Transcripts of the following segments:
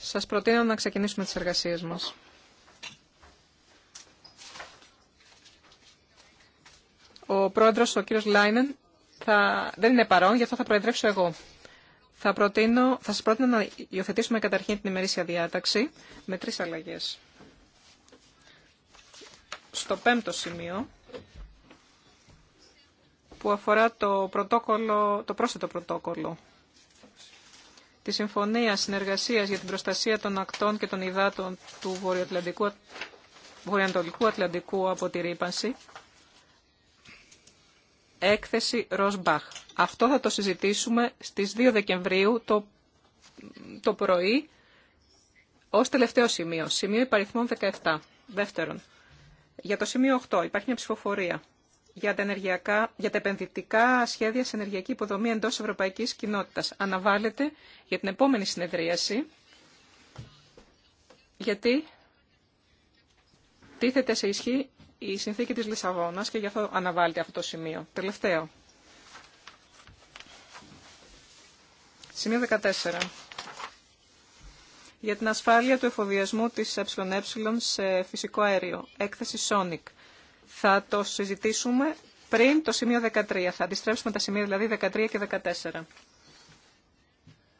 Σας προτείνω να ξεκινήσουμε τις εργασίες μας. Ο πρόεδρος, ο κύριος Λάινεν, θα... δεν είναι παρόν, γι' αυτό θα προεδρεύσω εγώ. Θα, προτείνω, σας πρότεινα να υιοθετήσουμε καταρχήν την ημερήσια διάταξη με τρεις αλλαγές. Στο πέμπτο σημείο, που αφορά το, πρωτόκολλο, το πρόσθετο πρωτόκολλο τη Συμφωνία Συνεργασίας για την Προστασία των Ακτών και των Ιδάτων του Βορειοατλαντικού, Βορειοανατολικού Ατλαντικού από τη ρήπανση. Έκθεση Ροσμπαχ. Αυτό θα το συζητήσουμε στις 2 Δεκεμβρίου το, το πρωί ως τελευταίο σημείο. Σημείο υπαριθμών 17. Δεύτερον, για το σημείο 8 υπάρχει μια ψηφοφορία για τα, επενδυτικά σχέδια σε ενεργειακή υποδομή εντός Ευρωπαϊκής Κοινότητας. Αναβάλλεται για την επόμενη συνεδρίαση, γιατί τίθεται σε ισχύ η συνθήκη της Λισαβόνας και γι' αυτό αναβάλλεται αυτό το σημείο. Τελευταίο. Σημείο 14. Για την ασφάλεια του εφοδιασμού της ΕΕ σε φυσικό αέριο. Έκθεση Sonic θα το συζητήσουμε πριν το σημείο 13. Θα αντιστρέψουμε τα σημεία δηλαδή 13 και 14.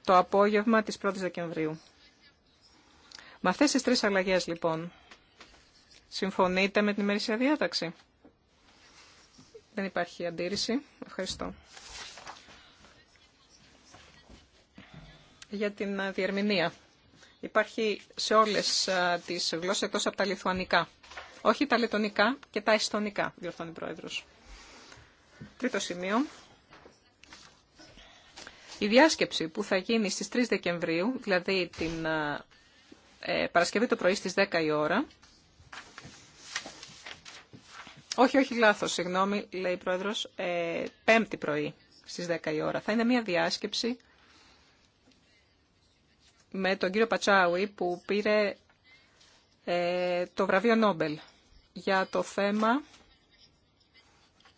Το απόγευμα της 1ης Δεκεμβρίου. Με αυτές τις τρεις αλλαγές λοιπόν, συμφωνείτε με την ημερήσια διάταξη. Δεν υπάρχει αντίρρηση. Ευχαριστώ. Για την ε, διερμηνία. Υπάρχει σε όλες ε, τις γλώσσες εκτός από τα λιθουανικά όχι τα λετονικά και τα εστονικά, διορθώνει ο Πρόεδρος. Τρίτο σημείο. Η διάσκεψη που θα γίνει στις 3 Δεκεμβρίου, δηλαδή την ε, ε, Παρασκευή το πρωί στις 10 η ώρα. Όχι, όχι, λάθος, συγγνώμη, λέει η Πρόεδρος, ε, πέμπτη πρωί στις 10 η ώρα. Θα είναι μια διάσκεψη με τον κύριο Πατσάουι που πήρε ε, το βραβείο Νόμπελ για το θέμα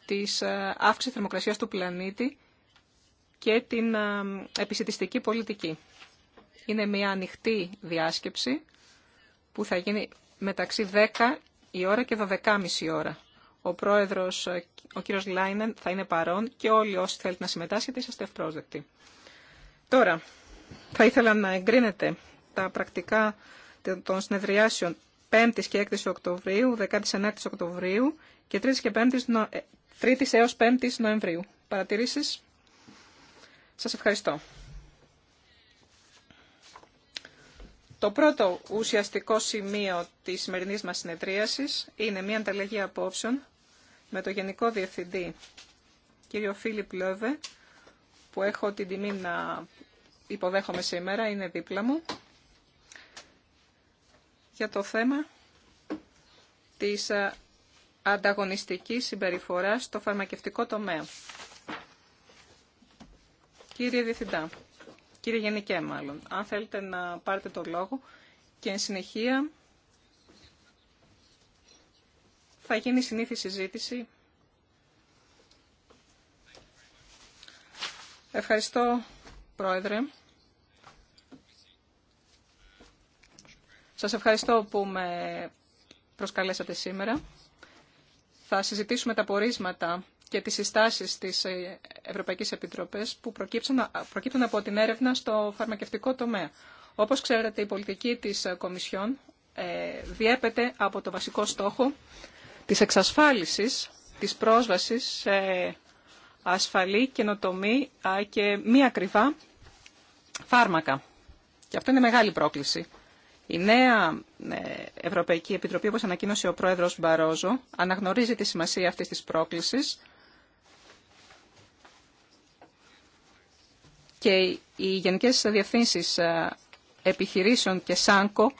της ε, αύξησης θερμοκρασίας του πλανήτη και την ε, επισητιστική πολιτική. Είναι μια ανοιχτή διάσκεψη που θα γίνει μεταξύ 10 η ώρα και 12.30 η ώρα. Ο πρόεδρος, ο κύριος Λάινεν, θα είναι παρόν και όλοι όσοι θέλετε να συμμετάσχετε είσαστε ευπρόσδεκτοι. Τώρα, θα ήθελα να εγκρίνετε τα πρακτικά των συνεδριάσεων 5ης και 6ης Οκτωβρίου, 19ης Οκτωβρίου και 3ης και 5ης, 3ης ε, έως 5ης Νοεμβρίου. Παρατηρήσεις. Σας ευχαριστώ. Το πρώτο ουσιαστικό σημείο της σημερινή μας συνεδρίασης είναι μια ανταλλαγή απόψεων με το Γενικό Διευθυντή, κύριο Φίλιπ Λόβε, που έχω την τιμή να υποδέχομαι σήμερα, είναι δίπλα μου για το θέμα της ε, ανταγωνιστικής συμπεριφοράς στο φαρμακευτικό τομέα. Κύριε Διευθυντά, κύριε Γενικέ μάλλον, αν θέλετε να πάρετε το λόγο και εν συνεχεία θα γίνει συνήθη συζήτηση. Ευχαριστώ, Πρόεδρε. Σας ευχαριστώ που με προσκαλέσατε σήμερα. Θα συζητήσουμε τα πορίσματα και τις συστάσεις της Ευρωπαϊκής Επιτροπής που προκύπτουν από την έρευνα στο φαρμακευτικό τομέα. Όπως ξέρετε, η πολιτική της Κομισιόν ε, διέπεται από το βασικό στόχο της εξασφάλισης της πρόσβασης σε ασφαλή, καινοτομή και μη ακριβά φάρμακα. Και αυτό είναι μεγάλη πρόκληση. Η νέα ε, Ευρωπαϊκή Επιτροπή, όπως ανακοίνωσε ο πρόεδρος Μπαρόζο, αναγνωρίζει τη σημασία αυτής της πρόκλησης και οι Γενικές Διευθύνσεις ε, Επιχειρήσεων και ΣΑΝΚΟ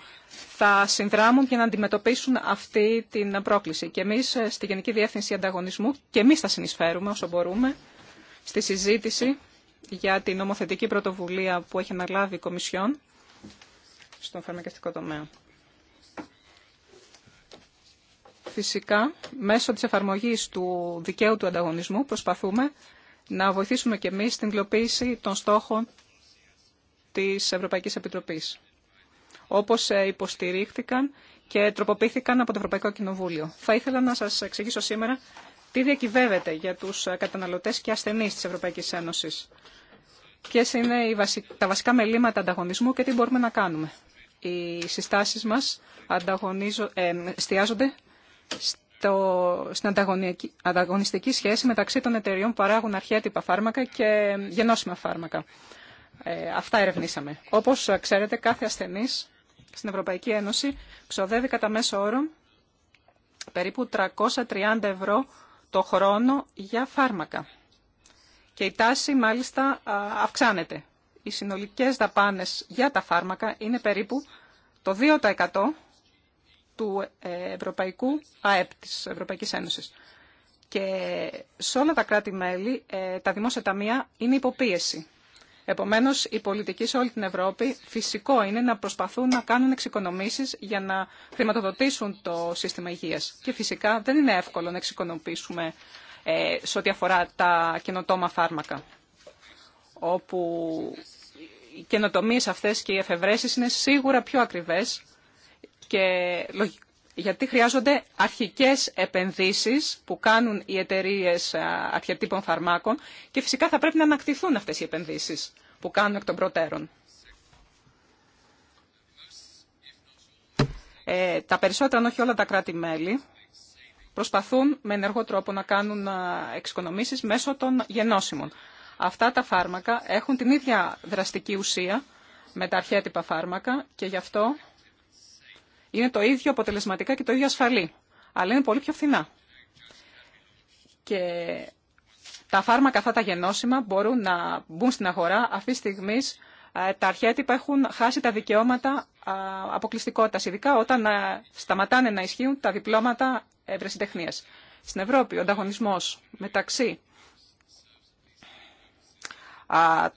θα συνδράμουν για να αντιμετωπίσουν αυτή την πρόκληση. Και εμείς ε, στη Γενική Διεύθυνση Ανταγωνισμού και εμείς θα συνεισφέρουμε όσο μπορούμε στη συζήτηση για την νομοθετική πρωτοβουλία που έχει αναλάβει η Κομισιόν στον φαρμακευτικό τομέα. Φυσικά, μέσω της εφαρμογής του δικαίου του ανταγωνισμού προσπαθούμε να βοηθήσουμε και εμείς στην υλοποίηση των στόχων της Ευρωπαϊκής Επιτροπής, όπως ε, υποστηρίχθηκαν και τροποποιήθηκαν από το Ευρωπαϊκό Κοινοβούλιο. Θα ήθελα να σας εξηγήσω σήμερα τι διακυβεύεται για τους ε, καταναλωτές και ασθενείς της Ευρωπαϊκής Ένωσης. Ποιες είναι τα βασικά μελήματα ανταγωνισμού και τι μπορούμε να κάνουμε οι συστάσεις μας ε, εστιάζονται στο, στην ανταγωνιστική σχέση μεταξύ των εταιριών που παράγουν τύπα φάρμακα και γενώσιμα φάρμακα. Ε, αυτά ερευνήσαμε. Όπως ξέρετε, κάθε ασθενής στην Ευρωπαϊκή Ένωση ξοδεύει κατά μέσο όρο περίπου 330 ευρώ το χρόνο για φάρμακα. Και η τάση μάλιστα αυξάνεται οι συνολικές δαπάνες για τα φάρμακα είναι περίπου το 2% του ε, Ευρωπαϊκού ΑΕΠ της Ευρωπαϊκής Ένωσης. Και σε όλα τα κράτη-μέλη ε, τα δημόσια ταμεία είναι υποπίεση. Επομένως, οι πολιτικοί σε όλη την Ευρώπη φυσικό είναι να προσπαθούν να κάνουν εξοικονομήσεις για να χρηματοδοτήσουν το σύστημα υγείας. Και φυσικά δεν είναι εύκολο να εξοικονομήσουμε ε, σε ό,τι αφορά τα καινοτόμα φάρμακα όπου οι καινοτομίες αυτές και οι εφευρέσεις είναι σίγουρα πιο ακριβές και γιατί χρειάζονται αρχικές επενδύσεις που κάνουν οι εταιρείε αρχιετύπων φαρμάκων και φυσικά θα πρέπει να ανακτηθούν αυτές οι επενδύσεις που κάνουν εκ των προτέρων. Ε, τα περισσότερα, αν όχι όλα τα κράτη-μέλη, προσπαθούν με ενεργό τρόπο να κάνουν εξοικονομήσεις μέσω των γενώσιμων. Αυτά τα φάρμακα έχουν την ίδια δραστική ουσία με τα αρχέτυπα φάρμακα και γι' αυτό είναι το ίδιο αποτελεσματικά και το ίδιο ασφαλή, αλλά είναι πολύ πιο φθηνά. Και τα φάρμακα αυτά τα γενώσιμα μπορούν να μπουν στην αγορά αυτή τη στιγμή ε, τα αρχέτυπα έχουν χάσει τα δικαιώματα αποκλειστικότητα, ειδικά όταν ε, σταματάνε να ισχύουν τα διπλώματα ευρεσιτεχνία. Στην Ευρώπη, ο ανταγωνισμό μεταξύ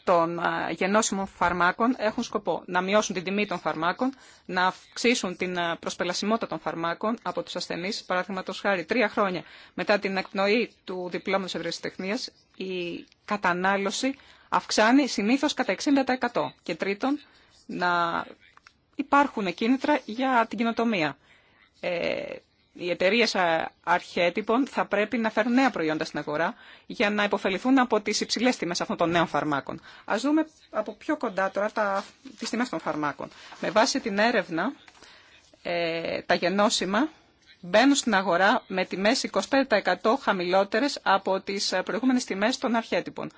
των γεννόσιμων φαρμάκων έχουν σκοπό να μειώσουν την τιμή των φαρμάκων, να αυξήσουν την προσπελασιμότητα των φαρμάκων από τους ασθενείς. Παραδείγματο χάρη, τρία χρόνια μετά την εκπνοή του διπλώματο Τεχνίας, η κατανάλωση αυξάνει συνήθως κατά 60%. Και τρίτον, να υπάρχουν κίνητρα για την κοινοτομία. Ε, οι εταιρείε αρχέτυπων θα πρέπει να φέρουν νέα προϊόντα στην αγορά για να υποφεληθούν από τι υψηλέ τιμέ αυτών των νέων φαρμάκων. Α δούμε από πιο κοντά τώρα τι τιμέ των φαρμάκων. Με βάση την έρευνα, ε, τα γενώσιμα μπαίνουν στην αγορά με τιμέ 25% χαμηλότερε από τι προηγούμενε τιμέ των αρχέτυπων.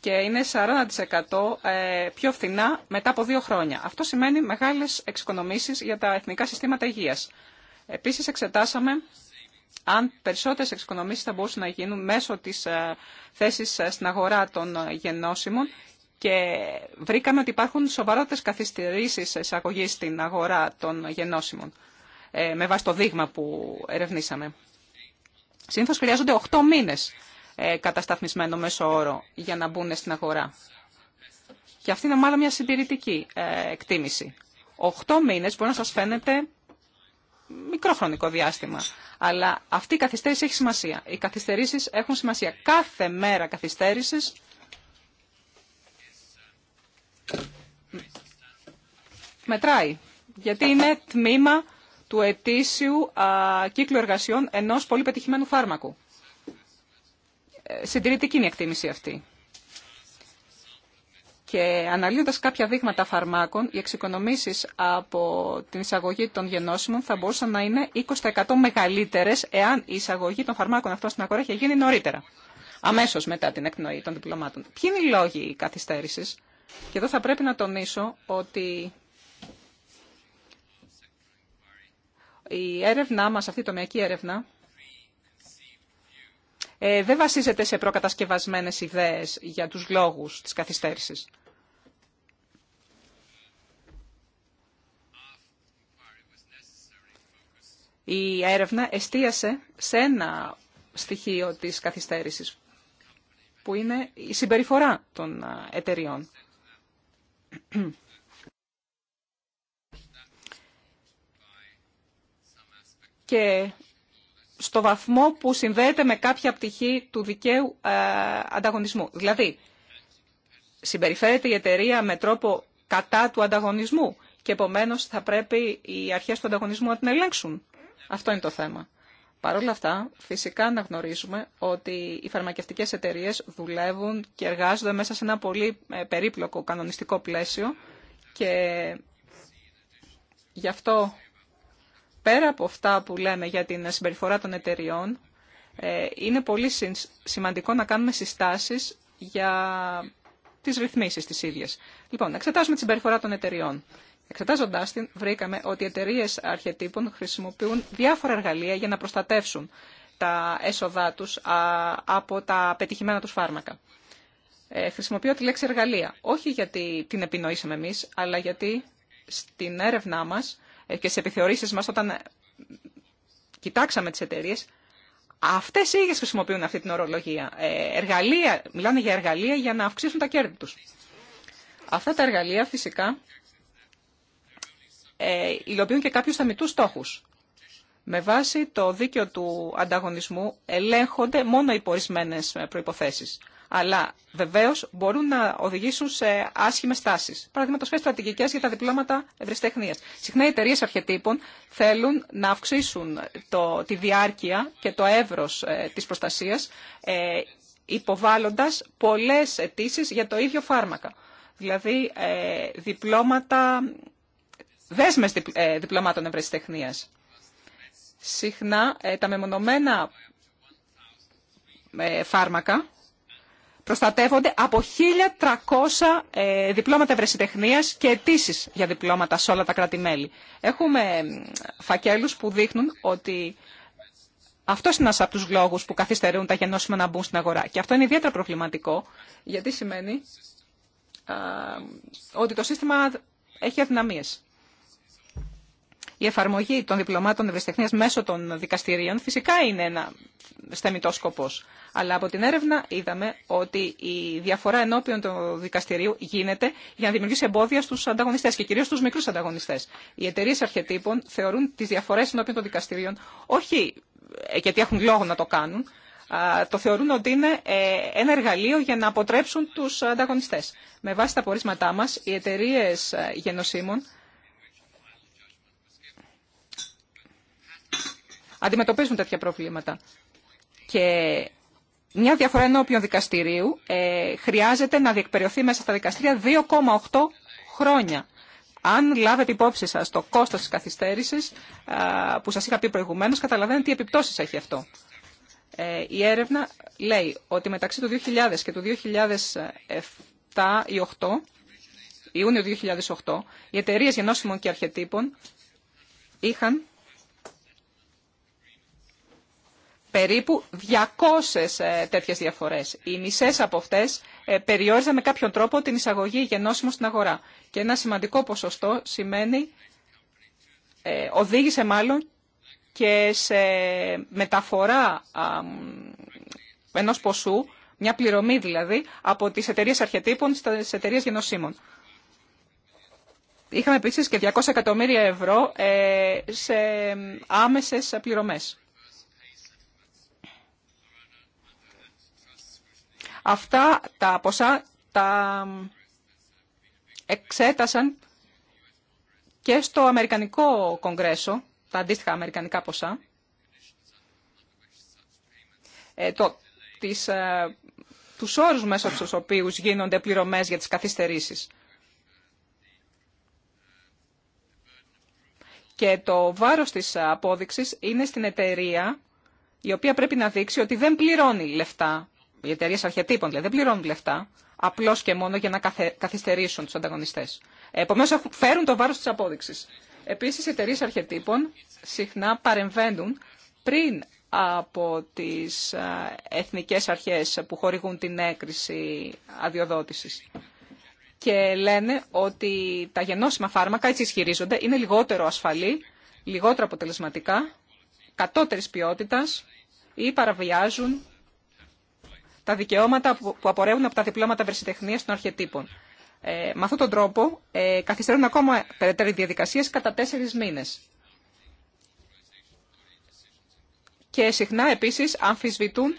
Και είναι 40% ε, πιο φθηνά μετά από δύο χρόνια. Αυτό σημαίνει μεγάλε εξοικονομήσει για τα εθνικά συστήματα υγεία. Επίσης εξετάσαμε αν περισσότερες εξοικονομήσεις θα μπορούσαν να γίνουν μέσω της ε, θέσης ε, στην αγορά των ε, γεννόσιμων και βρήκαμε ότι υπάρχουν σοβαρότερες καθυστερήσεις εισαγωγή στην αγορά των γεννόσιμων με βάση το δείγμα που ερευνήσαμε. Συνήθως χρειάζονται 8 μήνες κατασταθμισμένο μέσο όρο για να μπουν στην αγορά. Και αυτή είναι μάλλον μια συντηρητική εκτίμηση. 8 μήνες μπορεί να σας φαίνεται μικρό χρονικό διάστημα. Αλλά αυτή η καθυστέρηση έχει σημασία. Οι καθυστερήσει έχουν σημασία. Κάθε μέρα καθυστέρηση. μετράει. Γιατί είναι τμήμα του ετήσιου κύκλου εργασιών ενός πολύ πετυχημένου φάρμακου. Ε, συντηρητική είναι η εκτίμηση αυτή. Και αναλύοντας κάποια δείγματα φαρμάκων, οι εξοικονομήσεις από την εισαγωγή των γενώσιμων θα μπορούσαν να είναι 20% μεγαλύτερες εάν η εισαγωγή των φαρμάκων αυτών στην αγορά είχε γίνει νωρίτερα, αμέσως μετά την εκνοή των διπλωμάτων. Ποιοι είναι οι λόγοι καθυστέρησης. Και εδώ θα πρέπει να τονίσω ότι η έρευνά μας, αυτή η τομιακή έρευνα, ε, δεν βασίζεται σε προκατασκευασμένες ιδέες για τους λόγους της καθυστέρησης. Η έρευνα εστίασε σε ένα στοιχείο της καθυστέρησης, που είναι η συμπεριφορά των εταιριών. Και στο βαθμό που συνδέεται με κάποια πτυχή του δικαίου ε, ανταγωνισμού. Δηλαδή, συμπεριφέρεται η εταιρεία με τρόπο κατά του ανταγωνισμού και επομένως θα πρέπει οι αρχές του ανταγωνισμού να την ελέγξουν. Αυτό είναι το θέμα. Παρ' όλα αυτά, φυσικά να γνωρίζουμε ότι οι φαρμακευτικές εταιρείες δουλεύουν και εργάζονται μέσα σε ένα πολύ ε, περίπλοκο κανονιστικό πλαίσιο και γι' αυτό Πέρα από αυτά που λέμε για την συμπεριφορά των εταιριών, ε, είναι πολύ σημαντικό να κάνουμε συστάσεις για τις ρυθμίσεις τις ίδιες. Λοιπόν, εξετάζουμε τη συμπεριφορά των εταιριών. Εξετάζοντάς την, βρήκαμε ότι οι εταιρείε αρχιετύπων χρησιμοποιούν διάφορα εργαλεία για να προστατεύσουν τα έσοδά του από τα πετυχημένα τους φάρμακα. Ε, χρησιμοποιώ τη λέξη εργαλεία, όχι γιατί την επινοήσαμε εμείς, αλλά γιατί στην έρευνά μας ε, και στι επιθεωρήσεις μα, όταν ε, κοιτάξαμε τι εταιρείε, αυτές οι ίδιες χρησιμοποιούν αυτή την ορολογία. Ε, εργαλεία, μιλάνε για εργαλεία για να αυξήσουν τα κέρδη τους. Αυτά τα εργαλεία φυσικά ε, υλοποιούν και κάποιου θεμητού στόχου. Με βάση το δίκαιο του ανταγωνισμού ελέγχονται μόνο οι προϋποθέσεις αλλά βεβαίως μπορούν να οδηγήσουν σε άσχημε τάσει. Παραδείγματο χάρη στρατηγικέ για τα διπλώματα ευρεσιτεχνία. Συχνά οι εταιρείε θέλουν να αυξήσουν το, τη διάρκεια και το εύρος ε, της προστασίας, ε, υποβάλλοντας πολλές αιτήσει για το ίδιο φάρμακα. Δηλαδή ε, διπλώματα, δέσμες ε, διπλωμάτων ευρεσιτεχνία. Συχνά ε, τα μεμονωμένα ε, φάρμακα προστατεύονται από 1.300 ε, διπλώματα ευρεσιτεχνία και αιτήσει για διπλώματα σε όλα τα κράτη-μέλη. Έχουμε φακέλου που δείχνουν ότι αυτό είναι ένα από του λόγου που καθυστερούν τα γενώσιμα να μπουν στην αγορά. Και αυτό είναι ιδιαίτερα προβληματικό, γιατί σημαίνει ότι το σύστημα έχει αδυναμίες. Η εφαρμογή των διπλωμάτων ευρεσιτεχνία μέσω των δικαστηρίων φυσικά είναι ένα στεμητό σκοπό. Αλλά από την έρευνα είδαμε ότι η διαφορά ενώπιον του δικαστηρίου γίνεται για να δημιουργήσει εμπόδια στου ανταγωνιστέ και κυρίω στου μικρού ανταγωνιστέ. Οι εταιρείε αρχετύπων θεωρούν τι διαφορέ ενώπιον των δικαστηρίων όχι γιατί έχουν λόγο να το κάνουν, το θεωρούν ότι είναι ε, ένα εργαλείο για να αποτρέψουν τους ανταγωνιστές. Με βάση τα πορίσματά μας, οι εταιρείε ε, γενοσύμων αντιμετωπίζουν τέτοια προβλήματα. Και μια διαφορά ενώπιον δικαστηρίου ε, χρειάζεται να διεκπεριωθεί μέσα στα δικαστήρια 2,8 χρόνια. Αν λάβετε υπόψη σας το κόστος της καθυστέρησης που σας είχα πει προηγουμένως, καταλαβαίνετε τι επιπτώσεις έχει αυτό. Ε, η έρευνα λέει ότι μεταξύ του 2000 και του 2007 ή Ιούνιο 2008, οι εταιρείε γενώσιμων και αρχετύπων είχαν περίπου 200 ε, τέτοιες διαφορές. Οι μισές από αυτές ε, περιόριζαν με κάποιον τρόπο την εισαγωγή γενώσιμων στην αγορά. Και ένα σημαντικό ποσοστό σημαίνει, ε, οδήγησε μάλλον και σε μεταφορά ενός ποσού, μια πληρωμή δηλαδή, από τις εταιρείες αρχετύπων στις εταιρείες γενοσύμων. Είχαμε επίσης και 200 εκατομμύρια ευρώ σε άμεσες πληρωμές. Αυτά τα ποσά τα εξέτασαν και στο Αμερικανικό Κογκρέσο, τα αντίστοιχα Αμερικανικά ποσά, ε, το, τις, ε, τους όρους μέσα στους οποίους γίνονται πληρωμές για τις καθυστερήσεις. Και το βάρος της απόδειξης είναι στην εταιρεία η οποία πρέπει να δείξει ότι δεν πληρώνει λεφτά οι εταιρείε αρχιετύπων δηλαδή, δεν πληρώνουν λεφτά απλώ και μόνο για να καθυστερήσουν του ανταγωνιστέ. Επομένω, φέρουν το βάρο τη απόδειξη. Επίση, οι εταιρείε αρχιετύπων συχνά παρεμβαίνουν πριν από τι εθνικέ αρχέ που χορηγούν την έκρηση αδειοδότηση. Και λένε ότι τα γενώσιμα φάρμακα, έτσι ισχυρίζονται, είναι λιγότερο ασφαλή, λιγότερο αποτελεσματικά, κατώτερης ποιότητας ή παραβιάζουν τα δικαιώματα που απορρέουν από τα διπλώματα βερσιτεχνία των αρχιετύπων. Ε, με αυτόν τον τρόπο ε, καθυστερούν ακόμα περαιτέρω οι διαδικασίε κατά τέσσερι μήνε. Και συχνά επίση αμφισβητούν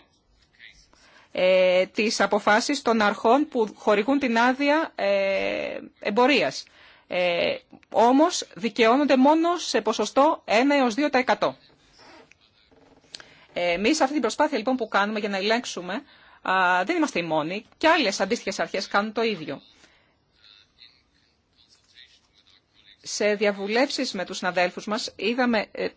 ε, τις αποφάσεις των αρχών που χορηγούν την άδεια ε, εμπορίας. Ε, όμως δικαιώνονται μόνο σε ποσοστό 1 έω 2%. Εμείς αυτή την προσπάθεια λοιπόν που κάνουμε για να ελέγξουμε δεν είμαστε οι μόνοι και άλλες αντίστοιχες αρχές κάνουν το ίδιο. Σε διαβουλεύσεις με τους συναδέλφους μας είδαμε ε,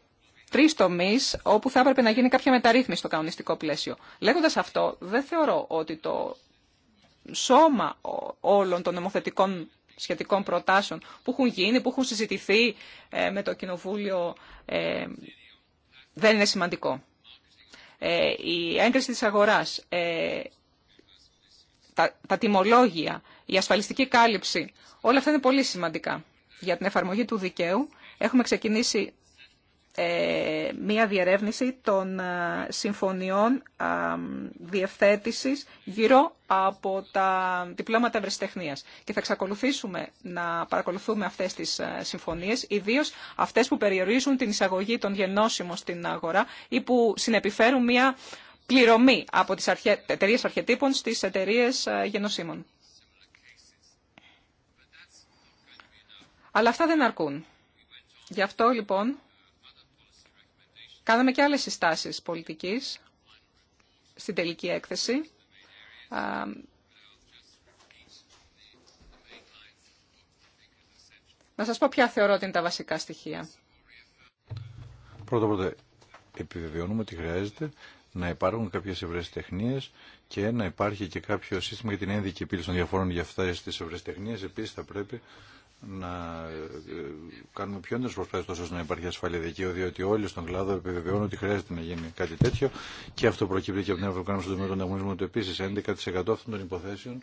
τρει τομεί όπου θα έπρεπε να γίνει κάποια μεταρρύθμιση στο κανονιστικό πλαίσιο. Λέγοντα αυτό, δεν θεωρώ ότι το σώμα όλων των νομοθετικών σχετικών προτάσεων που έχουν γίνει, που έχουν συζητηθεί ε, με το Κοινοβούλιο, ε, δεν είναι σημαντικό. Ε, η έγκριση της αγοράς, ε, τα, τιμολόγια, η ασφαλιστική κάλυψη, όλα αυτά είναι πολύ σημαντικά για την εφαρμογή του δικαίου. Έχουμε ξεκινήσει ε, μία διερεύνηση των ε, συμφωνιών ε, διευθέτησης γύρω από τα διπλώματα ευρεσιτεχνίας. Και θα εξακολουθήσουμε να παρακολουθούμε αυτές τις συμφωνίες, ιδίως αυτές που περιορίζουν την εισαγωγή των γενώσιμων στην αγορά ή που συνεπιφέρουν μία πληρωμή από τις εταιρείε αρχετύπων στις εταιρείε γεννόσιμων. Αλλά αυτά δεν αρκούν. Γι' αυτό λοιπόν Κάναμε και άλλες συστάσεις πολιτικής στην τελική έκθεση. Να σας πω ποια θεωρώ ότι είναι τα βασικά στοιχεία. Πρώτα πρώτα, επιβεβαιώνουμε ότι χρειάζεται να υπάρχουν κάποιες ευρεσιτεχνίες και να υπάρχει και κάποιο σύστημα για την ένδικη επίλυση των διαφόρων για αυτέ τις ευρεσιτεχνίες. Επίσης θα πρέπει να ε, κάνουμε πιο έντονε προσπάθειε ώστε να υπάρχει ασφαλή δικαίωση, διότι όλοι στον κλάδο επιβεβαιώνουν ότι χρειάζεται να γίνει κάτι τέτοιο και αυτό προκύπτει και από την Ευρωπαϊκή Ένωση του Δημήτρου Ανταγωνισμού ότι επίση 11% αυτών των υποθέσεων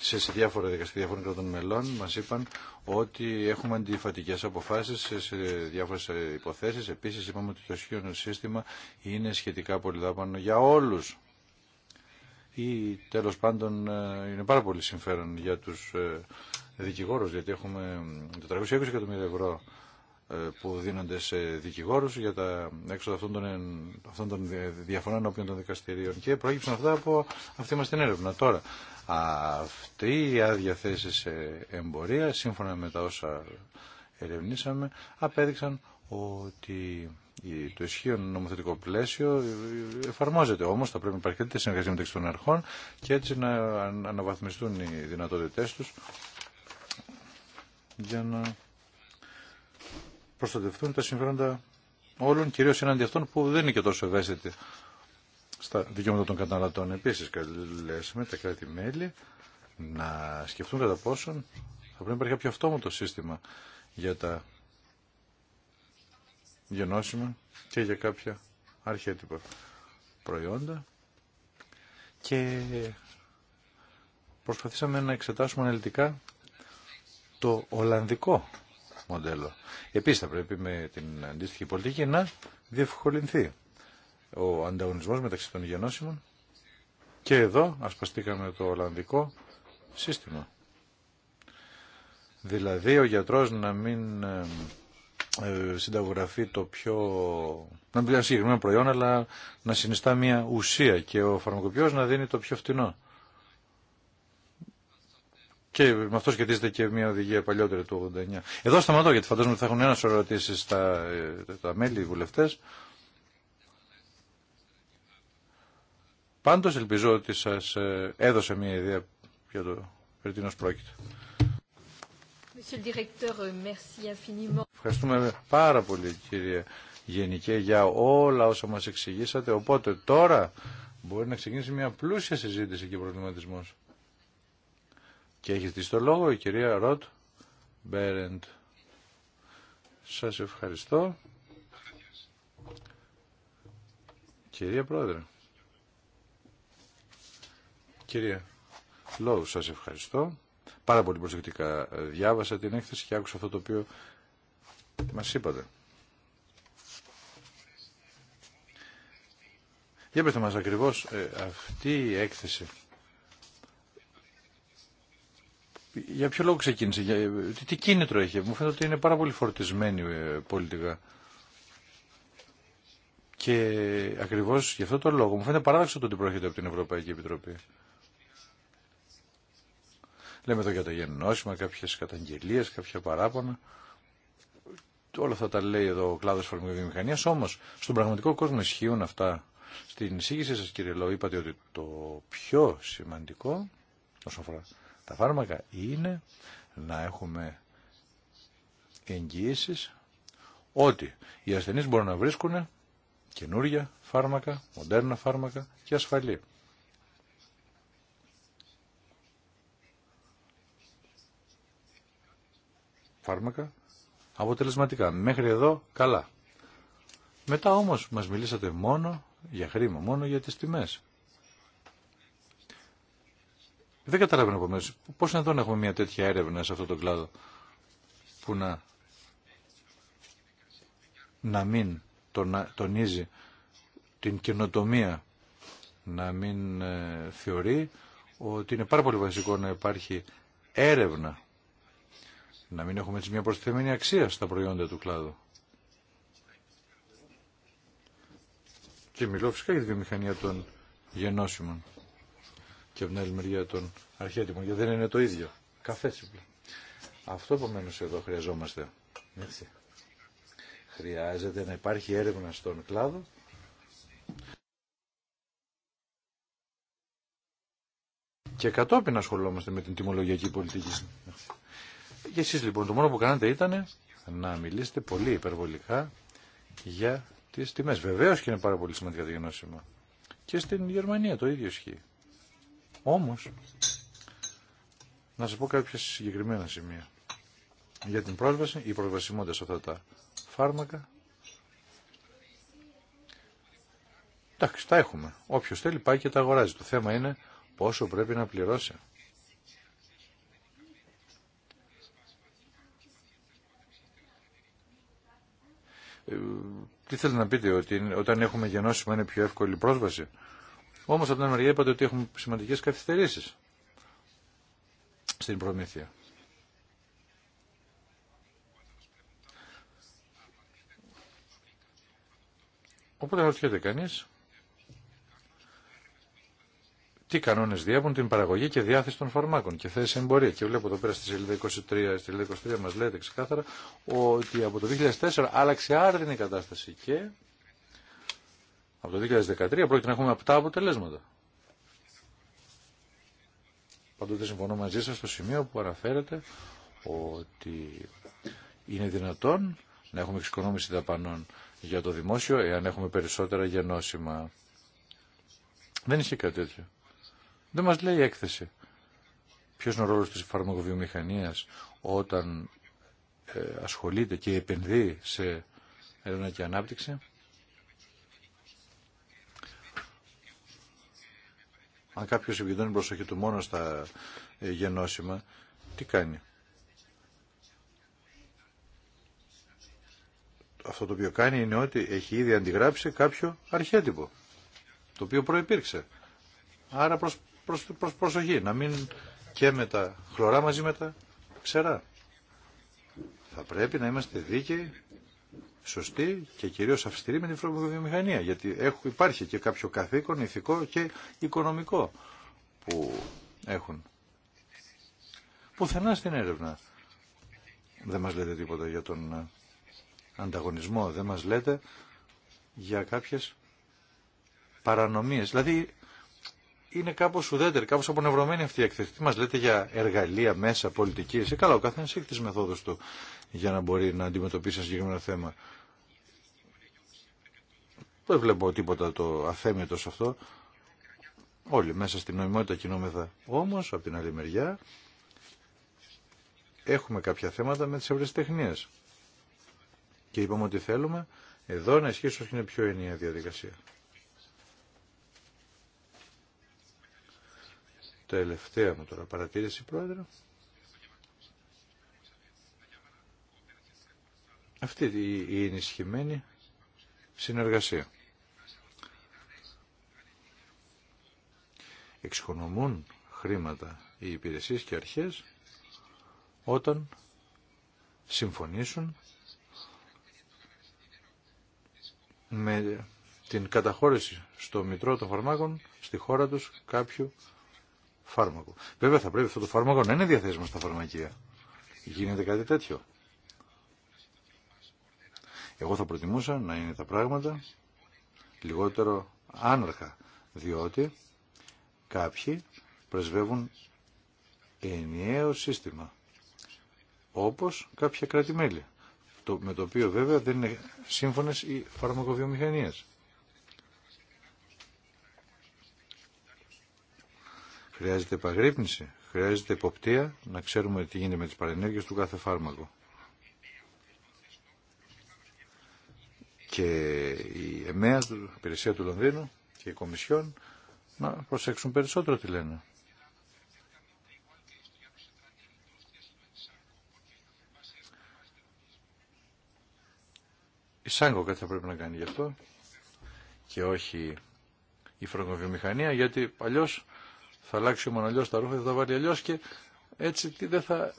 σε διάφορα δικαστήρια διαφόρων κρατών μελών Μα είπαν ότι έχουμε αντιφατικές αποφάσεις σε διάφορες υποθέσεις. Επίση είπαμε ότι το ισχύον σύστημα είναι σχετικά πολύ για όλου. ή τέλος πάντων ε, είναι πάρα πολύ συμφέρον για τους ε, δικηγόρους, γιατί έχουμε 420 εκατομμύρια ευρώ ε, που δίνονται σε δικηγόρους για τα έξοδα αυτών των, αυτών των διαφωνών ενώπιον των δικαστηρίων και προέκυψαν αυτά από αυτή μα την έρευνα. Τώρα, αυτή η άδεια θέση σε εμπορία, σύμφωνα με τα όσα ερευνήσαμε, απέδειξαν ότι το ισχύον νομοθετικό πλαίσιο ε, ε, εφαρμόζεται. Όμω θα πρέπει να υπάρχει καλύτερη συνεργασία μεταξύ των αρχών και έτσι να αναβαθμιστούν οι δυνατότητέ του για να προστατευτούν τα συμφέροντα όλων, κυρίως εναντί αυτών που δεν είναι και τόσο ευαίσθητοι στα δικαιώματα των καταναλωτών. Επίσης, καλέσαμε τα κράτη-μέλη να σκεφτούν κατά πόσον θα πρέπει να υπάρχει κάποιο αυτόματο σύστημα για τα γενώσιμα και για κάποια αρχέτυπα προϊόντα και προσπαθήσαμε να εξετάσουμε αναλυτικά το Ολλανδικό μοντέλο. Επίσης θα πρέπει με την αντίστοιχη πολιτική να διευκολυνθεί ο ανταγωνισμός μεταξύ των γενώσιμων και εδώ ασπαστήκαμε το Ολλανδικό σύστημα. Δηλαδή ο γιατρός να μην ε, συνταγογραφεί το πιο... να μην ένα συγκεκριμένο προϊόν αλλά να συνιστά μια ουσία και ο φαρμακοποιός να δίνει το πιο φτηνό. Και με αυτό σχετίζεται και μια οδηγία παλιότερη του 89. Εδώ σταματώ γιατί φαντάζομαι ότι θα έχουν ένα σωρό ερωτήσει ε, τα, μέλη, οι βουλευτέ. Πάντως ελπίζω ότι σα ε, έδωσε μια ιδέα για το περί τίνο πρόκειται. Ευχαριστούμε πάρα πολύ κύριε Γενικέ για όλα όσα μας εξηγήσατε. Οπότε τώρα μπορεί να ξεκινήσει μια πλούσια συζήτηση και προβληματισμός. Και έχει δει το λόγο η κυρία Ροτ Μπέρεντ. Σας ευχαριστώ. Κυρία Πρόεδρε. Κυρία Λόου, σας ευχαριστώ. Πάρα πολύ προσεκτικά ε, διάβασα την έκθεση και άκουσα αυτό το οποίο μας είπατε. Για πετε μας ακριβώς ε, αυτή η έκθεση Για ποιο λόγο ξεκίνησε, για, τι, κίνητρο είχε. Μου φαίνεται ότι είναι πάρα πολύ φορτισμένη ε, πολιτικά. Και ακριβώς γι' αυτό το λόγο μου φαίνεται παράδοξο το ότι προέρχεται από την Ευρωπαϊκή Επιτροπή. Λέμε εδώ για τα γεννόσημα, κάποιες καταγγελίες, κάποια παράπονα. Όλα αυτά τα λέει εδώ ο κλάδος φαρμακοβιομηχανίας, όμως στον πραγματικό κόσμο ισχύουν αυτά. Στην εισήγησή σας κύριε Λό είπατε ότι το πιο σημαντικό όσον αφορά τα φάρμακα είναι να έχουμε εγγυήσεις ότι οι ασθενείς μπορούν να βρίσκουν καινούργια φάρμακα, μοντέρνα φάρμακα και ασφαλή. Φάρμακα αποτελεσματικά. Μέχρι εδώ καλά. Μετά όμως μας μιλήσατε μόνο για χρήμα, μόνο για τις τιμές. Δεν καταλαβαίνω επομένω πώ είναι εδώ να έχουμε μια τέτοια έρευνα σε αυτό τον κλάδο που να, να μην τον, τονίζει την καινοτομία, να μην ε, θεωρεί ότι είναι πάρα πολύ βασικό να υπάρχει έρευνα, να μην έχουμε έτσι μια προσθεμένη αξία στα προϊόντα του κλάδου. Και μιλώ φυσικά για τη βιομηχανία των γενώσιμων και από την άλλη μεριά των γιατί δεν είναι το ίδιο. Καφέ Αυτό επομένω εδώ χρειαζόμαστε. Έτσι. Χρειάζεται να υπάρχει έρευνα στον κλάδο. Και κατόπιν ασχολούμαστε με την τιμολογιακή πολιτική. Και εσείς λοιπόν το μόνο που κάνατε ήταν να μιλήσετε πολύ υπερβολικά για τις τιμές. Βεβαίως και είναι πάρα πολύ σημαντικά το Και στην Γερμανία το ίδιο ισχύει. Όμως, να σας πω κάποια συγκεκριμένα σημεία για την πρόσβαση, η προσβασιμότητα σε αυτά τα φάρμακα. Εντάξει, τα έχουμε. Όποιος θέλει πάει και τα αγοράζει. Το θέμα είναι πόσο πρέπει να πληρώσει. Ε, τι θέλετε να πείτε, ότι όταν έχουμε γενώσιμα είναι πιο εύκολη πρόσβαση. Όμω από την μεριά είπατε ότι έχουμε σημαντικέ καθυστερήσει στην προμήθεια. Οπότε ρωτιέται κανεί, τι κανόνε διέπουν την παραγωγή και διάθεση των φαρμάκων και θέση εμπορία. Και βλέπω εδώ πέρα στη σελίδα 23, στη σελίδα 23 μα λέτε ξεκάθαρα ότι από το 2004 άλλαξε άρδινη κατάσταση και από το 2013 πρόκειται να έχουμε αυτά αποτελέσματα. Πάντοτε συμφωνώ μαζί σας στο σημείο που αναφέρετε ότι είναι δυνατόν να έχουμε εξοικονόμηση δαπανών για το δημόσιο εάν έχουμε περισσότερα γενώσιμα. Δεν είχε κάτι τέτοιο. Δεν μας λέει η έκθεση. Ποιος είναι ο ρόλος της φαρμακοβιομηχανίας όταν ε, ασχολείται και επενδύει σε έρευνα και ανάπτυξη. Αν κάποιο επικεντρώνει προσοχή του μόνο στα ε, γενώσιμα, τι κάνει. Αυτό το οποίο κάνει είναι ότι έχει ήδη αντιγράψει κάποιο αρχέτυπο, το οποίο προϋπήρξε. Άρα προς, προς, προσοχή, να μην και με τα χλωρά μαζί με τα ξερά. Θα πρέπει να είμαστε δίκαιοι σωστή και κυρίως αυστηρή με την φαρμακοβιομηχανία, γιατί υπάρχει και κάποιο καθήκον ηθικό και οικονομικό που έχουν. Πουθενά στην έρευνα δεν μας λέτε τίποτα για τον ε, ανταγωνισμό, δεν μας λέτε για κάποιες παρανομίες. Δηλαδή είναι κάπω ουδέτερη, κάπω απονευρωμένη αυτή η εκθέση. Τι μα λέτε για εργαλεία, μέσα, πολιτική. Ε, καλά, ο καθένα έχει τι μεθόδου του για να μπορεί να αντιμετωπίσει ένα συγκεκριμένο θέμα. Δεν βλέπω τίποτα το αθέμητο σε αυτό. Όλοι μέσα στην νομιμότητα κινούμεθα. Όμω, από την άλλη μεριά, έχουμε κάποια θέματα με τι ευρεσιτεχνίε. Και είπαμε ότι θέλουμε εδώ να ισχύσει όσο είναι πιο ενιαία διαδικασία. Τελευταία μου τώρα παρατήρηση, Πρόεδρε. Αυτή η ενισχυμένη συνεργασία. Εξοικονομούν χρήματα οι υπηρεσίες και αρχές όταν συμφωνήσουν με την καταχώρηση στο Μητρό των Φαρμάκων στη χώρα τους κάποιου φάρμακο. Βέβαια θα πρέπει αυτό το φάρμακο να είναι διαθέσιμο στα φαρμακεία. Γίνεται κάτι τέτοιο. Εγώ θα προτιμούσα να είναι τα πράγματα λιγότερο άναρχα, διότι κάποιοι πρεσβεύουν ενιαίο σύστημα, όπως κάποια κράτη-μέλη, με το οποίο βέβαια δεν είναι σύμφωνες οι φαρμακοβιομηχανίες. Χρειάζεται επαγρύπνηση, χρειάζεται υποπτία, να ξέρουμε τι γίνεται με τις παρενέργειες του κάθε φάρμακο. Και η ΕΜΕΑ, η υπηρεσία του Λονδίνου και η Κομισιόν να προσέξουν περισσότερο τι λένε. Η Σάγκο κάτι θα πρέπει να κάνει γι' αυτό και όχι η φρονοβιομηχανία γιατί αλλιώς θα αλλάξει ο αλλιώ τα ρούχα, θα τα βάλει αλλιώ και έτσι τι δεν θα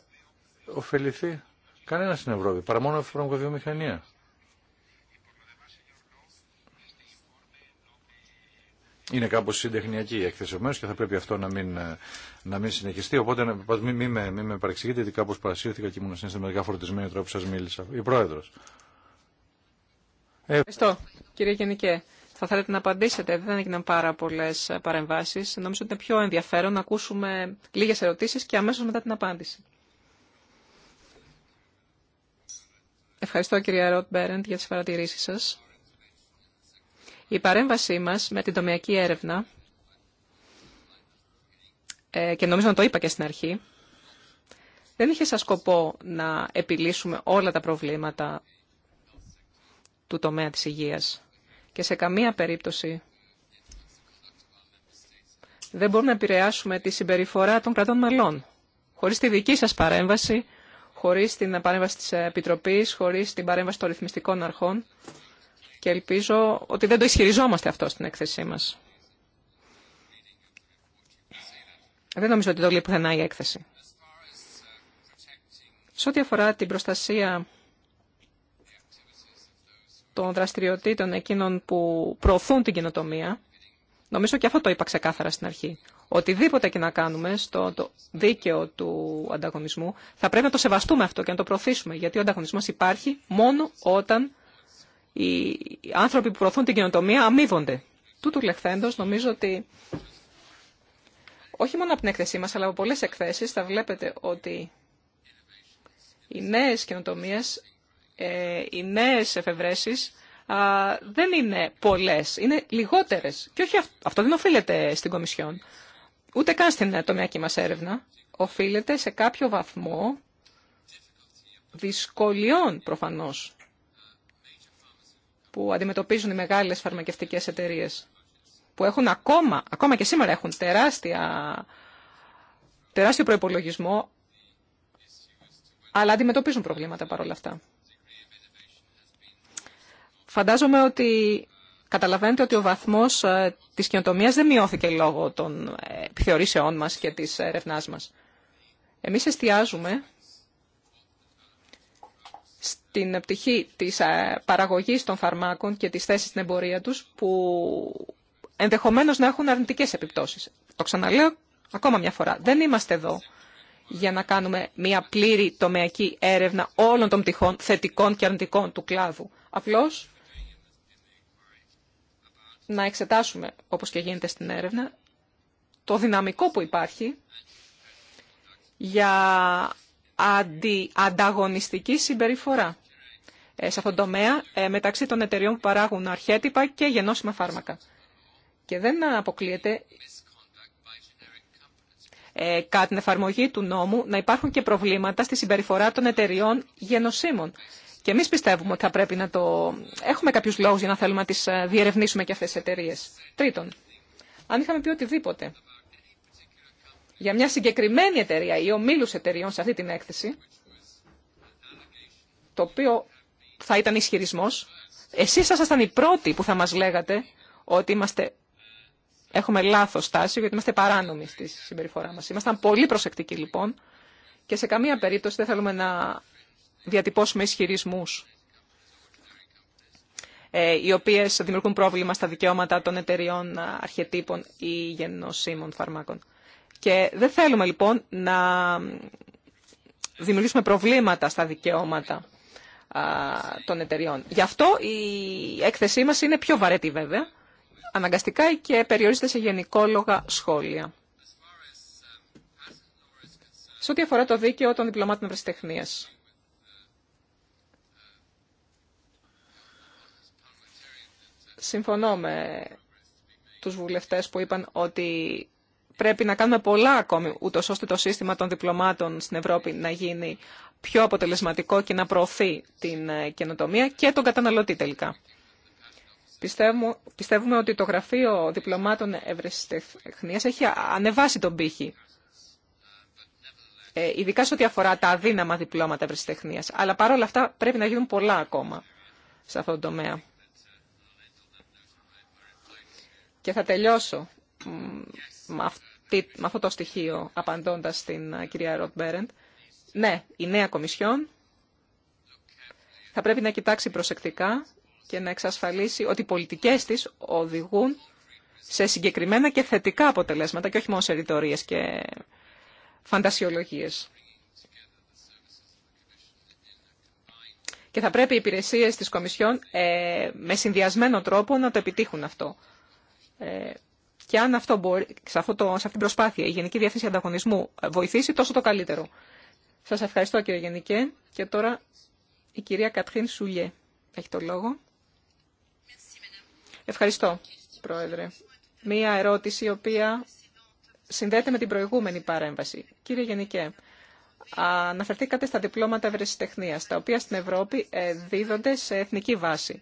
ωφεληθεί κανένα στην Ευρώπη, παρά μόνο η φαρμακοβιομηχανία. Είναι κάπω συντεχνιακή η έκθεση και θα πρέπει αυτό να μην, να μην συνεχιστεί. Οπότε μην μη, με, μη με παρεξηγείτε, γιατί κάπω παρασύρθηκα και ήμουν συναισθηματικά φορτισμένη τώρα που σα μίλησα. Η πρόεδρο. Ε, Ευχαριστώ, κύριε Γενικέ. Θα θέλετε να απαντήσετε. Δεν έγιναν πάρα πολλέ παρεμβάσει. Νομίζω ότι είναι πιο ενδιαφέρον να ακούσουμε λίγε ερωτήσει και αμέσω μετά την απάντηση. Ευχαριστώ κυρία Ροτ Μπέρεντ για τις παρατηρήσει σας. Η παρέμβασή μας με την τομιακή έρευνα, ε, και νομίζω να το είπα και στην αρχή, δεν είχε σαν σκοπό να επιλύσουμε όλα τα προβλήματα του τομέα της υγείας και σε καμία περίπτωση δεν μπορούμε να επηρεάσουμε τη συμπεριφορά των κρατών μελών. Χωρίς τη δική σας παρέμβαση, χωρίς την παρέμβαση της Επιτροπής, χωρίς την παρέμβαση των ρυθμιστικών αρχών και ελπίζω ότι δεν το ισχυριζόμαστε αυτό στην έκθεσή μας. Δεν νομίζω ότι το λέει πουθενά η έκθεση. Σε ό,τι αφορά την προστασία των δραστηριοτήτων εκείνων που προωθούν την καινοτομία, νομίζω και αυτό το είπα ξεκάθαρα στην αρχή, οτιδήποτε και να κάνουμε στο το δίκαιο του ανταγωνισμού, θα πρέπει να το σεβαστούμε αυτό και να το προωθήσουμε, γιατί ο ανταγωνισμός υπάρχει μόνο όταν οι άνθρωποι που προωθούν την καινοτομία αμείβονται. Τούτου λεχθέντος νομίζω ότι όχι μόνο από την έκθεσή μας, αλλά από πολλές εκθέσεις θα βλέπετε ότι οι νέες καινοτομίε. Ε, οι νέες εφευρέσεις δεν είναι πολλές, είναι λιγότερες. Και όχι αυτό δεν οφείλεται στην Κομισιόν, ούτε καν στην τομιακή μας έρευνα. Οφείλεται σε κάποιο βαθμό δυσκολιών προφανώς που αντιμετωπίζουν οι μεγάλες φαρμακευτικές εταιρείες που έχουν ακόμα, ακόμα και σήμερα έχουν τεράστια, τεράστιο προϋπολογισμό αλλά αντιμετωπίζουν προβλήματα παρόλα αυτά. Φαντάζομαι ότι καταλαβαίνετε ότι ο βαθμός ε, της κοινοτομίας δεν μειώθηκε λόγω των ε, επιθεωρήσεών μας και τη ερευνά μας. Εμείς εστιάζουμε στην πτυχή της ε, παραγωγής των φαρμάκων και της θέσης στην εμπορία τους που ενδεχομένως να έχουν αρνητικές επιπτώσεις. Το ξαναλέω ακόμα μια φορά. Δεν είμαστε εδώ για να κάνουμε μια πλήρη τομεακή έρευνα όλων των πτυχών θετικών και αρνητικών του κλάδου. Απλώς να εξετάσουμε, όπως και γίνεται στην έρευνα, το δυναμικό που υπάρχει για αντι, ανταγωνιστική συμπεριφορά ε, σε αυτόν τον τομέα ε, μεταξύ των εταιριών που παράγουν αρχέτυπα και γενώσιμα φάρμακα. Και δεν αποκλείεται ε, κατά την εφαρμογή του νόμου να υπάρχουν και προβλήματα στη συμπεριφορά των εταιριών γενοσύμων. Και εμείς πιστεύουμε ότι θα πρέπει να το... Έχουμε κάποιους λόγους για να θέλουμε να τις ε, διερευνήσουμε και αυτές τις εταιρείε. Τρίτον, αν είχαμε πει οτιδήποτε για μια συγκεκριμένη εταιρεία ή ομίλους εταιρεών σε αυτή την έκθεση, το οποίο θα ήταν ισχυρισμο εσείς θα ήσασταν οι πρώτοι που θα μας λέγατε ότι είμαστε... Έχουμε λάθος στάση γιατί είμαστε παράνομοι στη συμπεριφορά μας. Ήμασταν πολύ προσεκτικοί λοιπόν και σε καμία περίπτωση δεν θέλουμε να διατυπώσουμε ισχυρισμού, ε, οι οποίες δημιουργούν πρόβλημα στα δικαιώματα των εταιριών ε, αρχετύπων ή γενοσύμων φαρμάκων. Και δεν θέλουμε λοιπόν να δημιουργήσουμε προβλήματα στα δικαιώματα των εταιριών. Γι' αυτό η έκθεσή μας είναι πιο βαρέτη βέβαια, αναγκαστικά και περιορίζεται σε γενικόλογα σχόλια. Σε ό,τι αφορά το δίκαιο των διπλωμάτων ευρεσιτεχνίας. συμφωνώ με τους βουλευτές που είπαν ότι πρέπει να κάνουμε πολλά ακόμη, ούτω ώστε το σύστημα των διπλωμάτων στην Ευρώπη να γίνει πιο αποτελεσματικό και να προωθεί την ε, καινοτομία και τον καταναλωτή τελικά. Πιστεύουμε, πιστεύουμε ότι το Γραφείο Διπλωμάτων Ευρεσιτεχνίας έχει ανεβάσει τον πύχη, ε, ειδικά σε ό,τι αφορά τα αδύναμα διπλώματα ευρεσιτεχνίας. Αλλά παρόλα αυτά πρέπει να γίνουν πολλά ακόμα σε αυτό το τομέα. Και θα τελειώσω με, αυτό το στοιχείο απαντώντας στην ε, κυρία Ροτ Μπέρεντ. Ναι, η νέα Κομισιόν θα πρέπει να κοιτάξει προσεκτικά και να εξασφαλίσει ότι οι πολιτικές της οδηγούν σε συγκεκριμένα και θετικά αποτελέσματα και όχι μόνο σε ρητορίες και φαντασιολογίες. Και θα πρέπει οι υπηρεσίες της Κομισιόν ε, με συνδυασμένο τρόπο να το επιτύχουν αυτό. Ε, και αν αυτό μπορεί, σε, αυτό σε αυτή την προσπάθεια η Γενική Διεύθυνση Ανταγωνισμού ε, βοηθήσει, τόσο το καλύτερο. Σας ευχαριστώ κύριε Γενικέ. Και τώρα η κυρία Κατρίν Σουλιέ έχει το λόγο. Ευχαριστώ, Πρόεδρε. Μία ερώτηση η οποία συνδέεται με την προηγούμενη παρέμβαση. Κύριε Γενικέ, αναφερθήκατε στα διπλώματα ευρεσιτεχνίας, τα οποία στην Ευρώπη ε, δίδονται σε εθνική βάση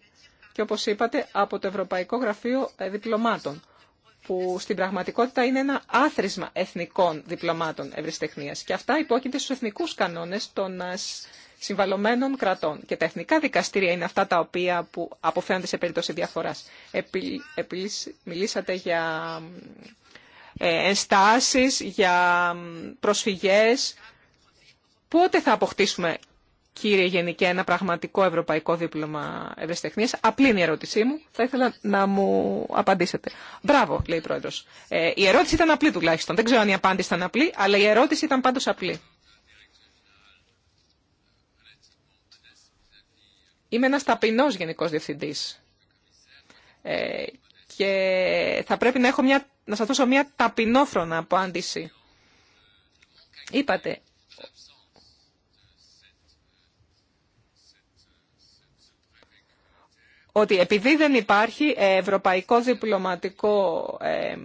και όπως είπατε από το Ευρωπαϊκό Γραφείο ε, Διπλωμάτων που στην πραγματικότητα είναι ένα άθροισμα εθνικών διπλωμάτων ευρυστεχνίας και αυτά υπόκειται στους εθνικούς κανόνες των ε, συμβαλωμένων κρατών και τα εθνικά δικαστήρια είναι αυτά τα οποία που αποφαίνονται σε περίπτωση διαφοράς. Επι, επι, μιλήσατε για ε, ενστάσεις, για προσφυγές. Πότε θα αποκτήσουμε κύριε Γενικέ, ένα πραγματικό ευρωπαϊκό δίπλωμα ευρεσιτεχνία. Απλή είναι η ερώτησή μου. Θα ήθελα να μου απαντήσετε. Μπράβο, λέει η πρόεδρο. Ε, η ερώτηση ήταν απλή τουλάχιστον. Δεν ξέρω αν η απάντηση ήταν απλή, αλλά η ερώτηση ήταν πάντω απλή. Είμαι ένα ταπεινός γενικός διευθυντής. Ε, και θα πρέπει να, έχω μια, να σας δώσω μια ταπεινόφρονα απάντηση. Είπατε, ότι επειδή δεν υπάρχει ευρωπαϊκό διπλωματικό, ε,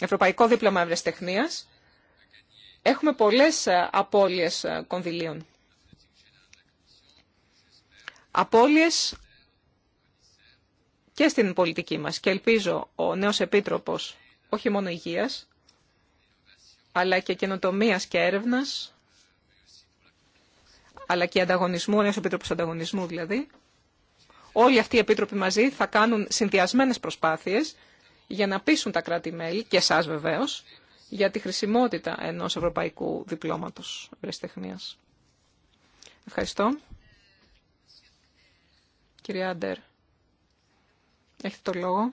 ευρωπαϊκό δίπλωμα ευρεσιτεχνίας, έχουμε πολλές ε, απώλειες ε, κονδυλίων. Απώλειες και στην πολιτική μας. Και ελπίζω ο νέος Επίτροπος, όχι μόνο υγείας, αλλά και καινοτομία και έρευνας, αλλά και ανταγωνισμού, ο νέος Επίτροπος Ανταγωνισμού δηλαδή, όλοι αυτοί οι επίτροποι μαζί θα κάνουν συνδυασμένες προσπάθειες για να πείσουν τα κράτη-μέλη και εσά βεβαίω για τη χρησιμότητα ενός ευρωπαϊκού διπλώματος ευρεσιτεχνίας. Ευχαριστώ. Κυρία Άντερ, έχετε το λόγο.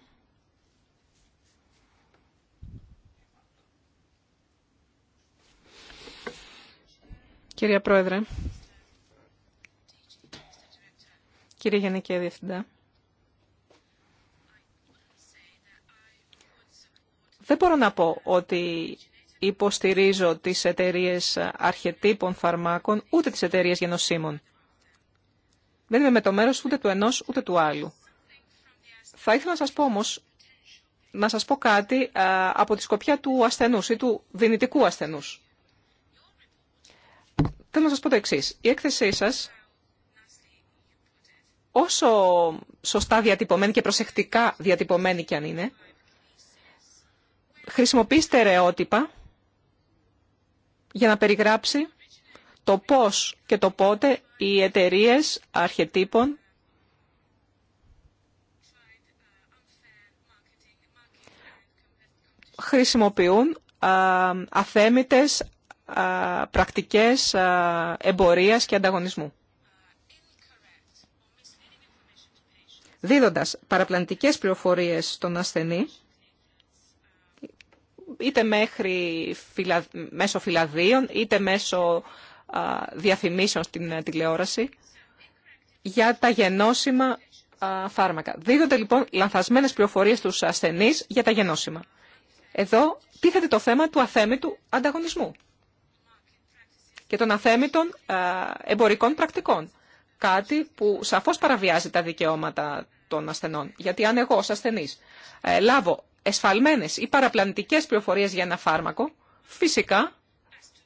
Κυρία Πρόεδρε, κύριε Γενική Διευθυντά. Δεν μπορώ να πω ότι υποστηρίζω τις εταιρείες αρχετύπων φαρμάκων, ούτε τις εταιρείες γενοσύμων. Δεν είμαι με το μέρος ούτε του ενός ούτε του άλλου. Θα ήθελα να σας πω όμως, να σας πω κάτι από τη σκοπιά του ασθενούς ή του δυνητικού ασθενούς. Θέλω να σας πω το εξής. Η έκθεσή σας όσο σωστά διατυπωμένη και προσεκτικά διατυπωμένη κι αν είναι, χρησιμοποιεί στερεότυπα για να περιγράψει το πώς και το πότε οι εταιρείε αρχετύπων χρησιμοποιούν αθέμητες πρακτικές εμπορίας και ανταγωνισμού. δίδοντας παραπλανητικές πληροφορίες στον ασθενή, είτε μέχρι φυλα... μέσω φυλαδίων, είτε μέσω διαφημίσεων στην ε, τηλεόραση, για τα γενώσιμα φάρμακα. Δίδονται λοιπόν λανθασμένες πληροφορίες στους ασθενείς για τα γενώσιμα. Εδώ τίθεται το θέμα του αθέμητου ανταγωνισμού και των αθέμητων εμπορικών πρακτικών κάτι που σαφώς παραβιάζει τα δικαιώματα των ασθενών. Γιατί αν εγώ ως ασθενής ε, λάβω εσφαλμένες ή παραπλανητικές πληροφορίες για ένα φάρμακο, φυσικά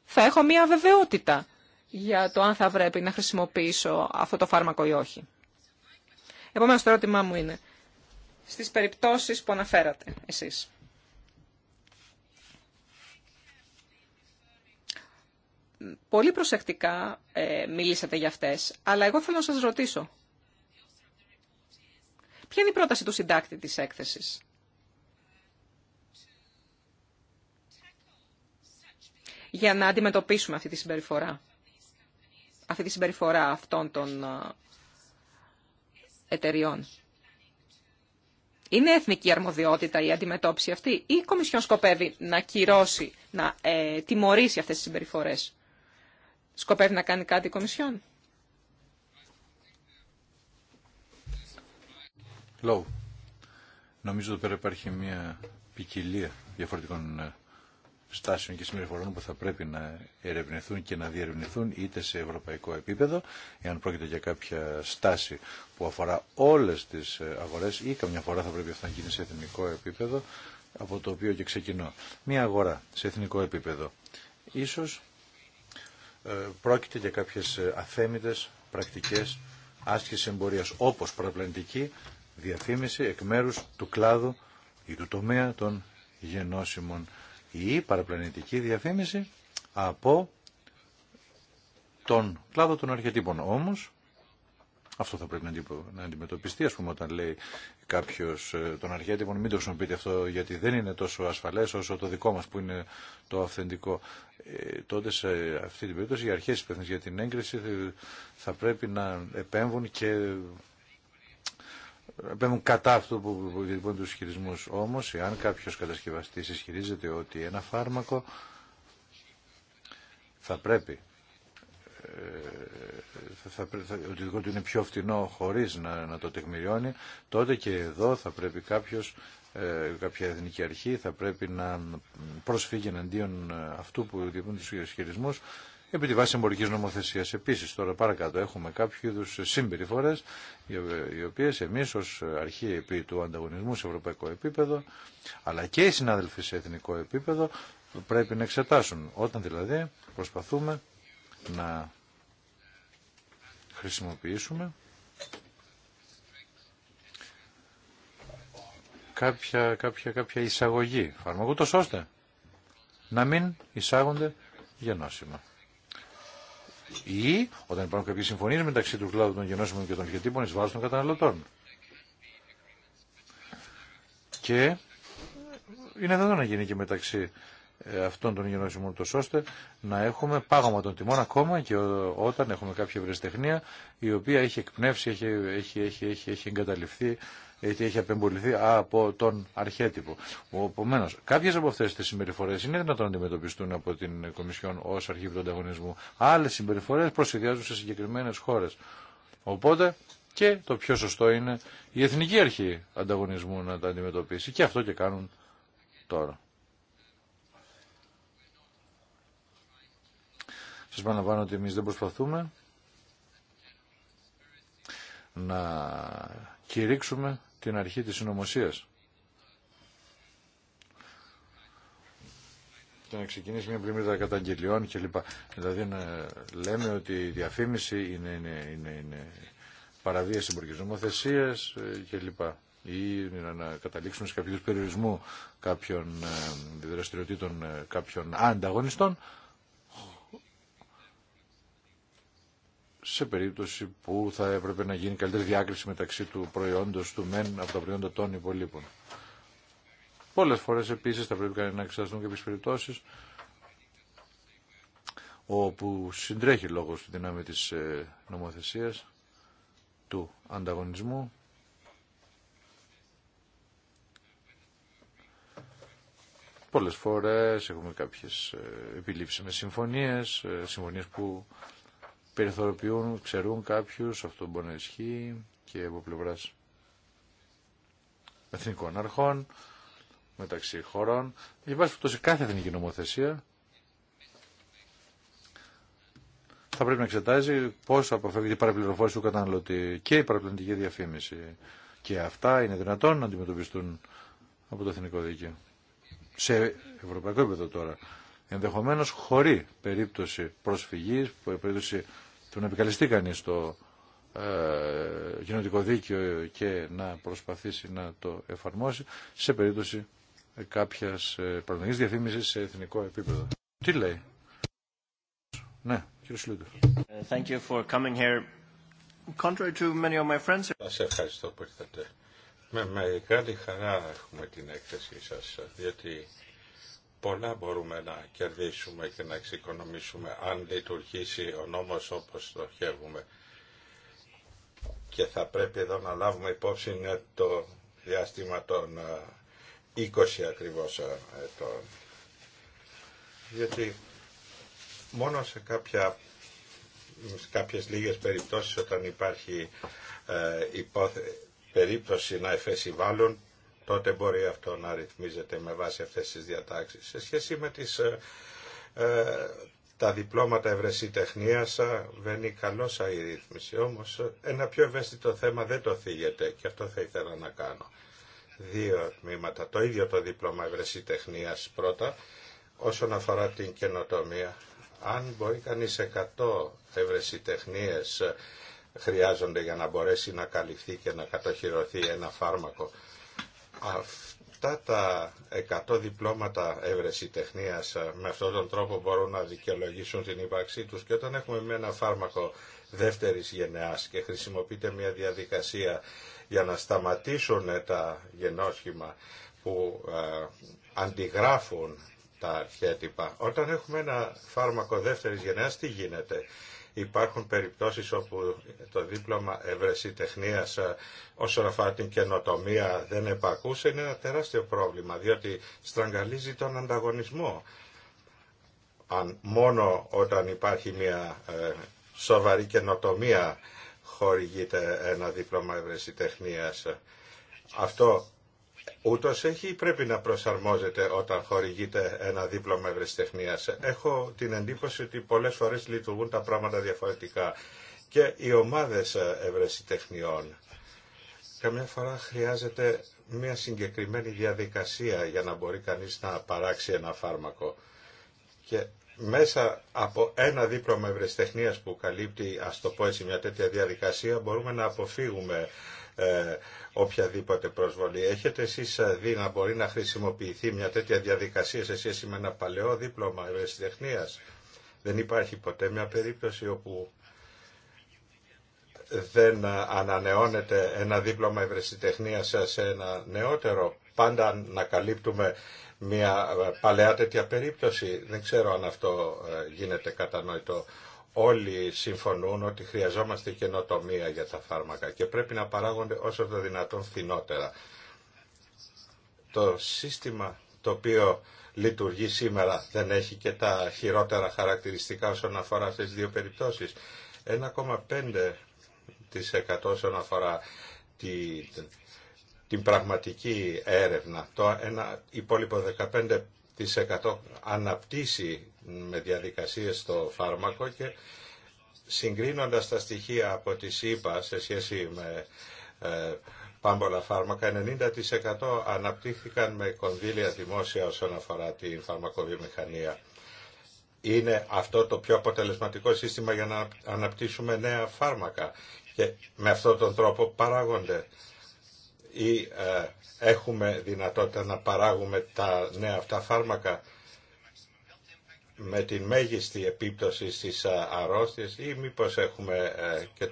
θα έχω μία βεβαιότητα για το αν θα πρέπει να χρησιμοποιήσω αυτό το φάρμακο ή όχι. Επομένως το ερώτημά μου είναι, στις περιπτώσεις που αναφέρατε εσείς. πολύ προσεκτικά ε, μιλήσατε για αυτές, αλλά εγώ θέλω να σας ρωτήσω. Ποια είναι η πρόταση του συντάκτη της έκθεσης. για να αντιμετωπίσουμε αυτή τη συμπεριφορά. Αυτή τη συμπεριφορά αυτών των ε, εταιριών. Είναι εθνική αρμοδιότητα η αντιμετώπιση αυτή ή η Κομισιόν σκοπεύει να κυρώσει, να ε, τιμωρήσει αυτές τις συμπεριφορές. Σκοπεύει να κάνει κάτι η Κομισιόν. Λόγω. Νομίζω ότι πέρα υπάρχει μια ποικιλία διαφορετικών ε, στάσεων και συμπεριφορών που θα πρέπει να ερευνηθούν και να διερευνηθούν είτε σε ευρωπαϊκό επίπεδο, εάν πρόκειται για κάποια στάση που αφορά όλες τις ε, αγορές ή καμιά φορά θα πρέπει αυτό να γίνει σε εθνικό επίπεδο, από το οποίο και ξεκινώ. Μια αγορά σε εθνικό επίπεδο. Ίσως ε, πρόκειται για κάποιες ε, αθέμητες πρακτικές άσκηση εμπορίας όπως παραπλανητική διαφήμιση εκ μέρους του κλάδου ή του τομέα των γενώσιμων ή παραπλανητική διαφήμιση από τον κλάδο των αρχιετύπων. Όμως αυτό θα πρέπει να αντιμετωπιστεί, α πούμε, όταν λέει κάποιο ε, τον αρχέτυπο, μην το χρησιμοποιείτε αυτό, γιατί δεν είναι τόσο ασφαλέ όσο το δικό μα που είναι το αυθεντικό. Ε, τότε σε αυτή την περίπτωση οι αρχέ υπεύθυνε για την έγκριση θα πρέπει να επέμβουν και ε, επέμβουν κατά αυτό που διατυπώνει του ισχυρισμού. Όμω, εάν κάποιο κατασκευαστή ισχυρίζεται ότι ένα φάρμακο θα πρέπει θα, θα, ότι το είναι πιο φτηνό χωρίς να, να το τεκμηριώνει, τότε και εδώ θα πρέπει κάποιος, ε, κάποια εθνική αρχή θα πρέπει να προσφύγει εναντίον ε, αυτού που διευθύνει τους ισχυρισμού επί τη βάση εμπορικής νομοθεσίας. Επίσης τώρα παρακάτω έχουμε κάποιου είδους συμπεριφορές οι οποίες εμείς ως αρχή επί του ανταγωνισμού σε ευρωπαϊκό επίπεδο αλλά και οι συνάδελφοι σε εθνικό επίπεδο πρέπει να εξετάσουν. Όταν δηλαδή προσπαθούμε να χρησιμοποιήσουμε κάποια, κάποια, κάποια εισαγωγή φαρμακού τόσο ώστε να μην εισάγονται γενώσιμα. Ή όταν υπάρχουν κάποιε συμφωνίε μεταξύ του κλάδου των γενώσιμων και των χετύπων ει των καταναλωτών. Και είναι εδώ να γίνει και μεταξύ ε, αυτών των γενώσιμων τους ώστε να έχουμε πάγωμα των τιμών ακόμα και όταν έχουμε κάποια ευρεσιτεχνία η οποία έχει εκπνεύσει, έχει, έχει, έχει, έχει, έχει εγκαταληφθεί έχει απεμποληθεί από τον αρχέτυπο. Οπομένω, κάποιε από αυτέ τι συμπεριφορέ είναι δυνατόν να αντιμετωπιστούν από την Κομισιόν ω αρχή του ανταγωνισμού. Άλλε συμπεριφορέ προσυδειάζουν σε συγκεκριμένε χώρε. Οπότε και το πιο σωστό είναι η Εθνική Αρχή Ανταγωνισμού να τα αντιμετωπίσει. Και αυτό και κάνουν τώρα. Σας παραλαμβάνω ότι εμείς δεν προσπαθούμε να κηρύξουμε την αρχή της συνωμοσία. να ξεκινήσει μια πλημμύρα καταγγελιών κλπ. Δηλαδή να λέμε ότι η διαφήμιση είναι, είναι, είναι, είναι παραβίαση εμπορικής νομοθεσίας ε, κλπ. Ή να καταλήξουμε σε κάποιους περιορισμού κάποιων ε, δραστηριοτήτων ε, κάποιων ανταγωνιστών. σε περίπτωση που θα έπρεπε να γίνει καλύτερη διάκριση μεταξύ του προϊόντος του μεν από τα προϊόντα των υπολείπων. Πολλές φορές επίσης θα πρέπει να εξεταστούν κάποιες περιπτώσεις όπου συντρέχει λόγος στη δύναμη της ε, νομοθεσίας του ανταγωνισμού Πολλές φορές έχουμε κάποιες ε, επιλήψεις με συμφωνίες, ε, συμφωνίες που περιθωριοποιούν, ξερούν κάποιους, αυτό μπορεί να ισχύει και από πλευρά εθνικών αρχών, μεταξύ χωρών. πάση σε κάθε εθνική νομοθεσία θα πρέπει να εξετάζει πώ αποφεύγεται η παραπληροφόρηση του καταναλωτή και η παραπλανητική διαφήμιση. Και αυτά είναι δυνατόν να αντιμετωπιστούν από το εθνικό δίκαιο. Σε ευρωπαϊκό επίπεδο τώρα. Ενδεχομένω χωρί περίπτωση προσφυγή, περίπτωση τον να επικαλεστεί κανείς το ε, κοινωτικό δίκαιο και να προσπαθήσει να το εφαρμόσει σε περίπτωση κάποιας ε, πραγματικής διαφήμισης σε εθνικό επίπεδο. Τι λέει. Ναι, κύριε Σλούτο. Thank you for coming here. Contrary to many of my friends... Σας ευχαριστώ που ήρθατε. Με μεγάλη χαρά έχουμε την έκθεσή σας, διότι πολλά μπορούμε να κερδίσουμε και να εξοικονομήσουμε αν λειτουργήσει ο νόμος όπως το χεύγουμε. Και θα πρέπει εδώ να λάβουμε υπόψη το διάστημα των 20 ε, ακριβώς ε, ετών. Γιατί μόνο σε, κάποια, σε κάποιες λίγες περιπτώσεις όταν υπάρχει ε, υπόθε, περίπτωση να εφεσιβάλλουν τότε μπορεί αυτό να ρυθμίζεται με βάση αυτές τις διατάξεις. Σε σχέση με τις, ε, ε τα διπλώματα ευρεσιτεχνίας ε, βαίνει καλώς η ρύθμιση, όμως ε, ένα πιο ευαίσθητο θέμα δεν το θίγεται και αυτό θα ήθελα να κάνω. Δύο τμήματα, το ίδιο το δίπλωμα ευρεσιτεχνίας πρώτα, όσον αφορά την καινοτομία. Αν μπορεί κανείς 100 ευρεσιτεχνίες χρειάζονται για να μπορέσει να καλυφθεί και να κατοχυρωθεί ένα φάρμακο αυτά τα 100 διπλώματα έβρεση τεχνίας ε, με αυτόν τον τρόπο μπορούν να δικαιολογήσουν την ύπαρξή τους και όταν έχουμε με ένα φάρμακο δεύτερης γενεάς και χρησιμοποιείται μια διαδικασία για να σταματήσουν τα γενόσχημα που ε, αντιγράφουν τα αρχέτυπα. Όταν έχουμε ένα φάρμακο δεύτερης γενεάς, τι γίνεται. Υπάρχουν περιπτώσεις όπου το δίπλωμα ευρεσιτεχνίας ε, όσον αφορά την καινοτομία δεν επακούσε είναι ένα τεράστιο πρόβλημα διότι στραγγαλίζει τον ανταγωνισμό. Αν μόνο όταν υπάρχει μια ε, σοβαρή καινοτομία χορηγείται ένα δίπλωμα ευρεσιτεχνίας. Αυτό Ούτω έχει πρέπει να προσαρμόζεται όταν χορηγείται ένα δίπλωμα ευρεσιτεχνία. Έχω την εντύπωση ότι πολλέ φορέ λειτουργούν τα πράγματα διαφορετικά. Και οι ομάδε ευρεσιτεχνιών. Καμιά φορά χρειάζεται μια συγκεκριμένη διαδικασία για να μπορεί κανείς να παράξει ένα φάρμακο. Και μέσα από ένα δίπλωμα ευρεσιτεχνίας που καλύπτει, ας το πω έτσι, μια τέτοια διαδικασία, μπορούμε να αποφύγουμε ε, οποιαδήποτε προσβολή. Έχετε εσείς ε, δει να μπορεί να χρησιμοποιηθεί μια τέτοια διαδικασία σε σχέση με ένα παλαιό δίπλωμα ευρεσιτεχνίας. Δεν υπάρχει ποτέ μια περίπτωση όπου δεν ανανεώνεται ένα δίπλωμα ευρεσιτεχνία σε ένα νεότερο. Πάντα να καλύπτουμε μια ε, παλαιά τέτοια περίπτωση. Δεν ξέρω αν αυτό γίνεται κατανοητό όλοι συμφωνούν ότι χρειαζόμαστε καινοτομία για τα φάρμακα και πρέπει να παράγονται όσο το δυνατόν φθηνότερα. Το σύστημα το οποίο λειτουργεί σήμερα δεν έχει και τα χειρότερα χαρακτηριστικά όσον αφορά αυτές τις δύο περιπτώσεις. 1,5% όσον αφορά την πραγματική έρευνα. Το ένα υπόλοιπο 15% αναπτύσσει με διαδικασίες στο φάρμακο και συγκρίνοντας τα στοιχεία από τη ΣΥΠΑ σε σχέση με ε, πάμπολα φάρμακα, 90% αναπτύχθηκαν με κονδύλια δημόσια όσον αφορά τη φαρμακοβιομηχανία. Είναι αυτό το πιο αποτελεσματικό σύστημα για να αναπτύσσουμε νέα φάρμακα και με αυτόν τον τρόπο παράγονται ή ε, έχουμε δυνατότητα να παράγουμε τα νέα αυτά φάρμακα με την μέγιστη επίπτωση στις αρρώστιες ή μήπως έχουμε ε, και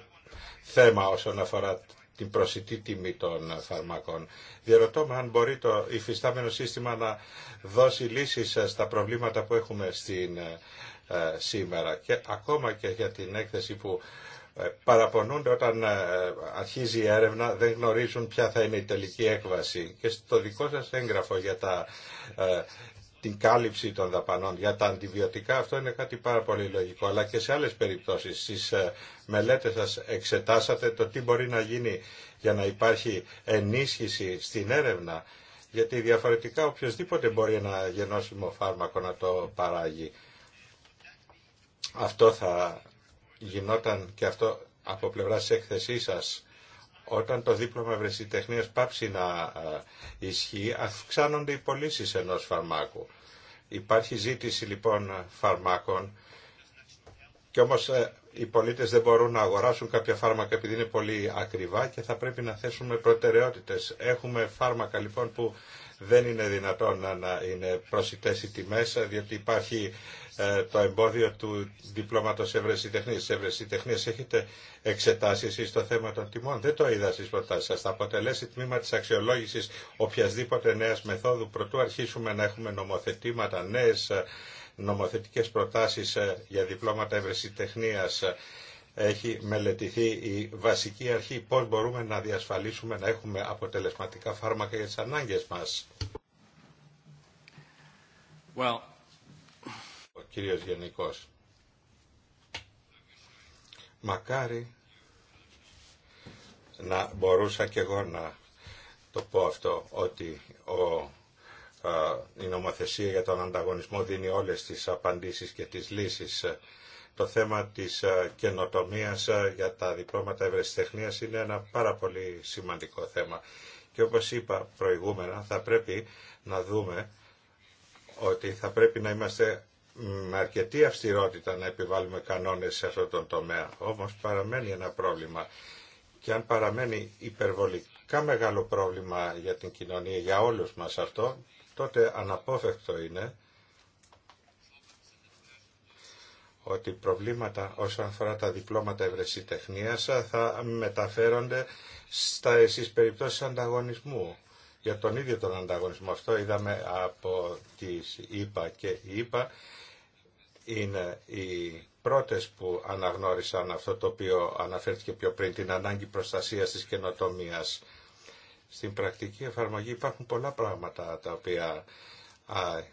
θέμα όσον αφορά την προσιτή τιμή των φαρμακών. Διερωτώ με αν μπορεί το υφιστάμενο σύστημα να δώσει λύσεις ε, στα προβλήματα που έχουμε στην, ε, σήμερα και ακόμα και για την έκθεση που παραπονούνται όταν αρχίζει η έρευνα δεν γνωρίζουν ποια θα είναι η τελική έκβαση και στο δικό σας έγγραφο για τα την κάλυψη των δαπανών. Για τα αντιβιωτικά αυτό είναι κάτι πάρα πολύ λογικό, αλλά και σε άλλες περιπτώσεις. Στις ε, μελέτες σας εξετάσατε το τι μπορεί να γίνει για να υπάρχει ενίσχυση στην έρευνα, γιατί διαφορετικά οποιοδήποτε μπορεί ένα γενώσιμο φάρμακο να το παράγει. Αυτό θα γινόταν και αυτό από πλευράς έκθεσής σας όταν το δίπλωμα ευρεσιτεχνία πάψει να ισχύει, αυξάνονται οι πωλήσει ενός φαρμάκου. Υπάρχει ζήτηση λοιπόν φαρμάκων και όμως ε, οι πολίτες δεν μπορούν να αγοράσουν κάποια φάρμακα επειδή είναι πολύ ακριβά και θα πρέπει να θέσουμε προτεραιότητες. Έχουμε φάρμακα λοιπόν που δεν είναι δυνατόν να είναι προσιτές οι τιμές διότι υπάρχει ε, το εμπόδιο του διπλώματος ευρεσιτεχνίας. Ευρεσιτεχνίας έχετε εξετάσει εσείς το θέμα των τιμών. Δεν το είδα στις προτάσεις σας. Θα αποτελέσει τμήμα της αξιολόγησης οποιασδήποτε νέας μεθόδου. Προτού αρχίσουμε να έχουμε νομοθετήματα, νέες ε, νομοθετικές προτάσεις ε, για διπλώματα ευρεσιτεχνίας έχει μελετηθεί η βασική αρχή πώς μπορούμε να διασφαλίσουμε να έχουμε αποτελεσματικά φάρμακα για τις ανάγκες μας. Well, κυρίως Γενικός. Μακάρι να μπορούσα και εγώ να το πω αυτό, ότι ο, η νομοθεσία για τον ανταγωνισμό δίνει όλες τις απαντήσεις και τις λύσεις. Το θέμα της καινοτομίας για τα διπλώματα ευρεσιτεχνίας είναι ένα πάρα πολύ σημαντικό θέμα. Και όπως είπα προηγούμενα, θα πρέπει να δούμε ότι θα πρέπει να είμαστε με αρκετή αυστηρότητα να επιβάλλουμε κανόνες σε αυτόν τον τομέα. Όμως παραμένει ένα πρόβλημα και αν παραμένει υπερβολικά μεγάλο πρόβλημα για την κοινωνία, για όλους μας αυτό, τότε αναπόφευκτο είναι ότι προβλήματα όσον αφορά τα διπλώματα ευρεσιτεχνίας θα μεταφέρονται στα εσείς περιπτώσεις ανταγωνισμού. Για τον ίδιο τον ανταγωνισμό αυτό είδαμε από τις ΙΠΑ και είναι οι πρώτες που αναγνώρισαν αυτό το οποίο αναφέρθηκε πιο πριν, την ανάγκη προστασίας της καινοτομίας. Στην πρακτική εφαρμογή υπάρχουν πολλά πράγματα τα οποία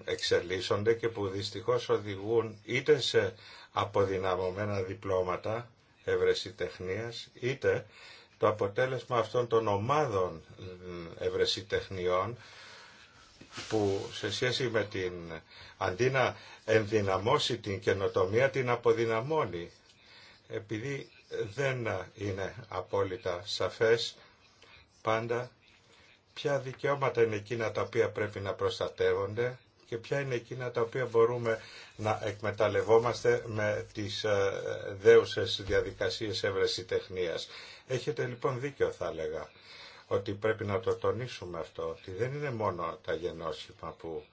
εξελίσσονται και που δυστυχώς οδηγούν είτε σε αποδυναμωμένα διπλώματα ευρεσιτεχνίας, είτε το αποτέλεσμα αυτών των ομάδων ευρεσιτεχνιών που σε σχέση με την, αντί να ενδυναμώσει την καινοτομία, την αποδυναμώνει. Επειδή δεν είναι απόλυτα σαφές πάντα ποια δικαιώματα είναι εκείνα τα οποία πρέπει να προστατεύονται και ποια είναι εκείνα τα οποία μπορούμε να εκμεταλλευόμαστε με τις ε, δέουσες διαδικασίες έβρεση τεχνίας. Έχετε λοιπόν δίκιο θα έλεγα ότι πρέπει να το τονίσουμε αυτό, ότι δεν είναι μόνο τα γενώσιμα που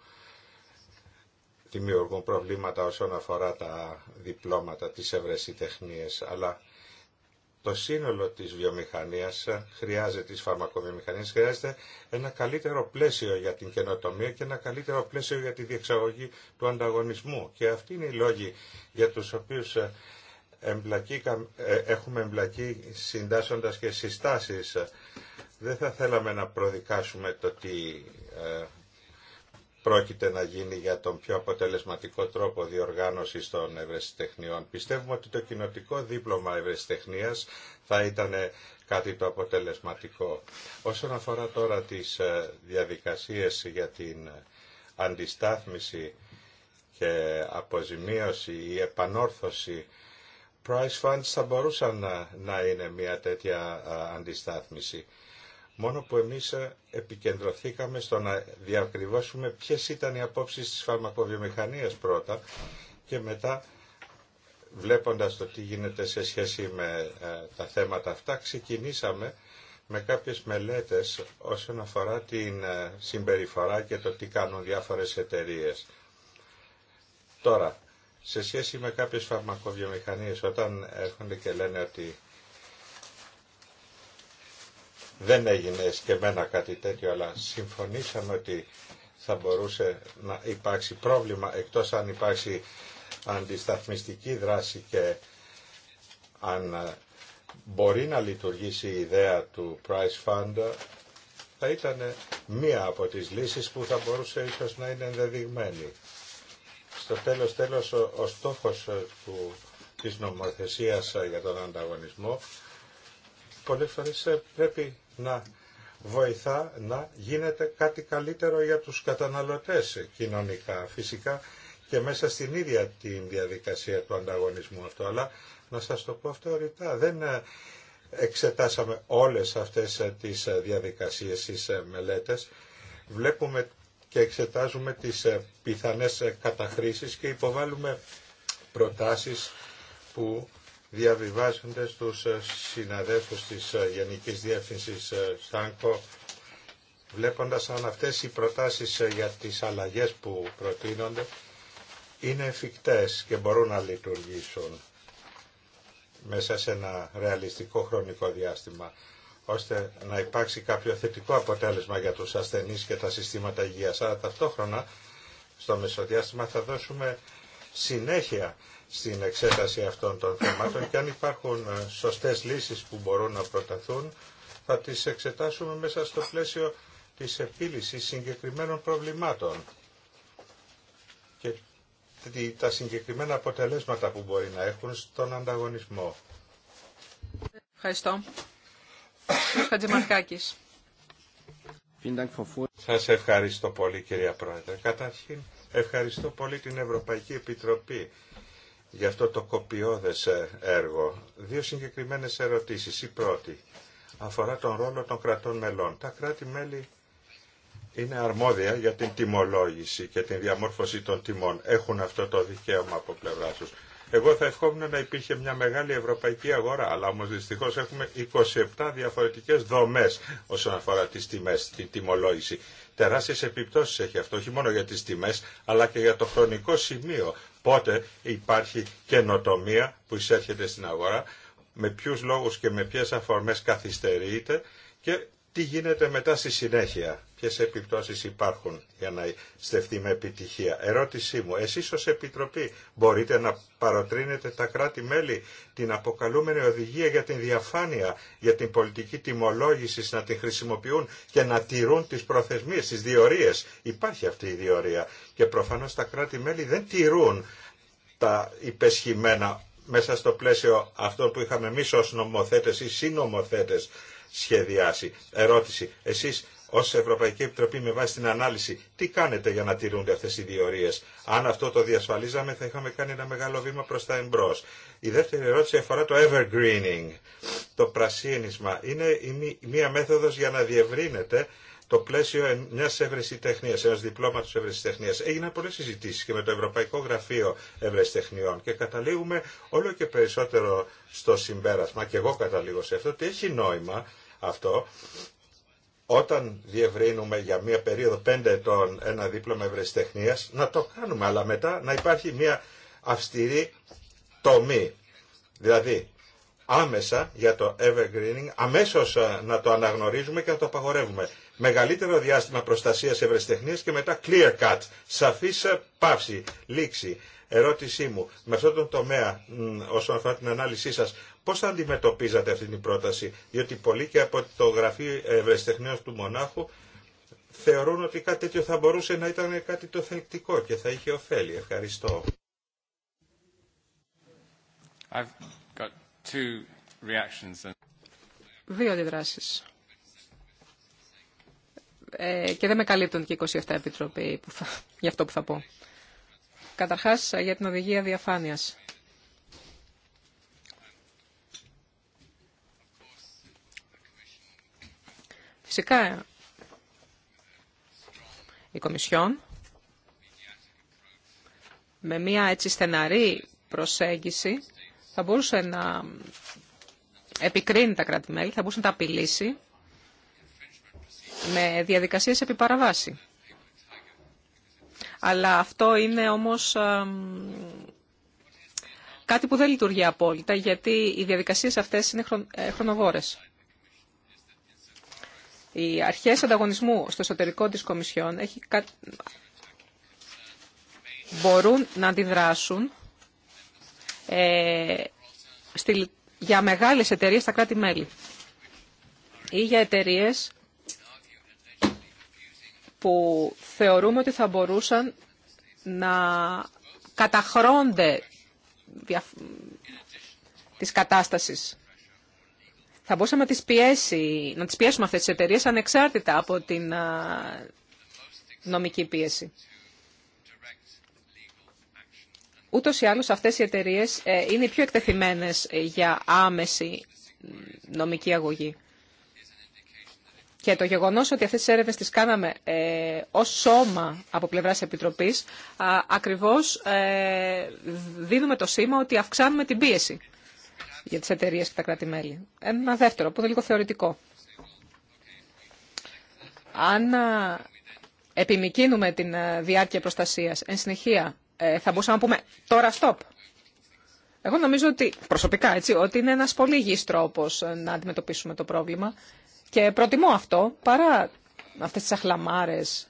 δημιουργούν προβλήματα όσον αφορά τα διπλώματα, τις ευρεσιτεχνίες, αλλά το σύνολο της βιομηχανίας χρειάζεται, της φαρμακοβιομηχανίας χρειάζεται ένα καλύτερο πλαίσιο για την καινοτομία και ένα καλύτερο πλαίσιο για τη διεξαγωγή του ανταγωνισμού. Και αυτοί είναι οι λόγοι για τους οποίους ε, ε, έχουμε εμπλακεί συντάσσοντας και συστάσεις ε, δεν θα θέλαμε να προδικάσουμε το τι ε, πρόκειται να γίνει για τον πιο αποτελεσματικό τρόπο διοργάνωσης των ευρεσιτεχνιών. Πιστεύουμε ότι το κοινοτικό δίπλωμα ευρεσιτεχνίας θα ήταν κάτι το αποτελεσματικό. Όσον αφορά τώρα τις ε, διαδικασίες για την αντιστάθμιση και αποζημίωση ή επανόρθωση Price funds θα μπορούσαν να, να είναι μια τέτοια ε, αντιστάθμιση μόνο που εμείς ε, επικεντρωθήκαμε στο να διακριβώσουμε ποιες ήταν οι απόψεις της φαρμακοβιομηχανίας πρώτα και μετά βλέποντας το τι γίνεται σε σχέση με ε, τα θέματα αυτά ξεκινήσαμε με κάποιες μελέτες όσον αφορά την ε, συμπεριφορά και το τι κάνουν διάφορες εταιρείες. Τώρα, σε σχέση με κάποιες φαρμακοβιομηχανίες, όταν έρχονται και λένε ότι δεν έγινε σκεμμένα κάτι τέτοιο, αλλά συμφωνήσαμε ότι θα μπορούσε να υπάρξει πρόβλημα εκτός αν υπάρξει αντισταθμιστική δράση και αν ε, μπορεί να λειτουργήσει η ιδέα του Price Fund θα ήταν μία από τις λύσεις που θα μπορούσε ίσως να είναι ενδεδειγμένη. Στο τέλος τέλος ο, στόχος ε, του, της νομοθεσίας ε, για τον ανταγωνισμό πολλές φορές πρέπει να βοηθά να γίνεται κάτι καλύτερο για τους καταναλωτές κοινωνικά φυσικά και μέσα στην ίδια τη διαδικασία του ανταγωνισμού αυτό. Αλλά να σας το πω αυτό δεν ε, εξετάσαμε όλες αυτές ε, τις ε, διαδικασίες, τις μελέτες. Βλέπουμε και εξετάζουμε τις πιθανές καταχρήσεις και υποβάλλουμε προτάσεις που διαβιβάζονται τους ε, συναδέλφους της ε, Γενικής Διεύθυνσης ε, ΣΤΑΝΚΟ βλέποντας αν αυτές οι προτάσεις για τις αλλαγές που προτείνονται είναι εφικτές και μπορούν να λειτουργήσουν μέσα σε ένα ρεαλιστικό χρονικό διάστημα ώστε να υπάρξει κάποιο θετικό αποτέλεσμα για τους ασθενείς και τα συστήματα υγείας. Αλλά ταυτόχρονα στο μεσοδιάστημα θα δώσουμε συνέχεια στην εξέταση αυτών των θεμάτων και αν υπάρχουν ε, σωστές λύσεις που μπορούν να προταθούν θα τις εξετάσουμε μέσα στο πλαίσιο της επίλυσης συγκεκριμένων προβλημάτων και τα συγκεκριμένα αποτελέσματα που μπορεί να έχουν στον ανταγωνισμό. Ευχαριστώ. Χατζημαρκάκης. Σας ευχαριστώ πολύ κυρία Πρόεδρε. Καταρχήν ευχαριστώ πολύ την Ευρωπαϊκή Επιτροπή για αυτό το κοπιώδες ε, έργο. Δύο συγκεκριμένες ερωτήσεις. Η πρώτη αφορά τον ρόλο των κρατών μελών. Τα κράτη-μέλη είναι αρμόδια για την τιμολόγηση και την διαμόρφωση των τιμών. Έχουν αυτό το δικαίωμα από πλευρά τους. Εγώ θα ευχόμουν να υπήρχε μια μεγάλη ευρωπαϊκή αγορά, αλλά όμως δυστυχώς έχουμε 27 διαφορετικές δομές όσον αφορά τις τιμές, την τιμολόγηση. Τεράστιες επιπτώσεις έχει αυτό, όχι μόνο για τις τιμές, αλλά και για το χρονικό σημείο πότε υπάρχει καινοτομία που εισέρχεται στην αγορά, με ποιους λόγους και με ποιες αφορμές καθυστερείται και τι γίνεται μετά στη συνέχεια ποιες επιπτώσεις υπάρχουν για να στεφτεί με επιτυχία. Ερώτησή μου, εσείς ως Επιτροπή μπορείτε να παροτρύνετε τα κράτη-μέλη την αποκαλούμενη οδηγία για την διαφάνεια, για την πολιτική τιμολόγηση να την χρησιμοποιούν και να τηρούν τις προθεσμίες, τις διορίες. Υπάρχει αυτή η διορία και προφανώς τα κράτη-μέλη δεν τηρούν τα υπεσχημένα μέσα στο πλαίσιο αυτό που είχαμε εμεί ω νομοθέτες ή συνομοθέτες σχεδιάσει. Ερώτηση, εσείς Ω Ευρωπαϊκή Επιτροπή με βάση την ανάλυση τι κάνετε για να τηρούνται αυτέ οι διορίες. Αν αυτό το διασφαλίζαμε θα είχαμε κάνει ένα μεγάλο βήμα προ τα εμπρό. Η δεύτερη ερώτηση αφορά το evergreening, το πρασίνισμα. Είναι μία μέθοδο για να διευρύνεται το πλαίσιο μια τεχνία, ενό διπλώματο τεχνία. Έγιναν πολλέ συζητήσει και με το Ευρωπαϊκό Γραφείο Τεχνιών και καταλήγουμε όλο και περισσότερο στο συμπέρασμα, και εγώ καταλήγω σε αυτό, ότι έχει νόημα αυτό όταν διευρύνουμε για μία περίοδο πέντε ετών ένα δίπλωμα ευρεσιτεχνίας, να το κάνουμε, αλλά μετά να υπάρχει μία αυστηρή τομή. Δηλαδή, άμεσα για το evergreening, αμέσως να το αναγνωρίζουμε και να το απαγορεύουμε. Μεγαλύτερο διάστημα προστασίας ευρεσιτεχνίας και μετά clear cut, σαφής παύση, λήξη. Ερώτησή μου, με αυτόν τον τομέα, όσον αφορά την ανάλυση σας, Πώς θα αντιμετωπίζατε αυτή την πρόταση, διότι πολλοί και από το γραφείο Ευρεσιτεχνίας του Μονάχου θεωρούν ότι κάτι τέτοιο θα μπορούσε να ήταν κάτι το θελκτικό και θα είχε ωφέλη. Ευχαριστώ. Δύο αντιδράσεις. Ε, και δεν με καλύπτουν και 27 επιτροπή για αυτό που θα πω. Καταρχάς για την οδηγία διαφάνειας. Φυσικά, η Κομισιόν με μια έτσι στεναρή προσέγγιση θα μπορούσε να επικρίνει τα κράτη-μέλη, θα μπορούσε να τα απειλήσει με διαδικασίες επί παραβάση. Αλλά αυτό είναι όμως κάτι που δεν λειτουργεί απόλυτα, γιατί οι διαδικασίες αυτές είναι ε, χρονοβόρες οι αρχέ ανταγωνισμού στο εσωτερικό τη Κομισιόν έχει μπορούν να αντιδράσουν ε, στη... για μεγάλες εταιρείε στα κράτη-μέλη ή για εταιρείε που θεωρούμε ότι θα μπορούσαν να καταχρώνται δια... της κατάστασης θα μπορούσαμε να τις, να τις πιέσουμε αυτές τις εταιρείες ανεξάρτητα από την νομική πίεση. Ούτως ή άλλως αυτές οι εταιρείες ε, είναι οι πιο εκτεθειμένες για άμεση νομική αγωγή. Και το γεγονός ότι αυτές τις έρευνες τις κάναμε ε, ω σώμα από πλευρά Επιτροπή, ακριβώς ε, δίνουμε το σήμα ότι αυξάνουμε την πίεση για τις εταιρείε και τα κράτη-μέλη. Ένα δεύτερο, που είναι λίγο θεωρητικό. Αν ε, επιμηκύνουμε την ε, διάρκεια προστασίας, εν συνεχεία, ε, θα μπορούσαμε να πούμε τώρα stop. Εγώ νομίζω ότι, προσωπικά έτσι, ότι είναι ένας πολύ υγιής τρόπος να αντιμετωπίσουμε το πρόβλημα και προτιμώ αυτό παρά αυτές τις αχλαμάρες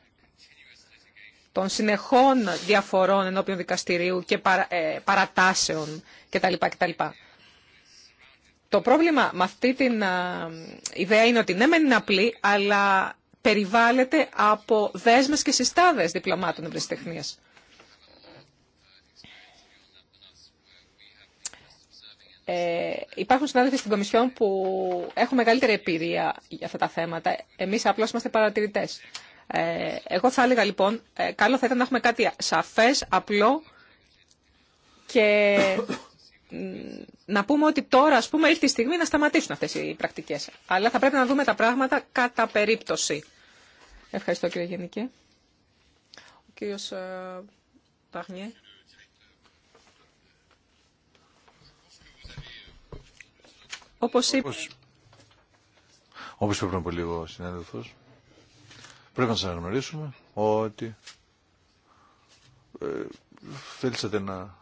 των συνεχών διαφορών ενώπιον δικαστηρίου και παρατάσεων κτλ. κτλ. Το πρόβλημα με αυτή την ιδέα είναι ότι ναι μεν είναι απλή, αλλά περιβάλλεται από δέσμε και συστάδες διπλωμάτων ευρεσιτεχνία. Ε, υπάρχουν συνάδελφοι στην Κομισιόν που έχουν μεγαλύτερη εμπειρία για αυτά τα θέματα. Εμείς απλώ είμαστε παρατηρητέ. Ε, εγώ θα έλεγα λοιπόν, ε, καλό θα ήταν να έχουμε κάτι σαφέ, απλό και να πούμε ότι τώρα, ας πούμε, ήρθε η στιγμή να σταματήσουν αυτές οι πρακτικές. Αλλά θα πρέπει να δούμε τα πράγματα κατά περίπτωση. Ευχαριστώ, κύριε Γενική. Ο κύριος ε, Παγνιέ. Όπως είπε... Όπως, πριν από λίγο ο πρέπει να σας αναγνωρίσουμε ότι ε, θέλησατε να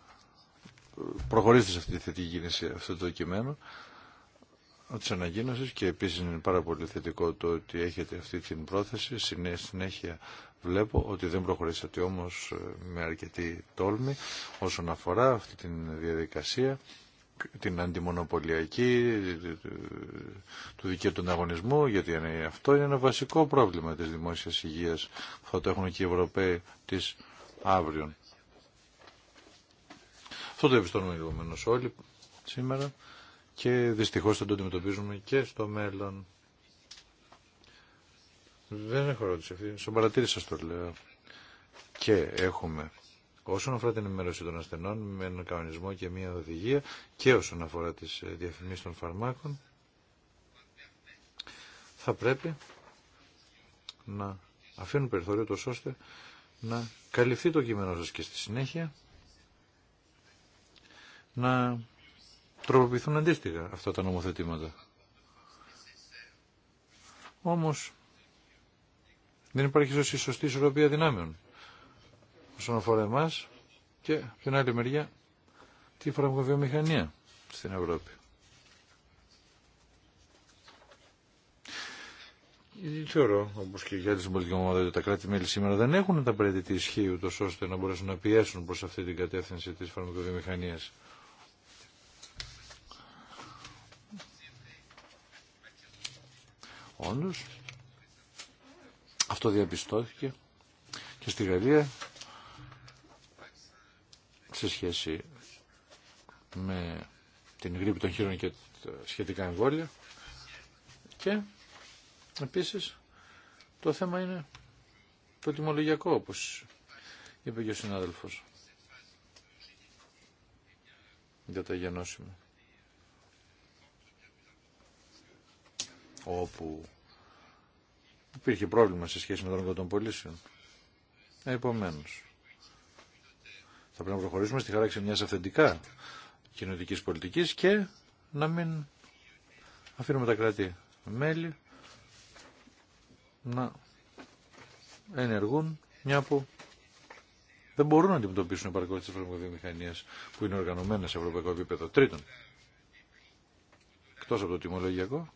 προχωρήσετε σε αυτή τη θετική κίνηση αυτό το κειμένο τη ανακοίνωση και επίσης είναι πάρα πολύ θετικό το ότι έχετε αυτή την πρόθεση. Συνέχεια βλέπω ότι δεν προχωρήσατε όμως ε, με αρκετή τόλμη όσον αφορά αυτή τη διαδικασία την αντιμονοπολιακή ε, ε, του δικαίου του ανταγωνισμού γιατί αυτό είναι ένα βασικό πρόβλημα της δημόσιας υγείας θα το έχουν και οι Ευρωπαίοι της αύριο αυτό το επιστώνουμε όλη όλοι σήμερα και δυστυχώς θα το αντιμετωπίζουμε και στο μέλλον. Δεν έχω ερώτηση αυτή. Στον παρατήρησα το λέω. Και έχουμε όσον αφορά την ενημέρωση των ασθενών με έναν κανονισμό και μια οδηγία και όσον αφορά τις ε, διαφημίσεις των φαρμάκων θα πρέπει να αφήνουν περιθώριο τόσο ώστε να καλυφθεί το κείμενό σας και στη συνέχεια να τροποποιηθούν αντίστοιχα αυτά τα νομοθετήματα. Όμως δεν υπάρχει σωστή ισορροπία δυνάμεων όσον αφορά εμά και την άλλη μεριά τη φαρμακοβιομηχανία στην Ευρώπη. Θεωρώ, όπω και για την πολιτική ομάδα, ότι τα κράτη-μέλη σήμερα δεν έχουν τα απαραίτητη ισχύ ούτω ώστε να μπορέσουν να πιέσουν προ αυτή την κατεύθυνση τη φαρμακοβιομηχανία. Όντως, αυτό διαπιστώθηκε και στη Γαλλία σε σχέση με την γρήπη των χείρων και τα σχετικά εμβόλια και επίσης το θέμα είναι το τιμολογιακό όπως είπε και ο συνάδελφος για τα γενώσιμα. όπου υπήρχε πρόβλημα σε σχέση με τον των πωλήσεων. Ε, επομένως, θα πρέπει να προχωρήσουμε στη χαράξη μιας αυθεντικά κοινωνικής πολιτικής και να μην αφήνουμε τα κράτη μέλη να ενεργούν μια που δεν μπορούν να αντιμετωπίσουν επαρκώς της φαρμακοβιομηχανίας που είναι οργανωμένα σε ευρωπαϊκό επίπεδο. Τρίτον, εκτός από το τιμολογιακό,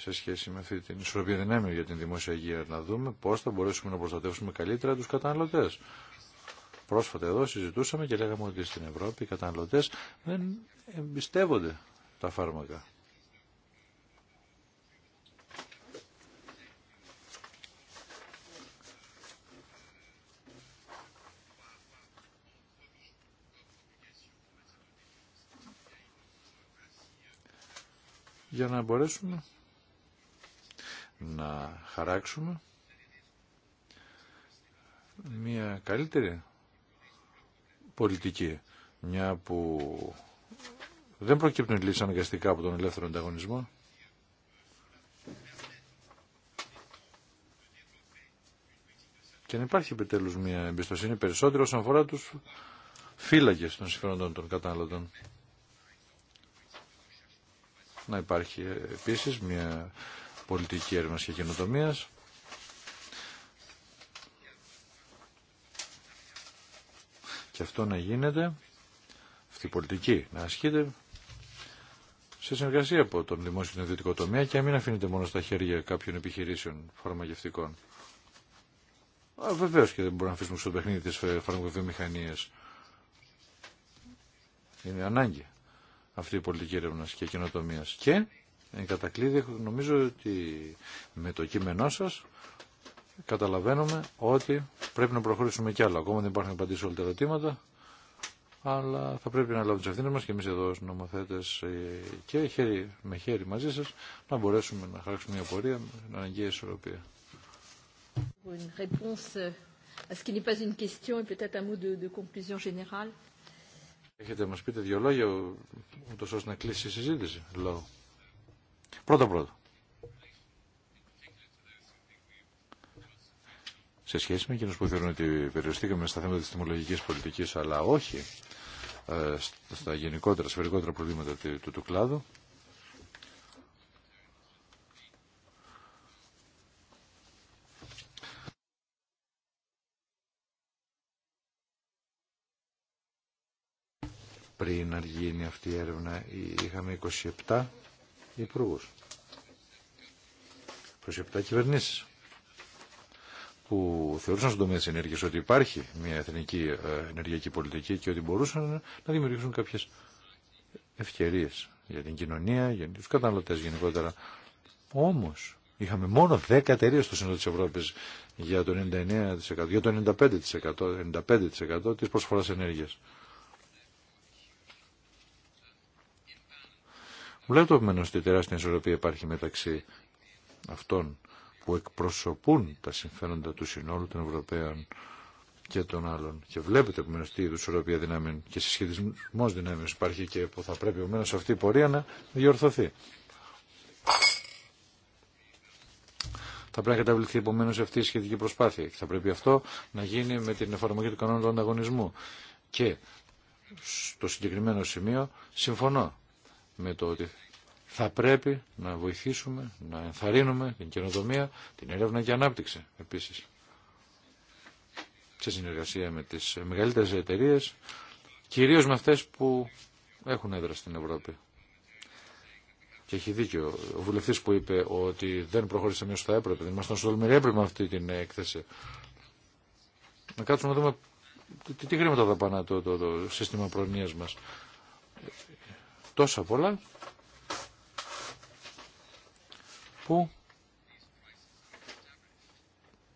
σε σχέση με αυτή την ισορροπία δυνάμεων για την δημόσια υγεία, να δούμε πώς θα μπορέσουμε να προστατεύσουμε καλύτερα τους καταναλωτές. Πρόσφατα εδώ συζητούσαμε και λέγαμε ότι στην Ευρώπη οι καταναλωτές δεν εμπιστεύονται τα φάρμακα. για να μπορέσουμε να χαράξουμε μια καλύτερη πολιτική, μια που δεν προκύπτουν λύσεις αναγκαστικά από τον ελεύθερο ανταγωνισμό. Και να υπάρχει επιτέλους μια εμπιστοσύνη περισσότερο όσον αφορά τους φύλακες των συμφερόντων των κατάλληλων. Να υπάρχει επίσης μια πολιτική έρευνα και καινοτομία. Και αυτό να γίνεται, αυτή η πολιτική να ασκείται σε συνεργασία από τον δημόσιο και τον ιδιωτικό τομέα και να μην αφήνεται μόνο στα χέρια κάποιων επιχειρήσεων φαρμακευτικών. Βεβαίω και δεν μπορούμε να αφήσουμε στο παιχνίδι τι φαρμακοβιομηχανίε. Είναι ανάγκη αυτή η πολιτική έρευνα και καινοτομία. Και Εν κατακλείδη, νομίζω ότι με το κείμενό σας καταλαβαίνουμε ότι πρέπει να προχωρήσουμε κι άλλα. Ακόμα δεν υπάρχουν απαντήσει όλα τα ερωτήματα, αλλά θα πρέπει να λάβουμε τι ευθύνε μα και εμεί εδώ ως νομοθέτες ε, και χέρι με χέρι μαζί σας να μπορέσουμε να χαράξουμε μια πορεία με αναγκαία ισορροπία. Έχετε να μας πείτε δύο λόγια, ούτως ώστε να κλείσει η συζήτηση. Λόγω. Πρώτο πρώτο. Σε σχέση με εκείνους που θεωρούν ότι περιοριστήκαμε στα θέματα της τιμολογικής πολιτικής, αλλά όχι ε, στα γενικότερα, σφαιρικότερα προβλήματα του, του, κλάδου, πριν είναι αυτή η έρευνα είχαμε 27 υπουργούς. 27 κυβερνήσει. που θεωρούσαν στον τομέα της ενέργειας ότι υπάρχει μια εθνική ε, ενεργειακή πολιτική και ότι μπορούσαν να δημιουργήσουν κάποιες ευκαιρίε για την κοινωνία, για τους καταναλωτές γενικότερα. Όμως, είχαμε μόνο 10 εταιρείε στο σύνολο της Ευρώπης για το 99%, για το 95%, 95% της προσφοράς Βλέπετε επομένω ότι τεράστια ισορροπία υπάρχει μεταξύ αυτών που εκπροσωπούν τα συμφέροντα του συνόλου των Ευρωπαίων και των άλλων. Και βλέπετε επομένω τι είδου ισορροπία δυνάμεων και συσχετισμό δυνάμεων υπάρχει και που θα πρέπει επομένω αυτή η πορεία να διορθωθεί. Θα πρέπει να καταβληθεί επομένω αυτή η σχετική προσπάθεια και θα πρέπει αυτό να γίνει με την εφαρμογή του κανόνα του ανταγωνισμού. Και στο συγκεκριμένο σημείο συμφωνώ με το ότι θα πρέπει να βοηθήσουμε, να ενθαρρύνουμε την καινοτομία, την έρευνα και ανάπτυξη επίσης. Σε συνεργασία με τις μεγαλύτερες εταιρείε, κυρίως με αυτές που έχουν έδρα στην Ευρώπη. Και έχει δίκιο ο βουλευτής που είπε ότι δεν προχώρησε όσο θα έπρεπε, δεν ήμασταν στο έπρεπε με αυτή την έκθεση. Να κάτσουμε να δούμε τι, τι χρήματα το, το, το, το σύστημα προνοίας μας τόσα πολλά που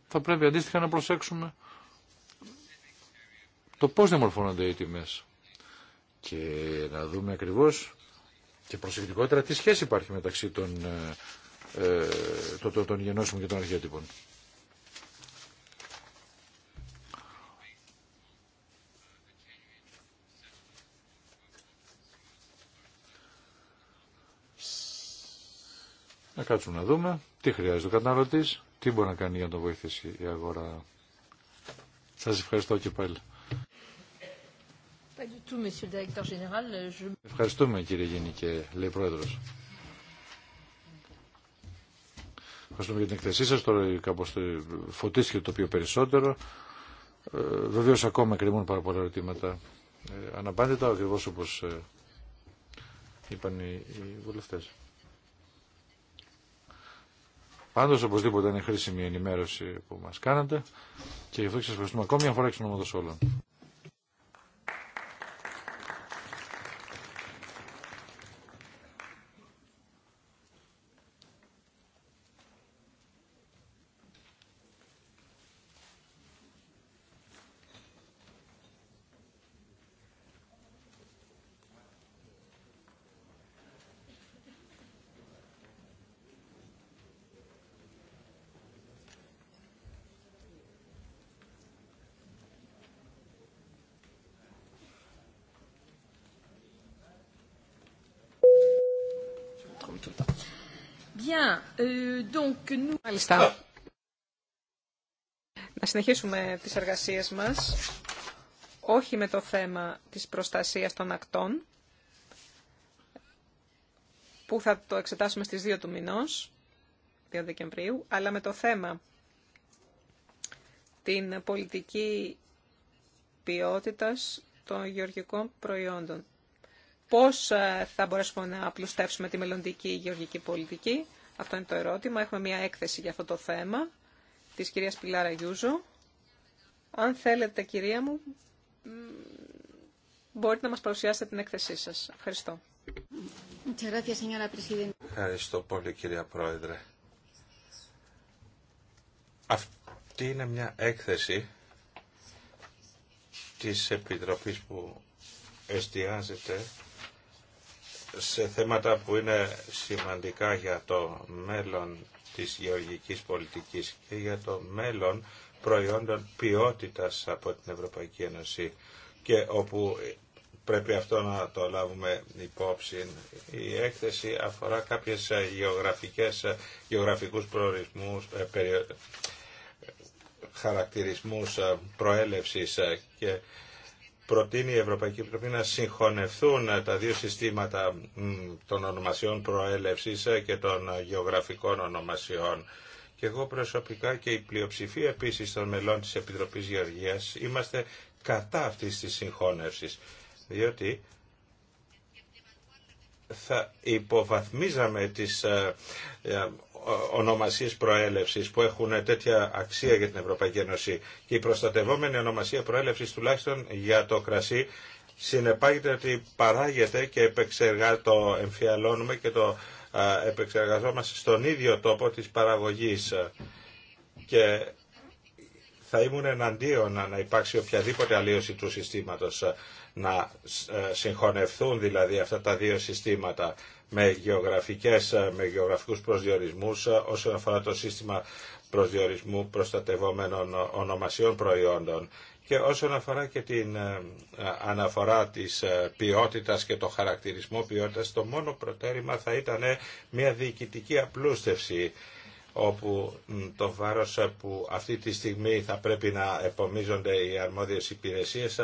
θα πρέπει αντίστοιχα να προσέξουμε το πώς διαμορφώνονται οι τιμές και να δούμε ακριβώς και προσεκτικότερα τι σχέση υπάρχει μεταξύ των, ε, ε των, γενώσεων και των αρχαιοτύπων. Να κάτσουμε να δούμε τι χρειάζεται ο καταναλωτής, τι μπορεί να κάνει για να το βοηθήσει η αγορά. Σα ευχαριστώ και πάλι. Euh, Ευχαριστούμε κύριε Γενικέ, λέει πρόεδρο. Ευχαριστούμε για την εκθεσή σα τώρα κάπω ε, φωτίστηκε το τοπίο περισσότερο. Ε, Βεβαίω ακόμα κρυμούν πάρα πολλά ερωτήματα. Ε, αναπάντητα, ακριβώ όπως ε, είπαν οι, οι βουλευτές. Πάντω οπωσδήποτε είναι χρήσιμη η ενημέρωση που μα κάνατε και γι' αυτό και σα ευχαριστούμε ακόμη μια φορά εξ όλων. Euh, να συνεχίσουμε τις εργασίες μας, όχι με το θέμα της προστασίας των ακτών, που θα το εξετάσουμε στις 2 του μηνός, 2 Δεκεμβρίου, αλλά με το θέμα την πολιτική ποιότητας των γεωργικών προϊόντων. Πώς ε, θα μπορέσουμε να απλουστεύσουμε τη μελλοντική γεωργική πολιτική. Αυτό είναι το ερώτημα. Έχουμε μια έκθεση για αυτό το θέμα της κυρίας Πιλάρα Γιούζο. Αν θέλετε, κυρία μου, μπορείτε να μας παρουσιάσετε την έκθεσή σας. Ευχαριστώ. Ευχαριστώ πολύ, κυρία Πρόεδρε. Αυτή είναι μια έκθεση της Επιτροπής που εστιάζεται σε θέματα που είναι σημαντικά για το μέλλον της γεωργικής πολιτικής και για το μέλλον προϊόντων ποιότητας από την Ευρωπαϊκή Ένωση και όπου πρέπει αυτό να το λάβουμε υπόψη. Η έκθεση αφορά κάποιες γεωγραφικές, γεωγραφικούς προορισμούς, ε, χαρακτηρισμούς ε, προέλευσης ε, και προτείνει η Ευρωπαϊκή Επιτροπή να συγχωνευθούν τα δύο συστήματα των ονομασιών προέλευσης και των γεωγραφικών ονομασιών. Και εγώ προσωπικά και η πλειοψηφία επίσης των μελών της Επιτροπής Γεωργίας είμαστε κατά αυτής της συγχώνευσης, διότι θα υποβαθμίζαμε τις ε, ε, ονομασίες προέλευση που έχουν τέτοια αξία για την Ευρωπαϊκή Ένωση και η προστατευόμενη ονομασία προέλευση τουλάχιστον για το κρασί συνεπάγεται ότι παράγεται και επεξεργά, το εμφιαλώνουμε και το επεξεργαζόμαστε στον ίδιο τόπο της παραγωγής και θα ήμουν εναντίον να υπάρξει οποιαδήποτε αλλίωση του συστήματο να συγχωνευθούν δηλαδή αυτά τα δύο συστήματα με, γεωγραφικές, ε, με γεωγραφικούς προσδιορισμούς ε, όσον αφορά το σύστημα προσδιορισμού προστατευόμενων ονομασιών προϊόντων και όσον αφορά και την ε, αναφορά της ποιότητας και το χαρακτηρισμό ποιότητας, το μόνο προτέρημα θα ήταν μια διοικητική απλούστευση όπου το βάρος που αυτή τη στιγμή θα πρέπει να επομίζονται οι αρμόδιες υπηρεσίες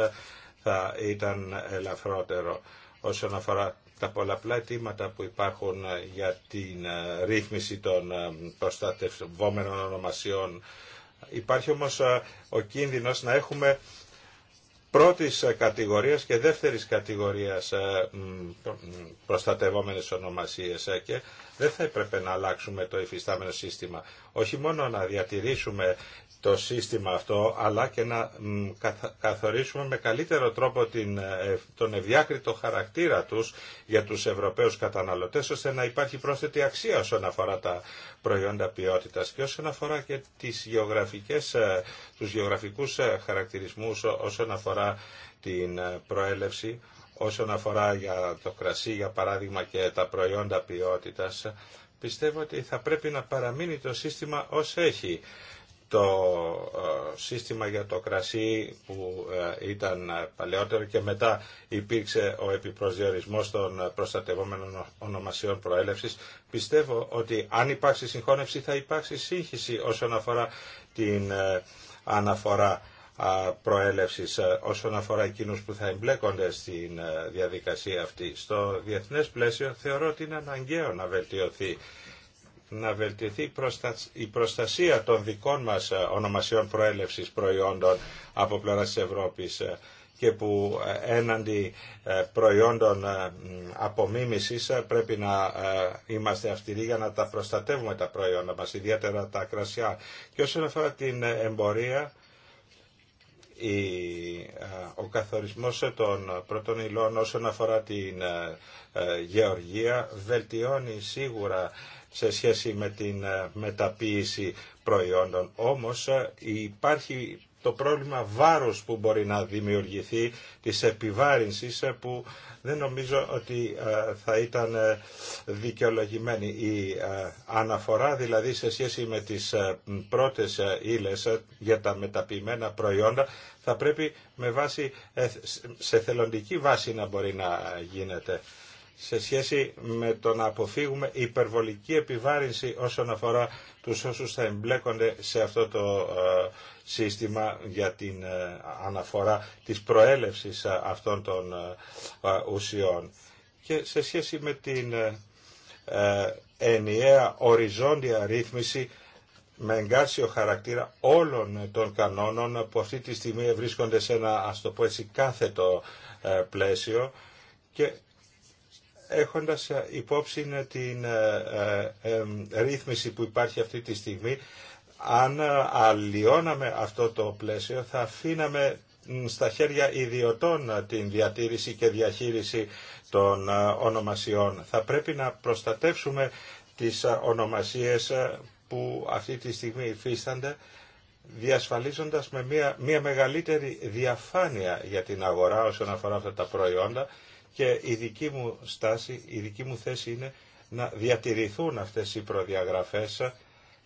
θα ήταν ελαφρότερο όσον αφορά τα πολλαπλά αιτήματα που υπάρχουν ε, για την ε, ρύθμιση των ε, προστατευόμενων ονομασιών. Υπάρχει όμως ο κίνδυνος να έχουμε πρώτης κατηγορίας και δεύτερης κατηγορίας προστατευόμενες ονομασίες και δεν θα έπρεπε να αλλάξουμε το υφιστάμενο σύστημα. Όχι μόνο να διατηρήσουμε το σύστημα αυτό, αλλά και να καθορίσουμε με καλύτερο τρόπο την, ε, τον ευδιάκριτο χαρακτήρα τους για τους Ευρωπαίους καταναλωτές, ώστε να υπάρχει πρόσθετη αξία όσον αφορά τα προϊόντα ποιότητας και όσον αφορά και τις γεωγραφικές, ε, τους γεωγραφικούς ε, χαρακτηρισμούς όσον αφορά την προέλευση όσον αφορά για το κρασί, για παράδειγμα και τα προϊόντα ποιότητας, πιστεύω ότι θα πρέπει να παραμείνει το σύστημα ως έχει. Το ε, σύστημα για το κρασί που ε, ήταν παλαιότερο και μετά υπήρξε ο επιπροσδιορισμός των προστατευόμενων ονομασιών προέλευσης. Πιστεύω ότι αν υπάρξει συγχώνευση θα υπάρξει σύγχυση όσον αφορά την ε, αναφορά προέλευσης όσον αφορά εκείνους που θα εμπλέκονται στην διαδικασία αυτή. Στο διεθνές πλαίσιο θεωρώ ότι είναι αναγκαίο να βελτιωθεί να βελτιωθεί η προστασία των δικών μας ονομασιών προέλευσης προϊόντων από πλευρά της Ευρώπης και που έναντι προϊόντων απομίμησης πρέπει να είμαστε αυστηροί για να τα προστατεύουμε τα προϊόντα μας, ιδιαίτερα τα κρασιά. Και όσον αφορά την ε, εμπορία, ο καθορισμός των πρώτων υλών όσον αφορά την γεωργία βελτιώνει σίγουρα σε σχέση με την μεταποίηση προϊόντων. Όμως υπάρχει το πρόβλημα βάρος που μπορεί να δημιουργηθεί, της επιβάρυνσης ε, που δεν νομίζω ότι ε, θα ήταν ε, δικαιολογημένη. Η αναφορά δηλαδή σε σχέση με τις πρώτες ύλες για τα μεταποιημένα προϊόντα θα πρέπει με βάση, σε θελοντική βάση να μπορεί να γίνεται σε σχέση με το να αποφύγουμε υπερβολική επιβάρυνση όσον αφορά τους όσους θα εμπλέκονται σε αυτό το σύστημα για την ε, αναφορά της προέλευσης ε, αυτών των ε, ουσιών. Και σε σχέση με την ενιαία οριζόντια ρύθμιση με εγκάσιο χαρακτήρα όλων των κανόνων που αυτή τη στιγμή βρίσκονται σε ένα, ας το κάθετο πλαίσιο και έχοντας υπόψη την ρύθμιση που υπάρχει αυτή τη στιγμή αν αλλοιώναμε αυτό το πλαίσιο θα αφήναμε στα χέρια ιδιωτών την διατήρηση και διαχείριση των ονομασιών. Θα πρέπει να προστατεύσουμε τις ονομασίες που αυτή τη στιγμή υφίστανται διασφαλίζοντας με μια, μια μεγαλύτερη διαφάνεια για την αγορά όσον αφορά αυτά τα προϊόντα και η δική μου στάση, η δική μου θέση είναι να διατηρηθούν αυτές οι προδιαγραφές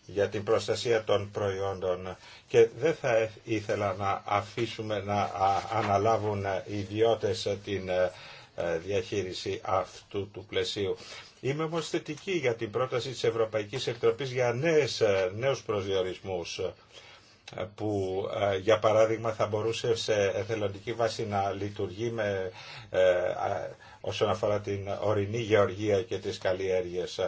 για την προστασία των προϊόντων και δεν θα ήθελα να αφήσουμε να αναλάβουν οι ιδιώτες την ε, ε, διαχείριση αυτού του πλαισίου. Είμαι όμως θετική για την πρόταση της Ευρωπαϊκής Επιτροπής για νέες, ε, νέους προσδιορισμούς που για παράδειγμα θα μπορούσε σε εθελοντική βάση να λειτουργεί με, όσον αφορά την ορεινή γεωργία και τις καλλιέργειες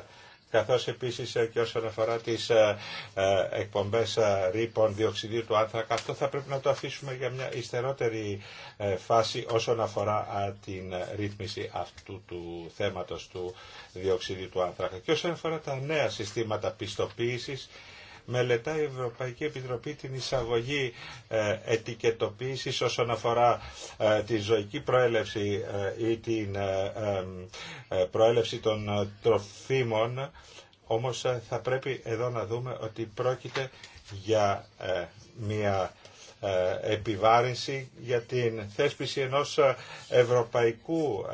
καθώς επίσης ε, και όσον αφορά τις ε, ε, εκπομπές ρήπων διοξιδίου του άνθρακα. Αυτό θα πρέπει να το αφήσουμε για μια ιστερότερη φάση όσον αφορά την ρύθμιση αυτού του θέματος του διοξιδίου του άνθρακα. Και όσον αφορά τα νέα συστήματα πιστοποίησης, μελετά η Ευρωπαϊκή Επιτροπή την εισαγωγή ε, ετικετοποίησης όσον αφορά ε, τη ζωική προέλευση ε, ή την προέλευση των τροφίμων όμως θα πρέπει εδώ να δούμε ότι πρόκειται για μια επιβάρυνση για την θέσπιση ενός ευρωπαϊκού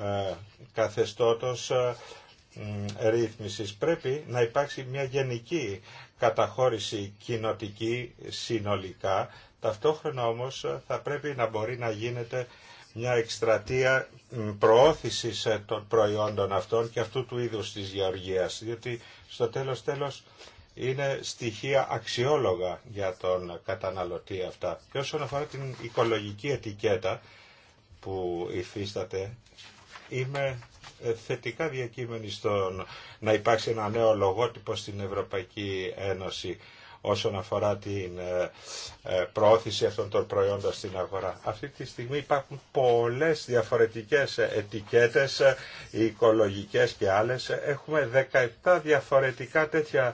καθεστώτος ρύθμισης. Πρέπει να υπάρξει μια γενική καταχώρηση κοινοτική συνολικά. Ταυτόχρονα όμως θα πρέπει να μπορεί να γίνεται μια εκστρατεία προώθησης ε, των προϊόντων αυτών και αυτού του είδους της γεωργίας, διότι στο τέλος τέλος είναι στοιχεία αξιόλογα για τον καταναλωτή αυτά. Και όσον αφορά την οικολογική ετικέτα που υφίσταται, είμαι θετικά διακείμενη στο να υπάρξει ένα νέο λογότυπο στην Ευρωπαϊκή Ένωση όσον αφορά την ε, ε, προώθηση αυτών των προϊόντων στην αγορά. Αυτή τη στιγμή υπάρχουν πολλές διαφορετικές ετικέτες, ε, οικολογικές και άλλες. Έχουμε 17 διαφορετικά τέτοια,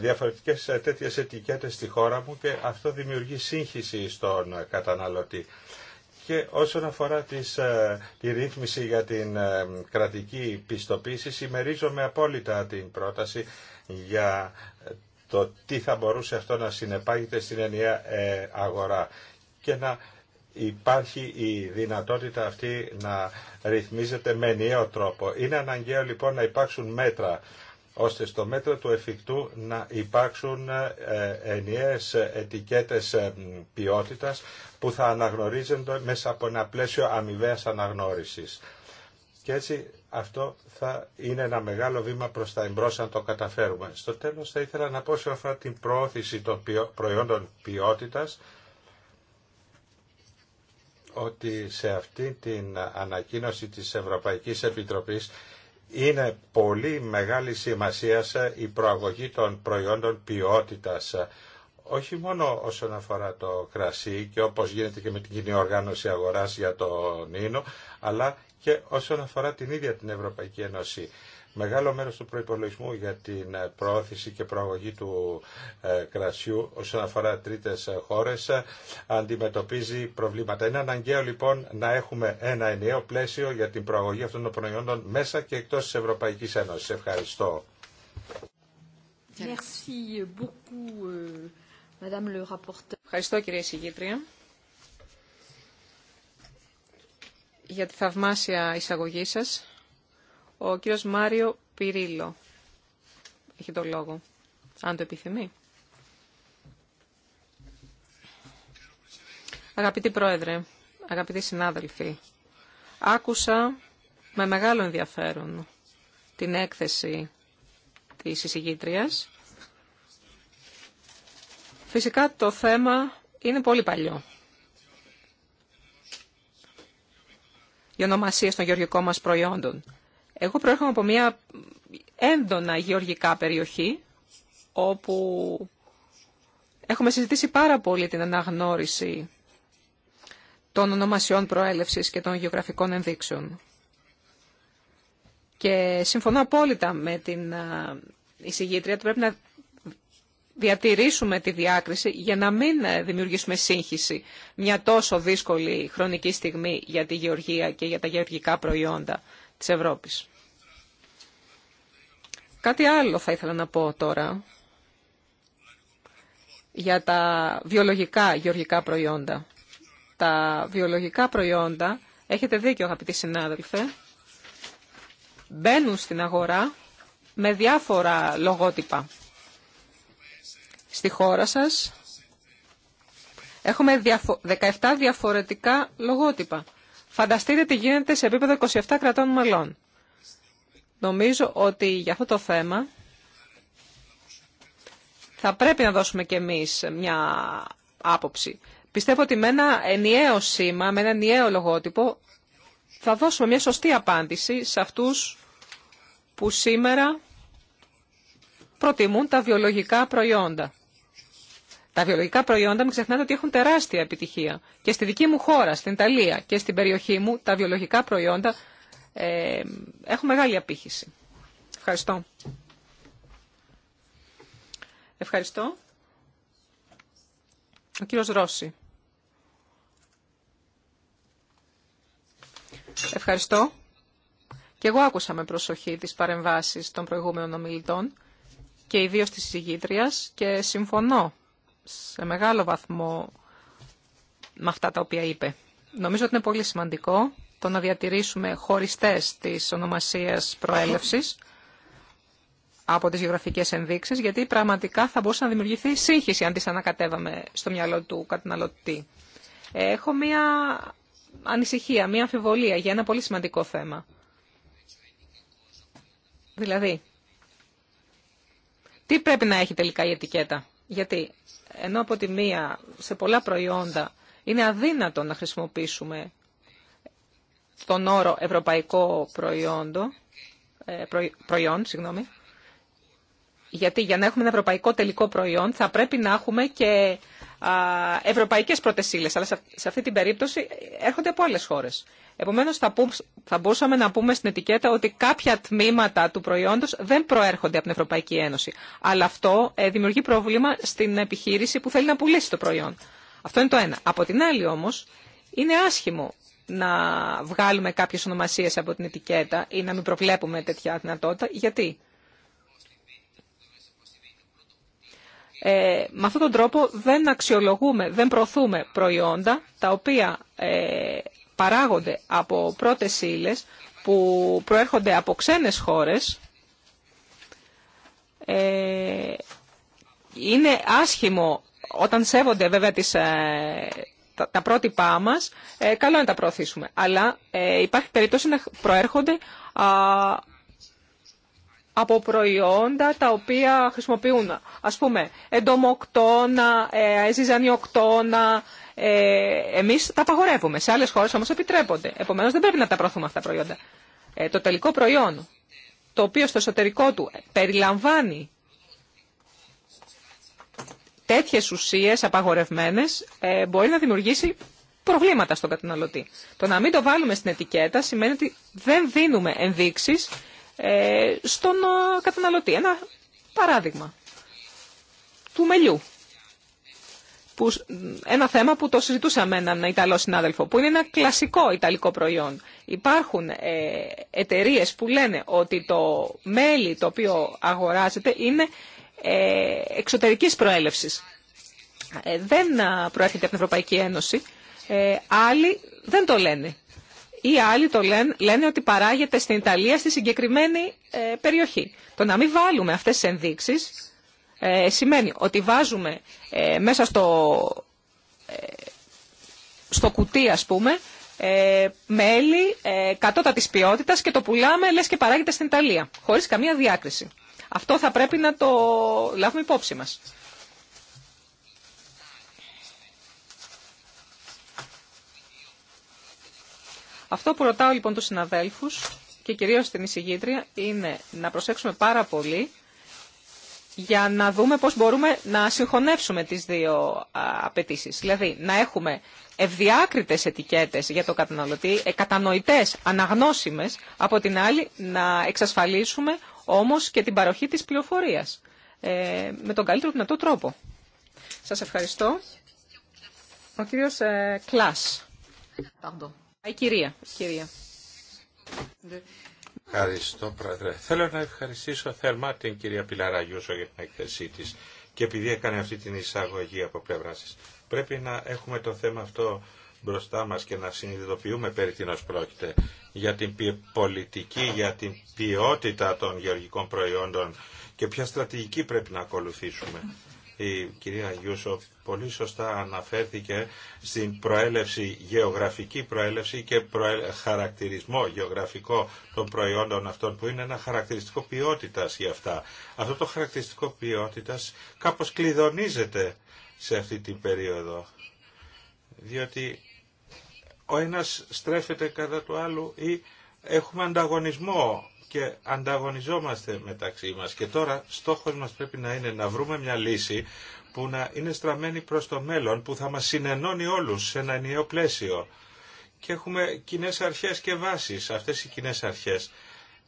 διαφορετικές τέτοιες ετικέτες στη χώρα μου και αυτό δημιουργεί σύγχυση στον καταναλωτή. Και όσον αφορά τις, ε, τη ρύθμιση για την ε, κρατική πιστοποίηση, συμμερίζομαι απόλυτα την πρόταση για το τι θα μπορούσε αυτό να συνεπάγεται στην ενιαία ε, αγορά και να υπάρχει η δυνατότητα αυτή να ρυθμίζεται με ενιαίο τρόπο. Είναι αναγκαίο λοιπόν να υπάρξουν μέτρα ώστε στο μέτρο του εφικτού να υπάρξουν ε, ενιαίες ετικέτες ε, ποιότητας που θα αναγνωρίζονται μέσα από ένα πλαίσιο αμοιβαίας αναγνώρισης. Και έτσι αυτό θα είναι ένα μεγάλο βήμα προς τα εμπρός αν το καταφέρουμε. Στο τέλος θα ήθελα να πω σε την προώθηση των προϊόντων ποιότητας ότι σε αυτή την ανακοίνωση της Ευρωπαϊκής Επιτροπής είναι πολύ μεγάλη σημασία η προαγωγή των προϊόντων ποιότητας όχι μόνο όσον αφορά το κρασί και όπως γίνεται και με την κοινή οργάνωση αγοράς για τον Ίνο, αλλά και όσον αφορά την ίδια την Ευρωπαϊκή Ένωση. Μεγάλο μέρος του προϋπολογισμού για την ε, προώθηση και προαγωγή του ε, κρασιού όσον αφορά τρίτες ε, χώρες αντιμετωπίζει προβλήματα. Είναι αναγκαίο λοιπόν να έχουμε ένα ενιαίο πλαίσιο για την προαγωγή αυτών των προϊόντων μέσα και εκτός της Ευρωπαϊκής Ένωσης. Ευχαριστώ. Euh, Ευχαριστώ κύριε Συγγήτρια για τη θαυμάσια εισαγωγή σας. Ο κύριος Μάριο Πυρίλο έχει το λόγο, αν το επιθυμεί. Αγαπητή Πρόεδρε, αγαπητοί συνάδελφοι, άκουσα με μεγάλο ενδιαφέρον την έκθεση της εισηγήτριας. Φυσικά το θέμα είναι πολύ παλιό. Οι ονομασίε των γεωργικών μας προϊόντων εγώ προέρχομαι από μια έντονα γεωργικά περιοχή, όπου έχουμε συζητήσει πάρα πολύ την αναγνώριση των ονομασιών προέλευσης και των γεωγραφικών ενδείξεων. Και συμφωνώ απόλυτα με την εισηγήτρια ότι πρέπει να διατηρήσουμε τη διάκριση για να μην ε, δημιουργήσουμε σύγχυση μια τόσο δύσκολη χρονική στιγμή για τη γεωργία και για τα γεωργικά προϊόντα της Ευρώπης. Κάτι άλλο θα ήθελα να πω τώρα για τα βιολογικά γεωργικά προϊόντα. Τα βιολογικά προϊόντα, έχετε δίκιο αγαπητοί συνάδελφε, μπαίνουν στην αγορά με διάφορα λογότυπα. Στη χώρα σας έχουμε 17 διαφορετικά λογότυπα. Φανταστείτε τι γίνεται σε επίπεδο 27 κρατών μελών. Νομίζω ότι για αυτό το θέμα θα πρέπει να δώσουμε κι εμείς μια άποψη. Πιστεύω ότι με ένα ενιαίο σήμα, με ένα ενιαίο λογότυπο, θα δώσουμε μια σωστή απάντηση σε αυτούς που σήμερα προτιμούν τα βιολογικά προϊόντα. Τα βιολογικά προϊόντα, μην ξεχνάτε ότι έχουν τεράστια επιτυχία. Και στη δική μου χώρα, στην Ιταλία και στην περιοχή μου, τα βιολογικά προϊόντα ε, έχουν μεγάλη απήχηση. Ευχαριστώ. Ευχαριστώ. Ο κύριος Ρώση. Ευχαριστώ. Και εγώ άκουσα με προσοχή τις παρεμβάσεις των προηγούμενων ομιλητών και ιδίως της εισηγήτριας και συμφωνώ σε μεγάλο βαθμό με αυτά τα οποία είπε. Νομίζω ότι είναι πολύ σημαντικό το να διατηρήσουμε χωριστές της ονομασίας προέλευσης από τις γεωγραφικές ενδείξεις, γιατί πραγματικά θα μπορούσε να δημιουργηθεί σύγχυση αν τις ανακατέβαμε στο μυαλό του καταναλωτή. Έχω μία ανησυχία, μία αμφιβολία για ένα πολύ σημαντικό θέμα. Δηλαδή, τι πρέπει να έχει τελικά η ετικέτα. Γιατί ενώ από τη μία σε πολλά προϊόντα είναι αδύνατο να χρησιμοποιήσουμε τον όρο ευρωπαϊκό προϊόντο, ε, προϊόν, συγγνώμη, γιατί για να έχουμε ένα ευρωπαϊκό τελικό προϊόν θα πρέπει να έχουμε και ευρωπαϊκές πρωτεσίλες, αλλά σε αυτή την περίπτωση έρχονται από άλλες χώρες. Επομένως θα, μπορούσαμε να πούμε στην ετικέτα ότι κάποια τμήματα του προϊόντος δεν προέρχονται από την Ευρωπαϊκή Ένωση. Αλλά αυτό ε, δημιουργεί πρόβλημα στην επιχείρηση που θέλει να πουλήσει το προϊόν. Αυτό είναι το ένα. Από την άλλη όμως είναι άσχημο να βγάλουμε κάποιες ονομασίες από την ετικέτα ή να μην προβλέπουμε τέτοια δυνατότητα. Γιατί? Ε, με αυτόν τον τρόπο δεν αξιολογούμε, δεν προωθούμε προϊόντα τα οποία ε, παράγονται από πρώτες ύλε που προέρχονται από ξένες χώρες. Ε, είναι άσχημο όταν σέβονται βέβαια τις, ε, τα, τα πρότυπά μας, καλό να τα προωθήσουμε. Αλλά υπάρχει περίπτωση να προέρχονται από προϊόντα τα οποία χρησιμοποιούν, ας πούμε, εντομοκτώνα, ε, ζυζανιοκτώνα. Ε, εμείς τα απαγορεύουμε. Σε άλλες χώρες όμως επιτρέπονται. Επομένως δεν πρέπει να τα προωθούμε αυτά τα προϊόντα. Ε, το τελικό προϊόν, το οποίο στο εσωτερικό του περιλαμβάνει τέτοιες ουσίες απαγορευμένες, ε, μπορεί να δημιουργήσει προβλήματα στον καταναλωτή. Το να μην το βάλουμε στην ετικέτα σημαίνει ότι δεν δίνουμε ενδείξεις ε, στον ε, καταναλωτή. Ένα παράδειγμα του μελιού. Που, ένα θέμα που το συζητούσα με έναν Ιταλό συνάδελφο, που είναι ένα κλασικό Ιταλικό προϊόν. Υπάρχουν ε, εταιρείε που λένε ότι το μέλι το οποίο αγοράζεται είναι ε, εξωτερικής προέλευσης. Ε, δεν προέρχεται από την Ευρωπαϊκή Ένωση. άλλοι δεν το λένε ή άλλοι το λένε, ότι παράγεται στην Ιταλία στη συγκεκριμένη ε, περιοχή. Το να μην βάλουμε αυτές τις ενδείξεις ε, σημαίνει ότι βάζουμε ε, μέσα στο, στο κουτί, ας πούμε, μέλι κατώτατης ποιότητας και το πουλάμε, λες και παράγεται στην Ιταλία, χωρίς καμία διάκριση. Αυτό θα πρέπει να το λάβουμε υπόψη μας. Αυτό που ρωτάω λοιπόν τους συναδέλφους και κυρίως την εισηγήτρια είναι να προσέξουμε πάρα πολύ για να δούμε πώς μπορούμε να συγχωνεύσουμε τις δύο απαιτήσει. Δηλαδή, να έχουμε ευδιάκριτες ετικέτες για το καταναλωτή, ε, κατανοητές, αναγνώσιμες, από την άλλη να εξασφαλίσουμε όμως και την παροχή της πληροφορίας ε, με τον καλύτερο δυνατό τρόπο. Σας ευχαριστώ. Ο κύριος ε, η κυρία. κυρία. Ευχαριστώ, Πρόεδρε. Θέλω να ευχαριστήσω θερμά την κυρία Γιούσο για την εκθεσή της και επειδή έκανε αυτή την εισαγωγή από πλευρά της. Πρέπει να έχουμε το θέμα αυτό μπροστά μας και να συνειδητοποιούμε περί τίνος πρόκειται για την πολιτική, για την ποιότητα των γεωργικών προϊόντων και ποια στρατηγική πρέπει να ακολουθήσουμε η κυρία Γιούσο πολύ σωστά αναφέρθηκε στην προέλευση, γεωγραφική προέλευση και χαρακτηρισμό γεωγραφικό των προϊόντων αυτών που είναι ένα χαρακτηριστικό ποιότητας για αυτά. Αυτό το χαρακτηριστικό ποιότητας κάπως κλειδονίζεται σε αυτή την περίοδο. Διότι ο ένας στρέφεται κατά του άλλου ή έχουμε ανταγωνισμό και ανταγωνιζόμαστε μεταξύ μας. Και τώρα στόχος μας πρέπει να είναι να βρούμε μια λύση που να είναι στραμμένη προς το μέλλον, που θα μας συνενώνει όλους σε ένα ενιαίο πλαίσιο. Και έχουμε κοινέ αρχές και βάσεις. Αυτές οι κοινέ αρχές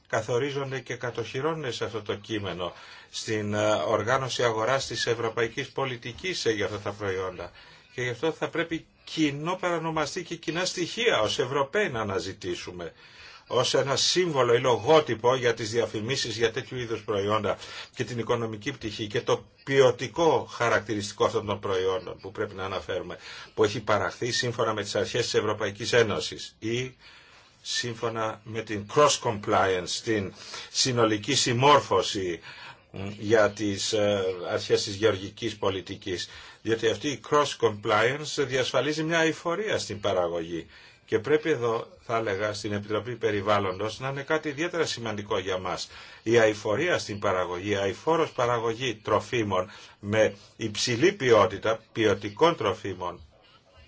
καθορίζονται και κατοχυρώνονται σε αυτό το κείμενο στην ε, οργάνωση αγοράς της ευρωπαϊκής πολιτικής ε, για αυτά τα προϊόντα. Και γι' αυτό θα πρέπει κοινό παρανομαστή και κοινά στοιχεία ως Ευρωπαίοι να αναζητήσουμε ως ένα σύμβολο ή λογότυπο για τις διαφημίσεις για τέτοιου είδους προϊόντα και την οικονομική πτυχή και το ποιοτικό χαρακτηριστικό αυτών των προϊόντων που πρέπει να αναφέρουμε που έχει παραχθεί σύμφωνα με τις αρχές της Ευρωπαϊκής Ένωσης ή σύμφωνα με την cross-compliance, την συνολική συμμόρφωση για τις ε, αρχές της γεωργικής πολιτικής. Διότι αυτή η cross-compliance διασφαλίζει μια αηφορία στην παραγωγή και πρέπει εδώ, θα έλεγα, στην Επιτροπή Περιβάλλοντος να είναι κάτι ιδιαίτερα σημαντικό για μας. Η αηφορία στην παραγωγή, η αηφόρος παραγωγή τροφίμων με υψηλή ποιότητα ποιοτικών τροφίμων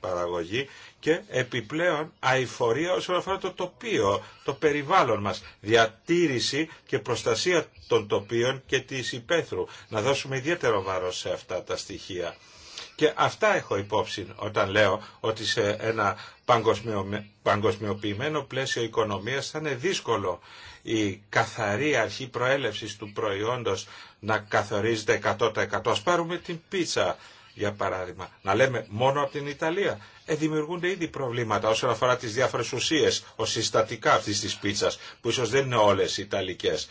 παραγωγή και επιπλέον αηφορία όσον αφορά το τοπίο, το περιβάλλον μας, διατήρηση και προστασία των τοπίων και της υπαίθρου. Να δώσουμε ιδιαίτερο βάρος σε αυτά τα στοιχεία. Και αυτά έχω υπόψη όταν λέω ότι σε ένα παγκοσμιοποιημένο πλαίσιο οικονομίας θα είναι δύσκολο η καθαρή αρχή προέλευσης του προϊόντος να καθορίζεται 100%. Ας πάρουμε την πίτσα για παράδειγμα. Να λέμε μόνο από την Ιταλία. Ε, δημιουργούνται ήδη προβλήματα όσον αφορά τις διάφορες ουσίες, ως συστατικά αυτής της πίτσας, που ίσως δεν είναι όλες οι Ιταλικές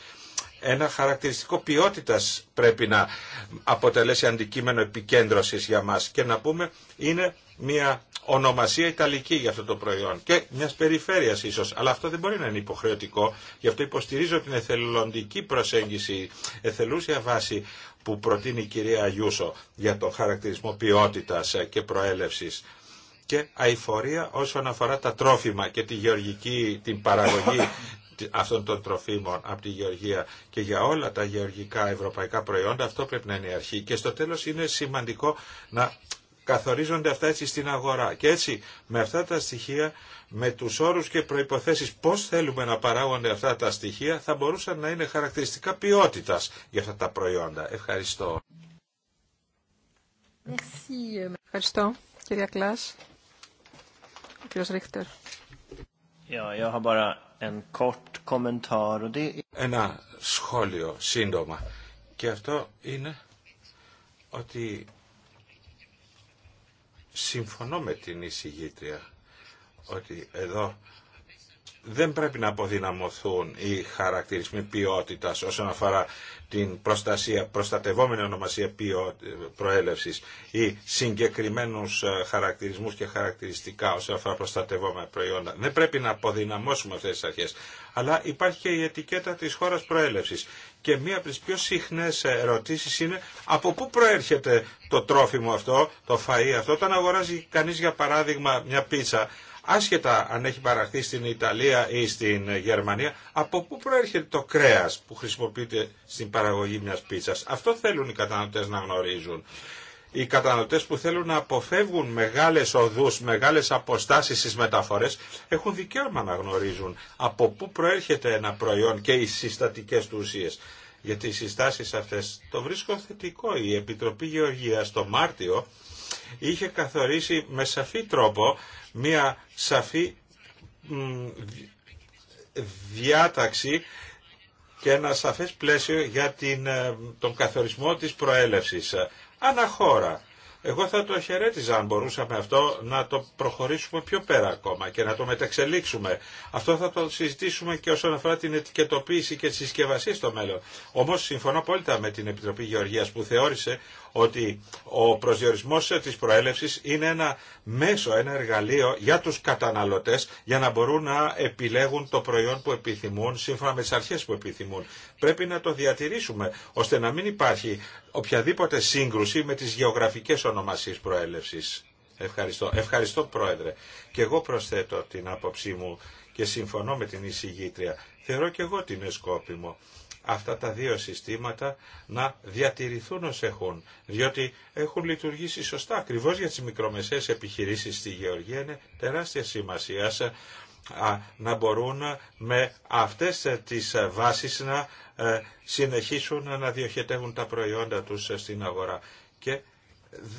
ένα χαρακτηριστικό ποιότητας πρέπει να αποτελέσει αντικείμενο επικέντρωσης για μας και να πούμε είναι μια ονομασία ιταλική για αυτό το προϊόν και μιας περιφέρειας ίσως, αλλά αυτό δεν μπορεί να είναι υποχρεωτικό, γι' αυτό υποστηρίζω την εθελοντική προσέγγιση, εθελούσια βάση που προτείνει η κυρία Αγιούσο για το χαρακτηρισμό ποιότητας και προέλευσης και αηφορία όσον αφορά τα τρόφιμα και τη γεωργική, την παραγωγή αυτών των τροφίμων από τη γεωργία και για όλα τα γεωργικά ευρωπαϊκά προϊόντα αυτό πρέπει να είναι η αρχή και στο τέλος είναι σημαντικό να καθορίζονται αυτά έτσι στην αγορά και έτσι με αυτά τα στοιχεία με τους όρους και προϋποθέσεις πώς θέλουμε να παράγονται αυτά τα στοιχεία θα μπορούσαν να είναι χαρακτηριστικά ποιότητας για αυτά τα προϊόντα. Ευχαριστώ. Ε, Ευχαριστώ κυρία Κλάς. κύριος Ρίχτερ. Ένα σχόλιο σύντομα. Και αυτό είναι ότι συμφωνώ με την εισηγήτρια ότι εδώ δεν πρέπει να αποδυναμωθούν οι χαρακτηρισμοί ποιότητα όσον αφορά την προστασία, προστατευόμενη ονομασία προέλευση ή συγκεκριμένου ε, χαρακτηρισμού και χαρακτηριστικά όσον αφορά προστατευόμενα προϊόντα. Δεν πρέπει να αποδυναμώσουμε αυτέ τι αρχέ, Αλλά υπάρχει και η ετικέτα τη χώρα προέλευση. Και μία από τι πιο συχνέ ερωτήσει είναι από πού προέρχεται το τρόφιμο αυτό, το φαΐ αυτό. Όταν αγοράζει κανεί για παράδειγμα μια πίτσα, άσχετα αν έχει παραχθεί στην Ιταλία ή στην Γερμανία, από πού προέρχεται το κρέας που χρησιμοποιείται στην παραγωγή μιας πίτσας. Αυτό θέλουν οι καταναλωτές να γνωρίζουν. Οι καταναλωτές που θέλουν να αποφεύγουν μεγάλες οδούς, μεγάλες αποστάσεις στις μεταφορές, έχουν δικαίωμα να γνωρίζουν από πού προέρχεται ένα προϊόν και οι συστατικές του ουσίες. Γιατί οι συστάσεις αυτές το βρίσκω θετικό. Η Επιτροπή Γεωργίας το Μάρτιο είχε καθορίσει με σαφή τρόπο μια σαφή διάταξη και ένα σαφές πλαίσιο για την, ε, τον καθορισμό της προέλευσης. Αναχώρα. Εγώ θα το χαιρέτιζα αν μπορούσαμε αυτό να το προχωρήσουμε πιο πέρα ακόμα και να το μεταξελίξουμε. Αυτό θα το συζητήσουμε και όσον αφορά την ετικετοποίηση και τη συσκευασία στο μέλλον. Όμως συμφωνώ απόλυτα με την Επιτροπή Γεωργίας που θεώρησε ότι ο προσδιορισμός της προέλευσης είναι ένα μέσο, ένα εργαλείο για τους καταναλωτές για να μπορούν να επιλέγουν το προϊόν που επιθυμούν σύμφωνα με τις αρχές που επιθυμούν. Πρέπει να το διατηρήσουμε ώστε να μην υπάρχει οποιαδήποτε σύγκρουση με τις γεωγραφικές ονομασίες προέλευσης. Ευχαριστώ. Ευχαριστώ Πρόεδρε. Και εγώ προσθέτω την άποψή μου και συμφωνώ με την εισηγήτρια. Θεωρώ και εγώ την σκόπιμο αυτά τα δύο συστήματα να διατηρηθούν ως έχουν, διότι έχουν λειτουργήσει σωστά ακριβώς για τις μικρομεσαίες επιχειρήσεις στη Γεωργία είναι τεράστια σημασία ε, να μπορούν ε, με αυτές ε, τις βάσεις να συνεχίσουν να διοχετεύουν τα προϊόντα τους στην αγορά. Και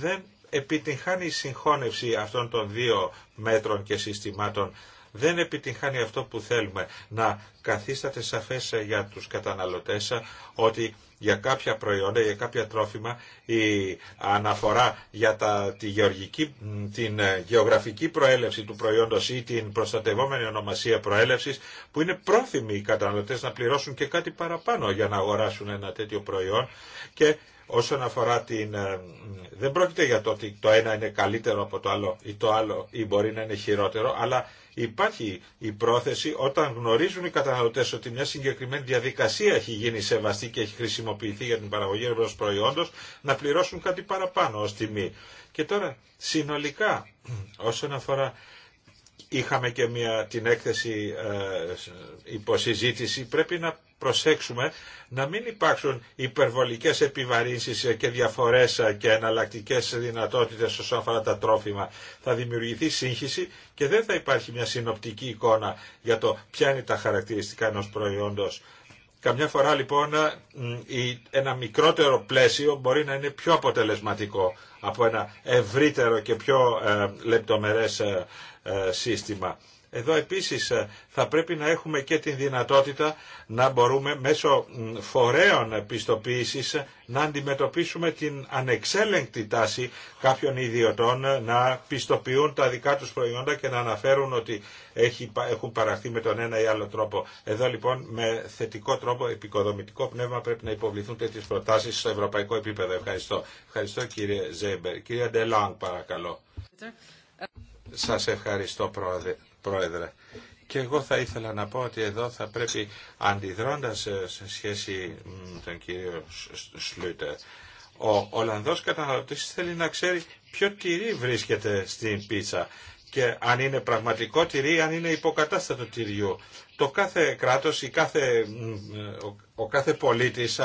δεν επιτυγχάνει η συγχώνευση αυτών των δύο μέτρων και συστημάτων δεν επιτυγχάνει αυτό που θέλουμε. Να καθίσταται σαφές για τους καταναλωτές ότι για κάποια προϊόντα, για κάποια τρόφιμα η αναφορά για τα, τη γεωργική, την ε, γεωγραφική προέλευση του προϊόντος ή την προστατευόμενη ονομασία προέλευσης που είναι πρόθυμοι οι καταναλωτές να πληρώσουν και κάτι παραπάνω για να αγοράσουν ένα τέτοιο προϊόν και όσον αφορά την... Ε, δεν πρόκειται για το ότι το ένα είναι καλύτερο από το άλλο ή το άλλο ή μπορεί να είναι χειρότερο, αλλά υπάρχει η πρόθεση όταν γνωρίζουν οι καταναλωτές ότι μια συγκεκριμένη διαδικασία έχει γίνει σεβαστή και έχει χρησιμοποιηθεί για την παραγωγή ενός προϊόντος, να πληρώσουν κάτι παραπάνω ως τιμή. Και τώρα συνολικά όσον αφορά είχαμε και μια, την έκθεση ε, υποσυζήτηση, πρέπει να προσέξουμε να μην υπάρξουν υπερβολικές επιβαρύνσεις και διαφορές και εναλλακτικέ δυνατότητες όσον αφορά τα τρόφιμα. Θα δημιουργηθεί σύγχυση και δεν θα υπάρχει μια συνοπτική εικόνα για το ποια είναι τα χαρακτηριστικά ενός προϊόντος. Καμιά φορά λοιπόν ένα μικρότερο πλαίσιο μπορεί να είναι πιο αποτελεσματικό από ένα ευρύτερο και πιο ε, λεπτομερές ε, ε, σύστημα. Εδώ επίσης ε, θα πρέπει να έχουμε και την δυνατότητα να μπορούμε μέσω φορέων πιστοποίησης ε, να αντιμετωπίσουμε την ανεξέλεγκτη τάση κάποιων ιδιωτών ε, να πιστοποιούν τα δικά τους προϊόντα και να αναφέρουν ότι έχουν παραχθεί με τον ένα ή άλλο τρόπο. Εδώ λοιπόν με θετικό τρόπο, επικοδομητικό πνεύμα πρέπει να υποβληθούν τέτοιες προτάσεις στο ευρωπαϊκό επίπεδο. Ευχαριστώ. Ευχαριστώ κύριε Ζέμπερ. Κύριε Ντελάνγκ παρακαλώ. Σας ευχαριστώ πρόεδρε. Πρόεδρε. Και εγώ θα ήθελα να πω ότι εδώ θα πρέπει, αντιδρώντας ε, σε σχέση με τον κύριο Σλούτερ, ο Ολλανδός καταναλωτής θέλει να ξέρει ποιο τυρί βρίσκεται στην πίτσα και αν είναι πραγματικό τυρί, ή αν είναι υποκατάστατο τυριού. Το κάθε κράτος, η κάθε, ο κάθε πολίτης,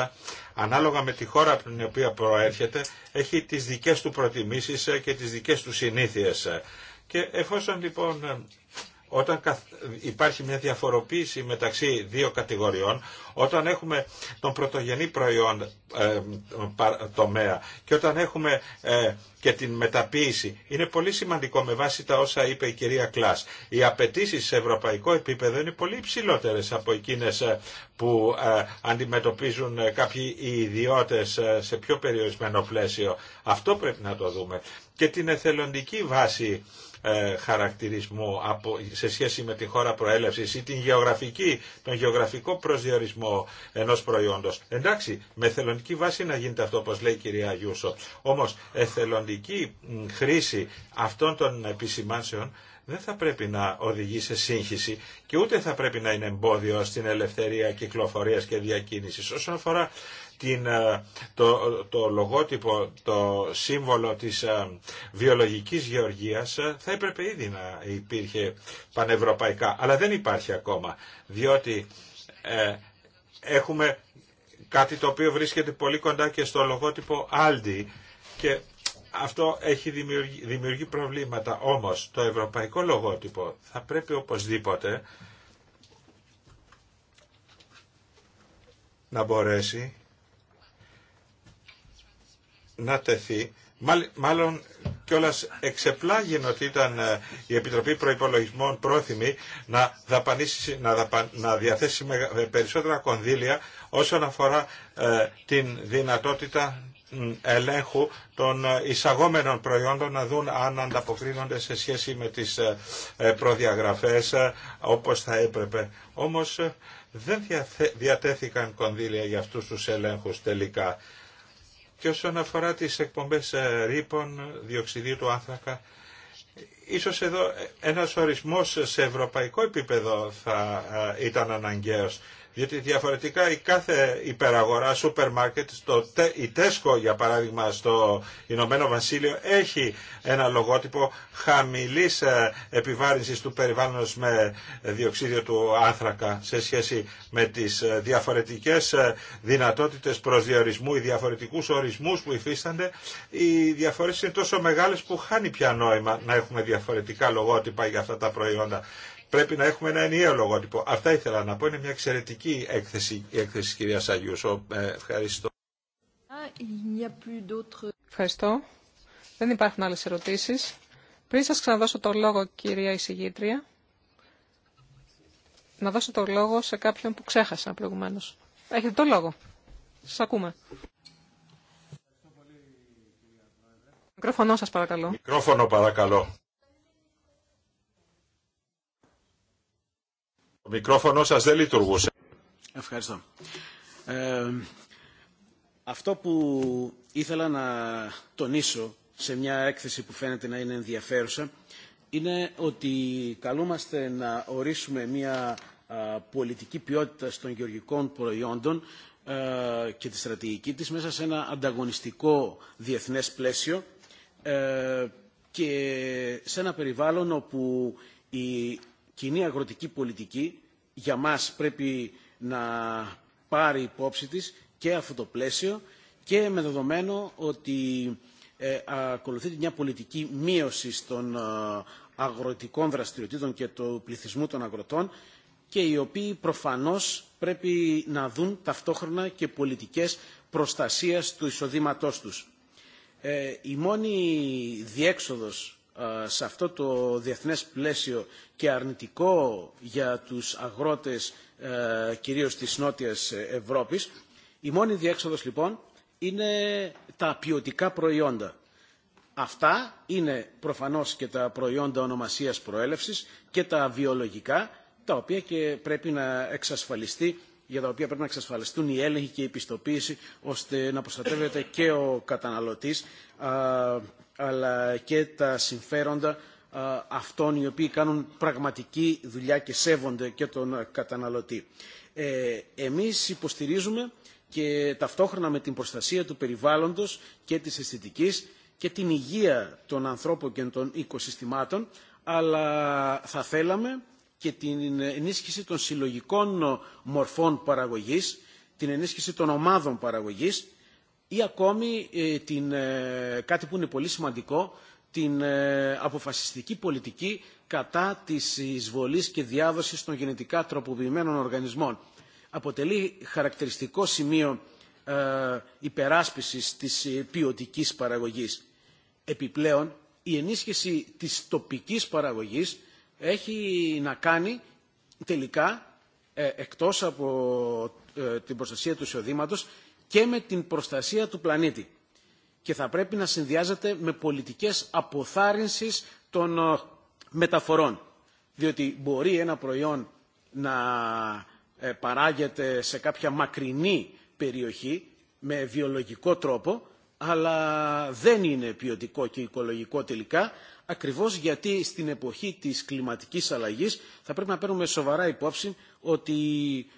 ανάλογα με τη χώρα από την οποία προέρχεται, έχει τις δικές του προτιμήσεις ε, και τις δικές του συνήθειες. Ε. Και εφόσον λοιπόν όταν υπάρχει μια διαφοροποίηση μεταξύ δύο κατηγοριών, όταν έχουμε τον πρωτογενή προϊόν ε, τομέα και όταν έχουμε ε, και την μεταποίηση, είναι πολύ σημαντικό με βάση τα όσα είπε η κυρία Κλάς. Οι απαιτήσει σε ευρωπαϊκό επίπεδο είναι πολύ υψηλότερε από εκείνε ε, που αντιμετωπίζουν κάποιοι οι ιδιώτες σε πιο περιορισμένο πλαίσιο. Αυτό πρέπει να το δούμε. Και την εθελοντική βάση ε, χαρακτηρισμού από, σε σχέση με τη χώρα προέλευσης ή την γεωγραφική, τον γεωγραφικό προσδιορισμό ενός προϊόντος. Εντάξει, με εθελοντική βάση να γίνεται αυτό όπως λέει η κυρία Γιούσο. Όμως εθελοντική χρήση αυτών των επισημάνσεων δεν θα πρέπει να οδηγεί σε σύγχυση και ούτε θα πρέπει να είναι εμπόδιο στην ελευθερία κυκλοφορίας και διακίνησης. Όσον αφορά την, ε, το, το λογότυπο, το σύμβολο της ε, βιολογικής γεωργίας ε, θα έπρεπε ήδη να υπήρχε πανευρωπαϊκά. Αλλά δεν υπάρχει ακόμα, διότι έχουμε κάτι το οποίο βρίσκεται πολύ κοντά και στο λογότυπο Aldi και αυτό έχει δημιουργεί, προβλήματα. Όμως το ευρωπαϊκό λογότυπο θα πρέπει οπωσδήποτε να μπορέσει να τεθεί. Μάλλον κιόλα εξεπλάγει ότι ήταν ε, η Επιτροπή Προπολογισμών πρόθυμη να, να, να διαθέσει περισσότερα κονδύλια όσον αφορά ε, την δυνατότητα ελέγχου των ε, εισαγόμενων προϊόντων να δουν αν ανταποκρίνονται σε σχέση με τις προδιαγραφές όπως θα έπρεπε. Όμως δεν διατέθηκαν κονδύλια για αυτούς τους ελέγχους τελικά. Και όσον αφορά τις εκπομπές ε, ρήπων, διοξιδίου του άνθρακα, ίσως εδώ ε, ένας ορισμός σε ευρωπαϊκό επίπεδο θα ε, ήταν αναγκαίος διότι διαφορετικά η κάθε υπεραγορά, σούπερ μάρκετ, στο, η Τέσκο για παράδειγμα στο Ηνωμένο Βασίλειο έχει ένα λογότυπο χαμηλής ε, επιβάρυνσης του περιβάλλοντος με διοξίδιο του άνθρακα σε σχέση με τις ε, διαφορετικές ε, δυνατότητες προσδιορισμού οι διαφορετικούς ορισμούς που υφίστανται. Οι διαφορές είναι τόσο μεγάλες που χάνει πια νόημα να έχουμε διαφορετικά λογότυπα για αυτά τα προϊόντα πρέπει να έχουμε ένα ενιαίο λογότυπο. Αυτά ήθελα να πω. Είναι μια εξαιρετική έκθεση η έκθεση της κυρίας Αγιούσο. Ε, ευχαριστώ. Ευχαριστώ. Δεν υπάρχουν άλλες ερωτήσεις. Πριν σα ξαναδώσω το λόγο, κυρία εισηγήτρια, να δώσω το λόγο σε κάποιον που ξέχασα προηγουμένω. Έχετε το λόγο. Σα ακούμε. Μικρόφωνο σας παρακαλώ. Μικρόφωνο παρακαλώ. Το μικρόφωνο σας δεν λειτουργούσε. Ευχαριστώ. Ε, αυτό που ήθελα να τονίσω σε μια έκθεση που φαίνεται να είναι ενδιαφέρουσα είναι ότι καλούμαστε να ορίσουμε μια πολιτική ποιότητα των γεωργικών προϊόντων ε, και τη στρατηγική της μέσα σε ένα ανταγωνιστικό διεθνές πλαίσιο ε, και σε ένα περιβάλλον όπου η κοινή αγροτική πολιτική για μας πρέπει να πάρει υπόψη της και αυτό το πλαίσιο και με δεδομένο ότι ε, ακολουθείται μια πολιτική μείωση των ε, αγροτικών δραστηριοτήτων και του πληθυσμού των αγροτών και οι οποίοι προφανώς πρέπει να δουν ταυτόχρονα και πολιτικές προστασίας του εισοδήματός τους. Ε, η μόνη διέξοδος ε, σε αυτό το διεθνές πλαίσιο και αρνητικό για τους αγρότες ε, κυρίως της Νότιας Ευρώπης. Η μόνη διέξοδος λοιπόν είναι τα ποιοτικά προϊόντα. Αυτά είναι προφανώς και τα προϊόντα ονομασίας προέλευσης και τα βιολογικά, τα οποία και πρέπει να εξασφαλιστεί για τα οποία πρέπει να εξασφαλιστούν η έλεγχοι και η πιστοποίηση ώστε να προστατεύεται και ο καταναλωτής αλλά και τα συμφέροντα αυτών οι οποίοι κάνουν πραγματική δουλειά και σέβονται και τον καταναλωτή. Ε, εμείς υποστηρίζουμε και ταυτόχρονα με την προστασία του περιβάλλοντος και της αισθητικής και την υγεία των ανθρώπων και των οικοσυστημάτων, αλλά θα θέλαμε και την ενίσχυση των συλλογικών μορφών παραγωγής, την ενίσχυση των ομάδων παραγωγής, ή ακόμη ε, την, ε, κάτι που είναι πολύ σημαντικό, την ε, αποφασιστική πολιτική κατά της εισβολής και διάδοσης των γενετικά τροποποιημένων οργανισμών. Αποτελεί χαρακτηριστικό σημείο ε, υπεράσπισης της ποιοτικής παραγωγής. Επιπλέον, η ενίσχυση της τοπικής παραγωγής έχει να κάνει τελικά, ε, εκτός παραγωγης εχει να κανει τελικα εκτος απο την προστασία του εισοδήματος, και με την προστασία του πλανήτη. Και θα πρέπει να συνδυάζεται με πολιτικές αποθάρρυνσης των ε, μεταφορών. Διότι μπορεί ένα προϊόν να ε, παράγεται σε κάποια μακρινή περιοχή με βιολογικό τρόπο, αλλά δεν είναι ποιοτικό και οικολογικό τελικά, ακριβώς γιατί στην εποχή της κλιματικής αλλαγής θα πρέπει να παίρνουμε σοβαρά υπόψη ότι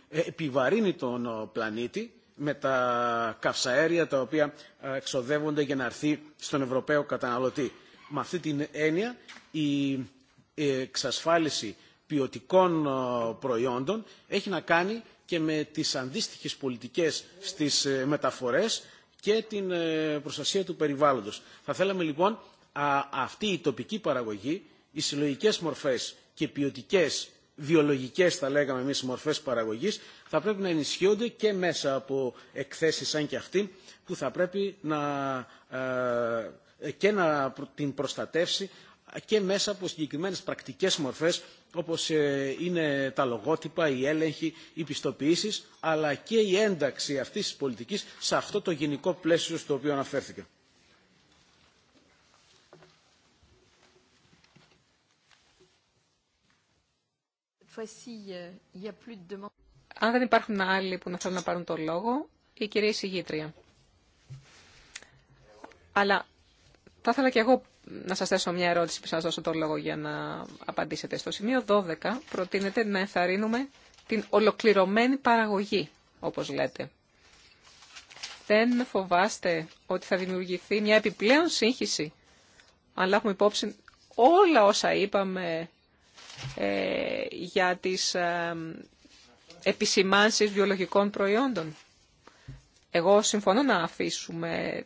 ε, επιβαρύνει τον πλανήτη με τα καυσαέρια τα οποία ε, εξοδεύονται για να έρθει στον Ευρωπαίο καταναλωτή. Με αυτή την έννοια η εξασφάλιση ποιοτικών ε, προϊόντων έχει να κάνει και με τις αντίστοιχες πολιτικές στις ε, μεταφορές και την προστασία του περιβάλλοντος. Θα θέλαμε λοιπόν αυτή η τοπική παραγωγή, οι συλλογικές μορφές και ποιοτικές βιολογικές θα λέγαμε εμείς μορφές παραγωγής θα πρέπει να ενισχύονται και μέσα από εκθέσεις σαν και αυτή που θα πρέπει να, ε, και να την προστατεύσει και μέσα από συγκεκριμένες πρακτικές μορφές όπως ε, είναι τα λογότυπα, οι έλεγχοι, οι πιστοποιήσεις αλλά και η ένταξη αυτής της πολιτικής σε αυτό το γενικό πλαίσιο στο οποίο αναφέρθηκα. Αν δεν υπάρχουν άλλοι που να θέλουν να πάρουν το λόγο, η κυρία εισηγήτρια. Αλλά θα ήθελα και εγώ να σας θέσω μια ερώτηση που σας δώσω το λόγο για να απαντήσετε. Στο σημείο 12 προτείνεται να ενθαρρύνουμε την ολοκληρωμένη παραγωγή, όπως λέτε. Δεν φοβάστε ότι θα δημιουργηθεί μια επιπλέον σύγχυση, αν λάβουμε υπόψη όλα όσα είπαμε ε, για τις ε, επισημάνσεις βιολογικών προϊόντων. Εγώ συμφωνώ να αφήσουμε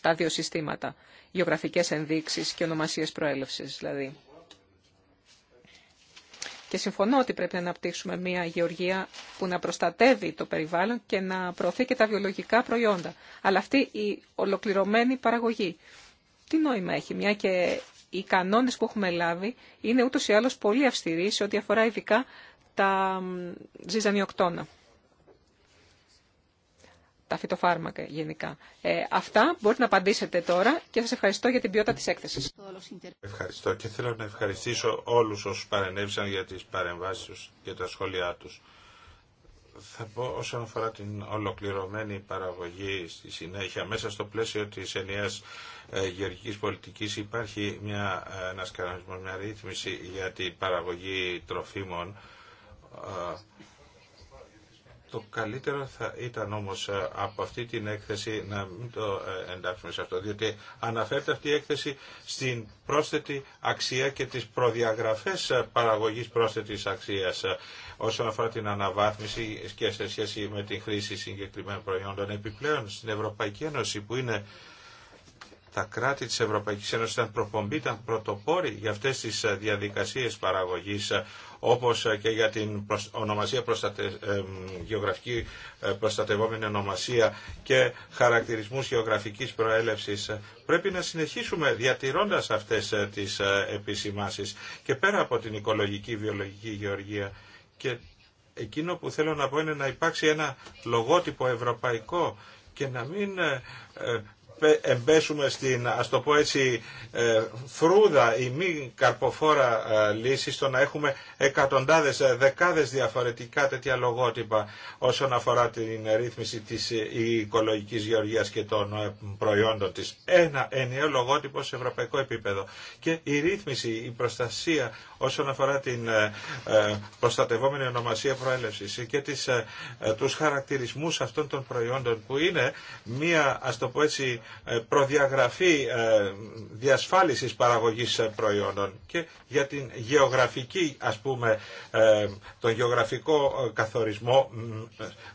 τα δύο συστήματα, γεωγραφικές ενδείξεις και ονομασίες προέλευσης δηλαδή. Και συμφωνώ ότι πρέπει να αναπτύξουμε μια γεωργία που να προστατεύει το περιβάλλον και να προωθεί και τα βιολογικά προϊόντα. Αλλά αυτή η ολοκληρωμένη παραγωγή. Τι νόημα έχει, μια και οι κανόνες που έχουμε λάβει είναι ούτως ή άλλως πολύ αυστηροί σε ό,τι αφορά ειδικά τα ζυζανιοκτώνα. Τα φυτοφάρμακα γενικά. Ε, αυτά μπορείτε να απαντήσετε τώρα και σας ευχαριστώ για την ποιότητα της έκθεσης. Ευχαριστώ και θέλω να ευχαριστήσω όλους όσους παρενέβησαν για τις παρεμβάσεις τους και τα σχόλιά τους θα πω όσον αφορά την ολοκληρωμένη παραγωγή στη συνέχεια μέσα στο πλαίσιο της ενιαίας ε, γεωργικής πολιτικής υπάρχει μια, ε, ένας μια ρύθμιση για την παραγωγή τροφίμων ε, το καλύτερο θα ήταν όμως ε, από αυτή την έκθεση να μην το ε, εντάξουμε σε αυτό, διότι αναφέρεται αυτή η έκθεση στην πρόσθετη αξία και τις προδιαγραφές ε, παραγωγής πρόσθετης αξίας όσον αφορά την αναβάθμιση και σε σχέση με την χρήση συγκεκριμένων προϊόντων. Επιπλέον στην Ευρωπαϊκή Ένωση που είναι τα κράτη της Ευρωπαϊκής Ένωσης ήταν προπομπή, ήταν πρωτοπόροι για αυτές τις ε, διαδικασίες παραγωγής ε, όπως ε, και για την ονομασία προστατε... γεωγραφική προστατευόμενη ονομασία και χαρακτηρισμούς γεωγραφικής προέλευσης. Πρέπει να συνεχίσουμε διατηρώντας αυτές τις επισημάσεις και πέρα από την οικολογική βιολογική γεωργία και εκείνο που θέλω να πω είναι να υπάρξει ένα λογότυπο ευρωπαϊκό και να μην εμπέσουμε στην, ας το έτσι, ε, φρούδα ή μη καρποφόρα ε, λύση στο να έχουμε εκατοντάδες, ε, δεκάδες διαφορετικά τέτοια λογότυπα όσον αφορά την ρύθμιση της οικολογικής γεωργίας και των προϊόντων της. Ένα ενιαίο λογότυπο σε ευρωπαϊκό επίπεδο. Και η ρύθμιση, η προστασία όσον αφορά την προστατευόμενη ονομασία προέλευσης και τους χαρακτηρισμούς αυτών των προϊόντων που είναι μία, ας το πω έτσι, ε, προδιαγραφή ε, διασφάλισης παραγωγής ε, προϊόντων και για την γεωγραφική, ας πούμε, τον γεωγραφικό καθορισμό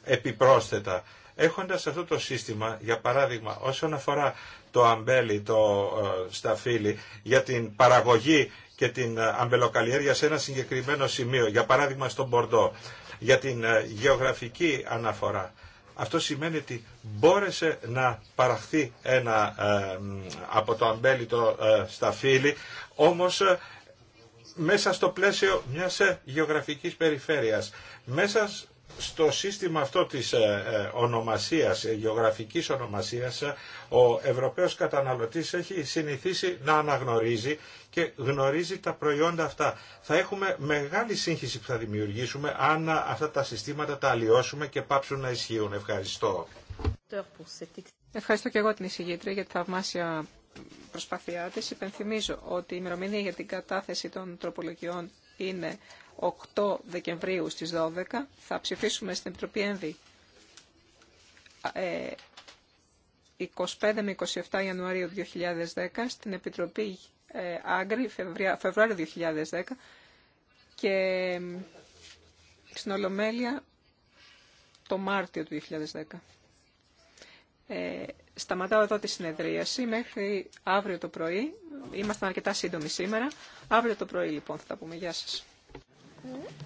επιπρόσθετα. Έχοντας αυτό το σύστημα, για παράδειγμα, όσον αφορά το αμπέλι, το σταφύλι, για την παραγωγή και την αμπελοκαλλιέργεια σε ένα συγκεκριμένο σημείο, για παράδειγμα στον Μπορντό, για την γεωγραφική αναφορά. Αυτό σημαίνει ότι μπόρεσε να παραχθεί ένα ε, από το αμπέλιτο ε, στα όμως ε, μέσα στο πλαίσιο μιας ε, γεωγραφικής περιφέρειας, μέσα στο σύστημα αυτό της ε, ε, ονομασίας, ε, γεωγραφικής ονομασίας, ο Ευρωπαίος καταναλωτής έχει συνηθίσει να αναγνωρίζει και γνωρίζει τα προϊόντα αυτά. Θα έχουμε μεγάλη σύγχυση που θα δημιουργήσουμε αν αυτά τα συστήματα τα αλλοιώσουμε και πάψουν να ισχύουν. Ευχαριστώ. Ευχαριστώ και εγώ την εισηγήτρια για τη θαυμάσια προσπάθειά της. Υπενθυμίζω ότι η ημερομηνία για την κατάθεση των τροπολογιών είναι 8 Δεκεμβρίου στις 12 θα ψηφίσουμε στην Επιτροπή ΕΝΔΗ 25 ε, με 27 Ιανουαρίου 2010 στην Επιτροπή ε, Άγκρη Φεβρουάριο 2010 και στην Ολομέλεια το Μάρτιο του 2010. Ε, σταματάω εδώ τη συνεδρίαση μέχρι αύριο το πρωί. Ήμασταν αρκετά σύντομοι σήμερα. Αύριο το πρωί λοιπόν θα τα πούμε. Γεια σας. Mm.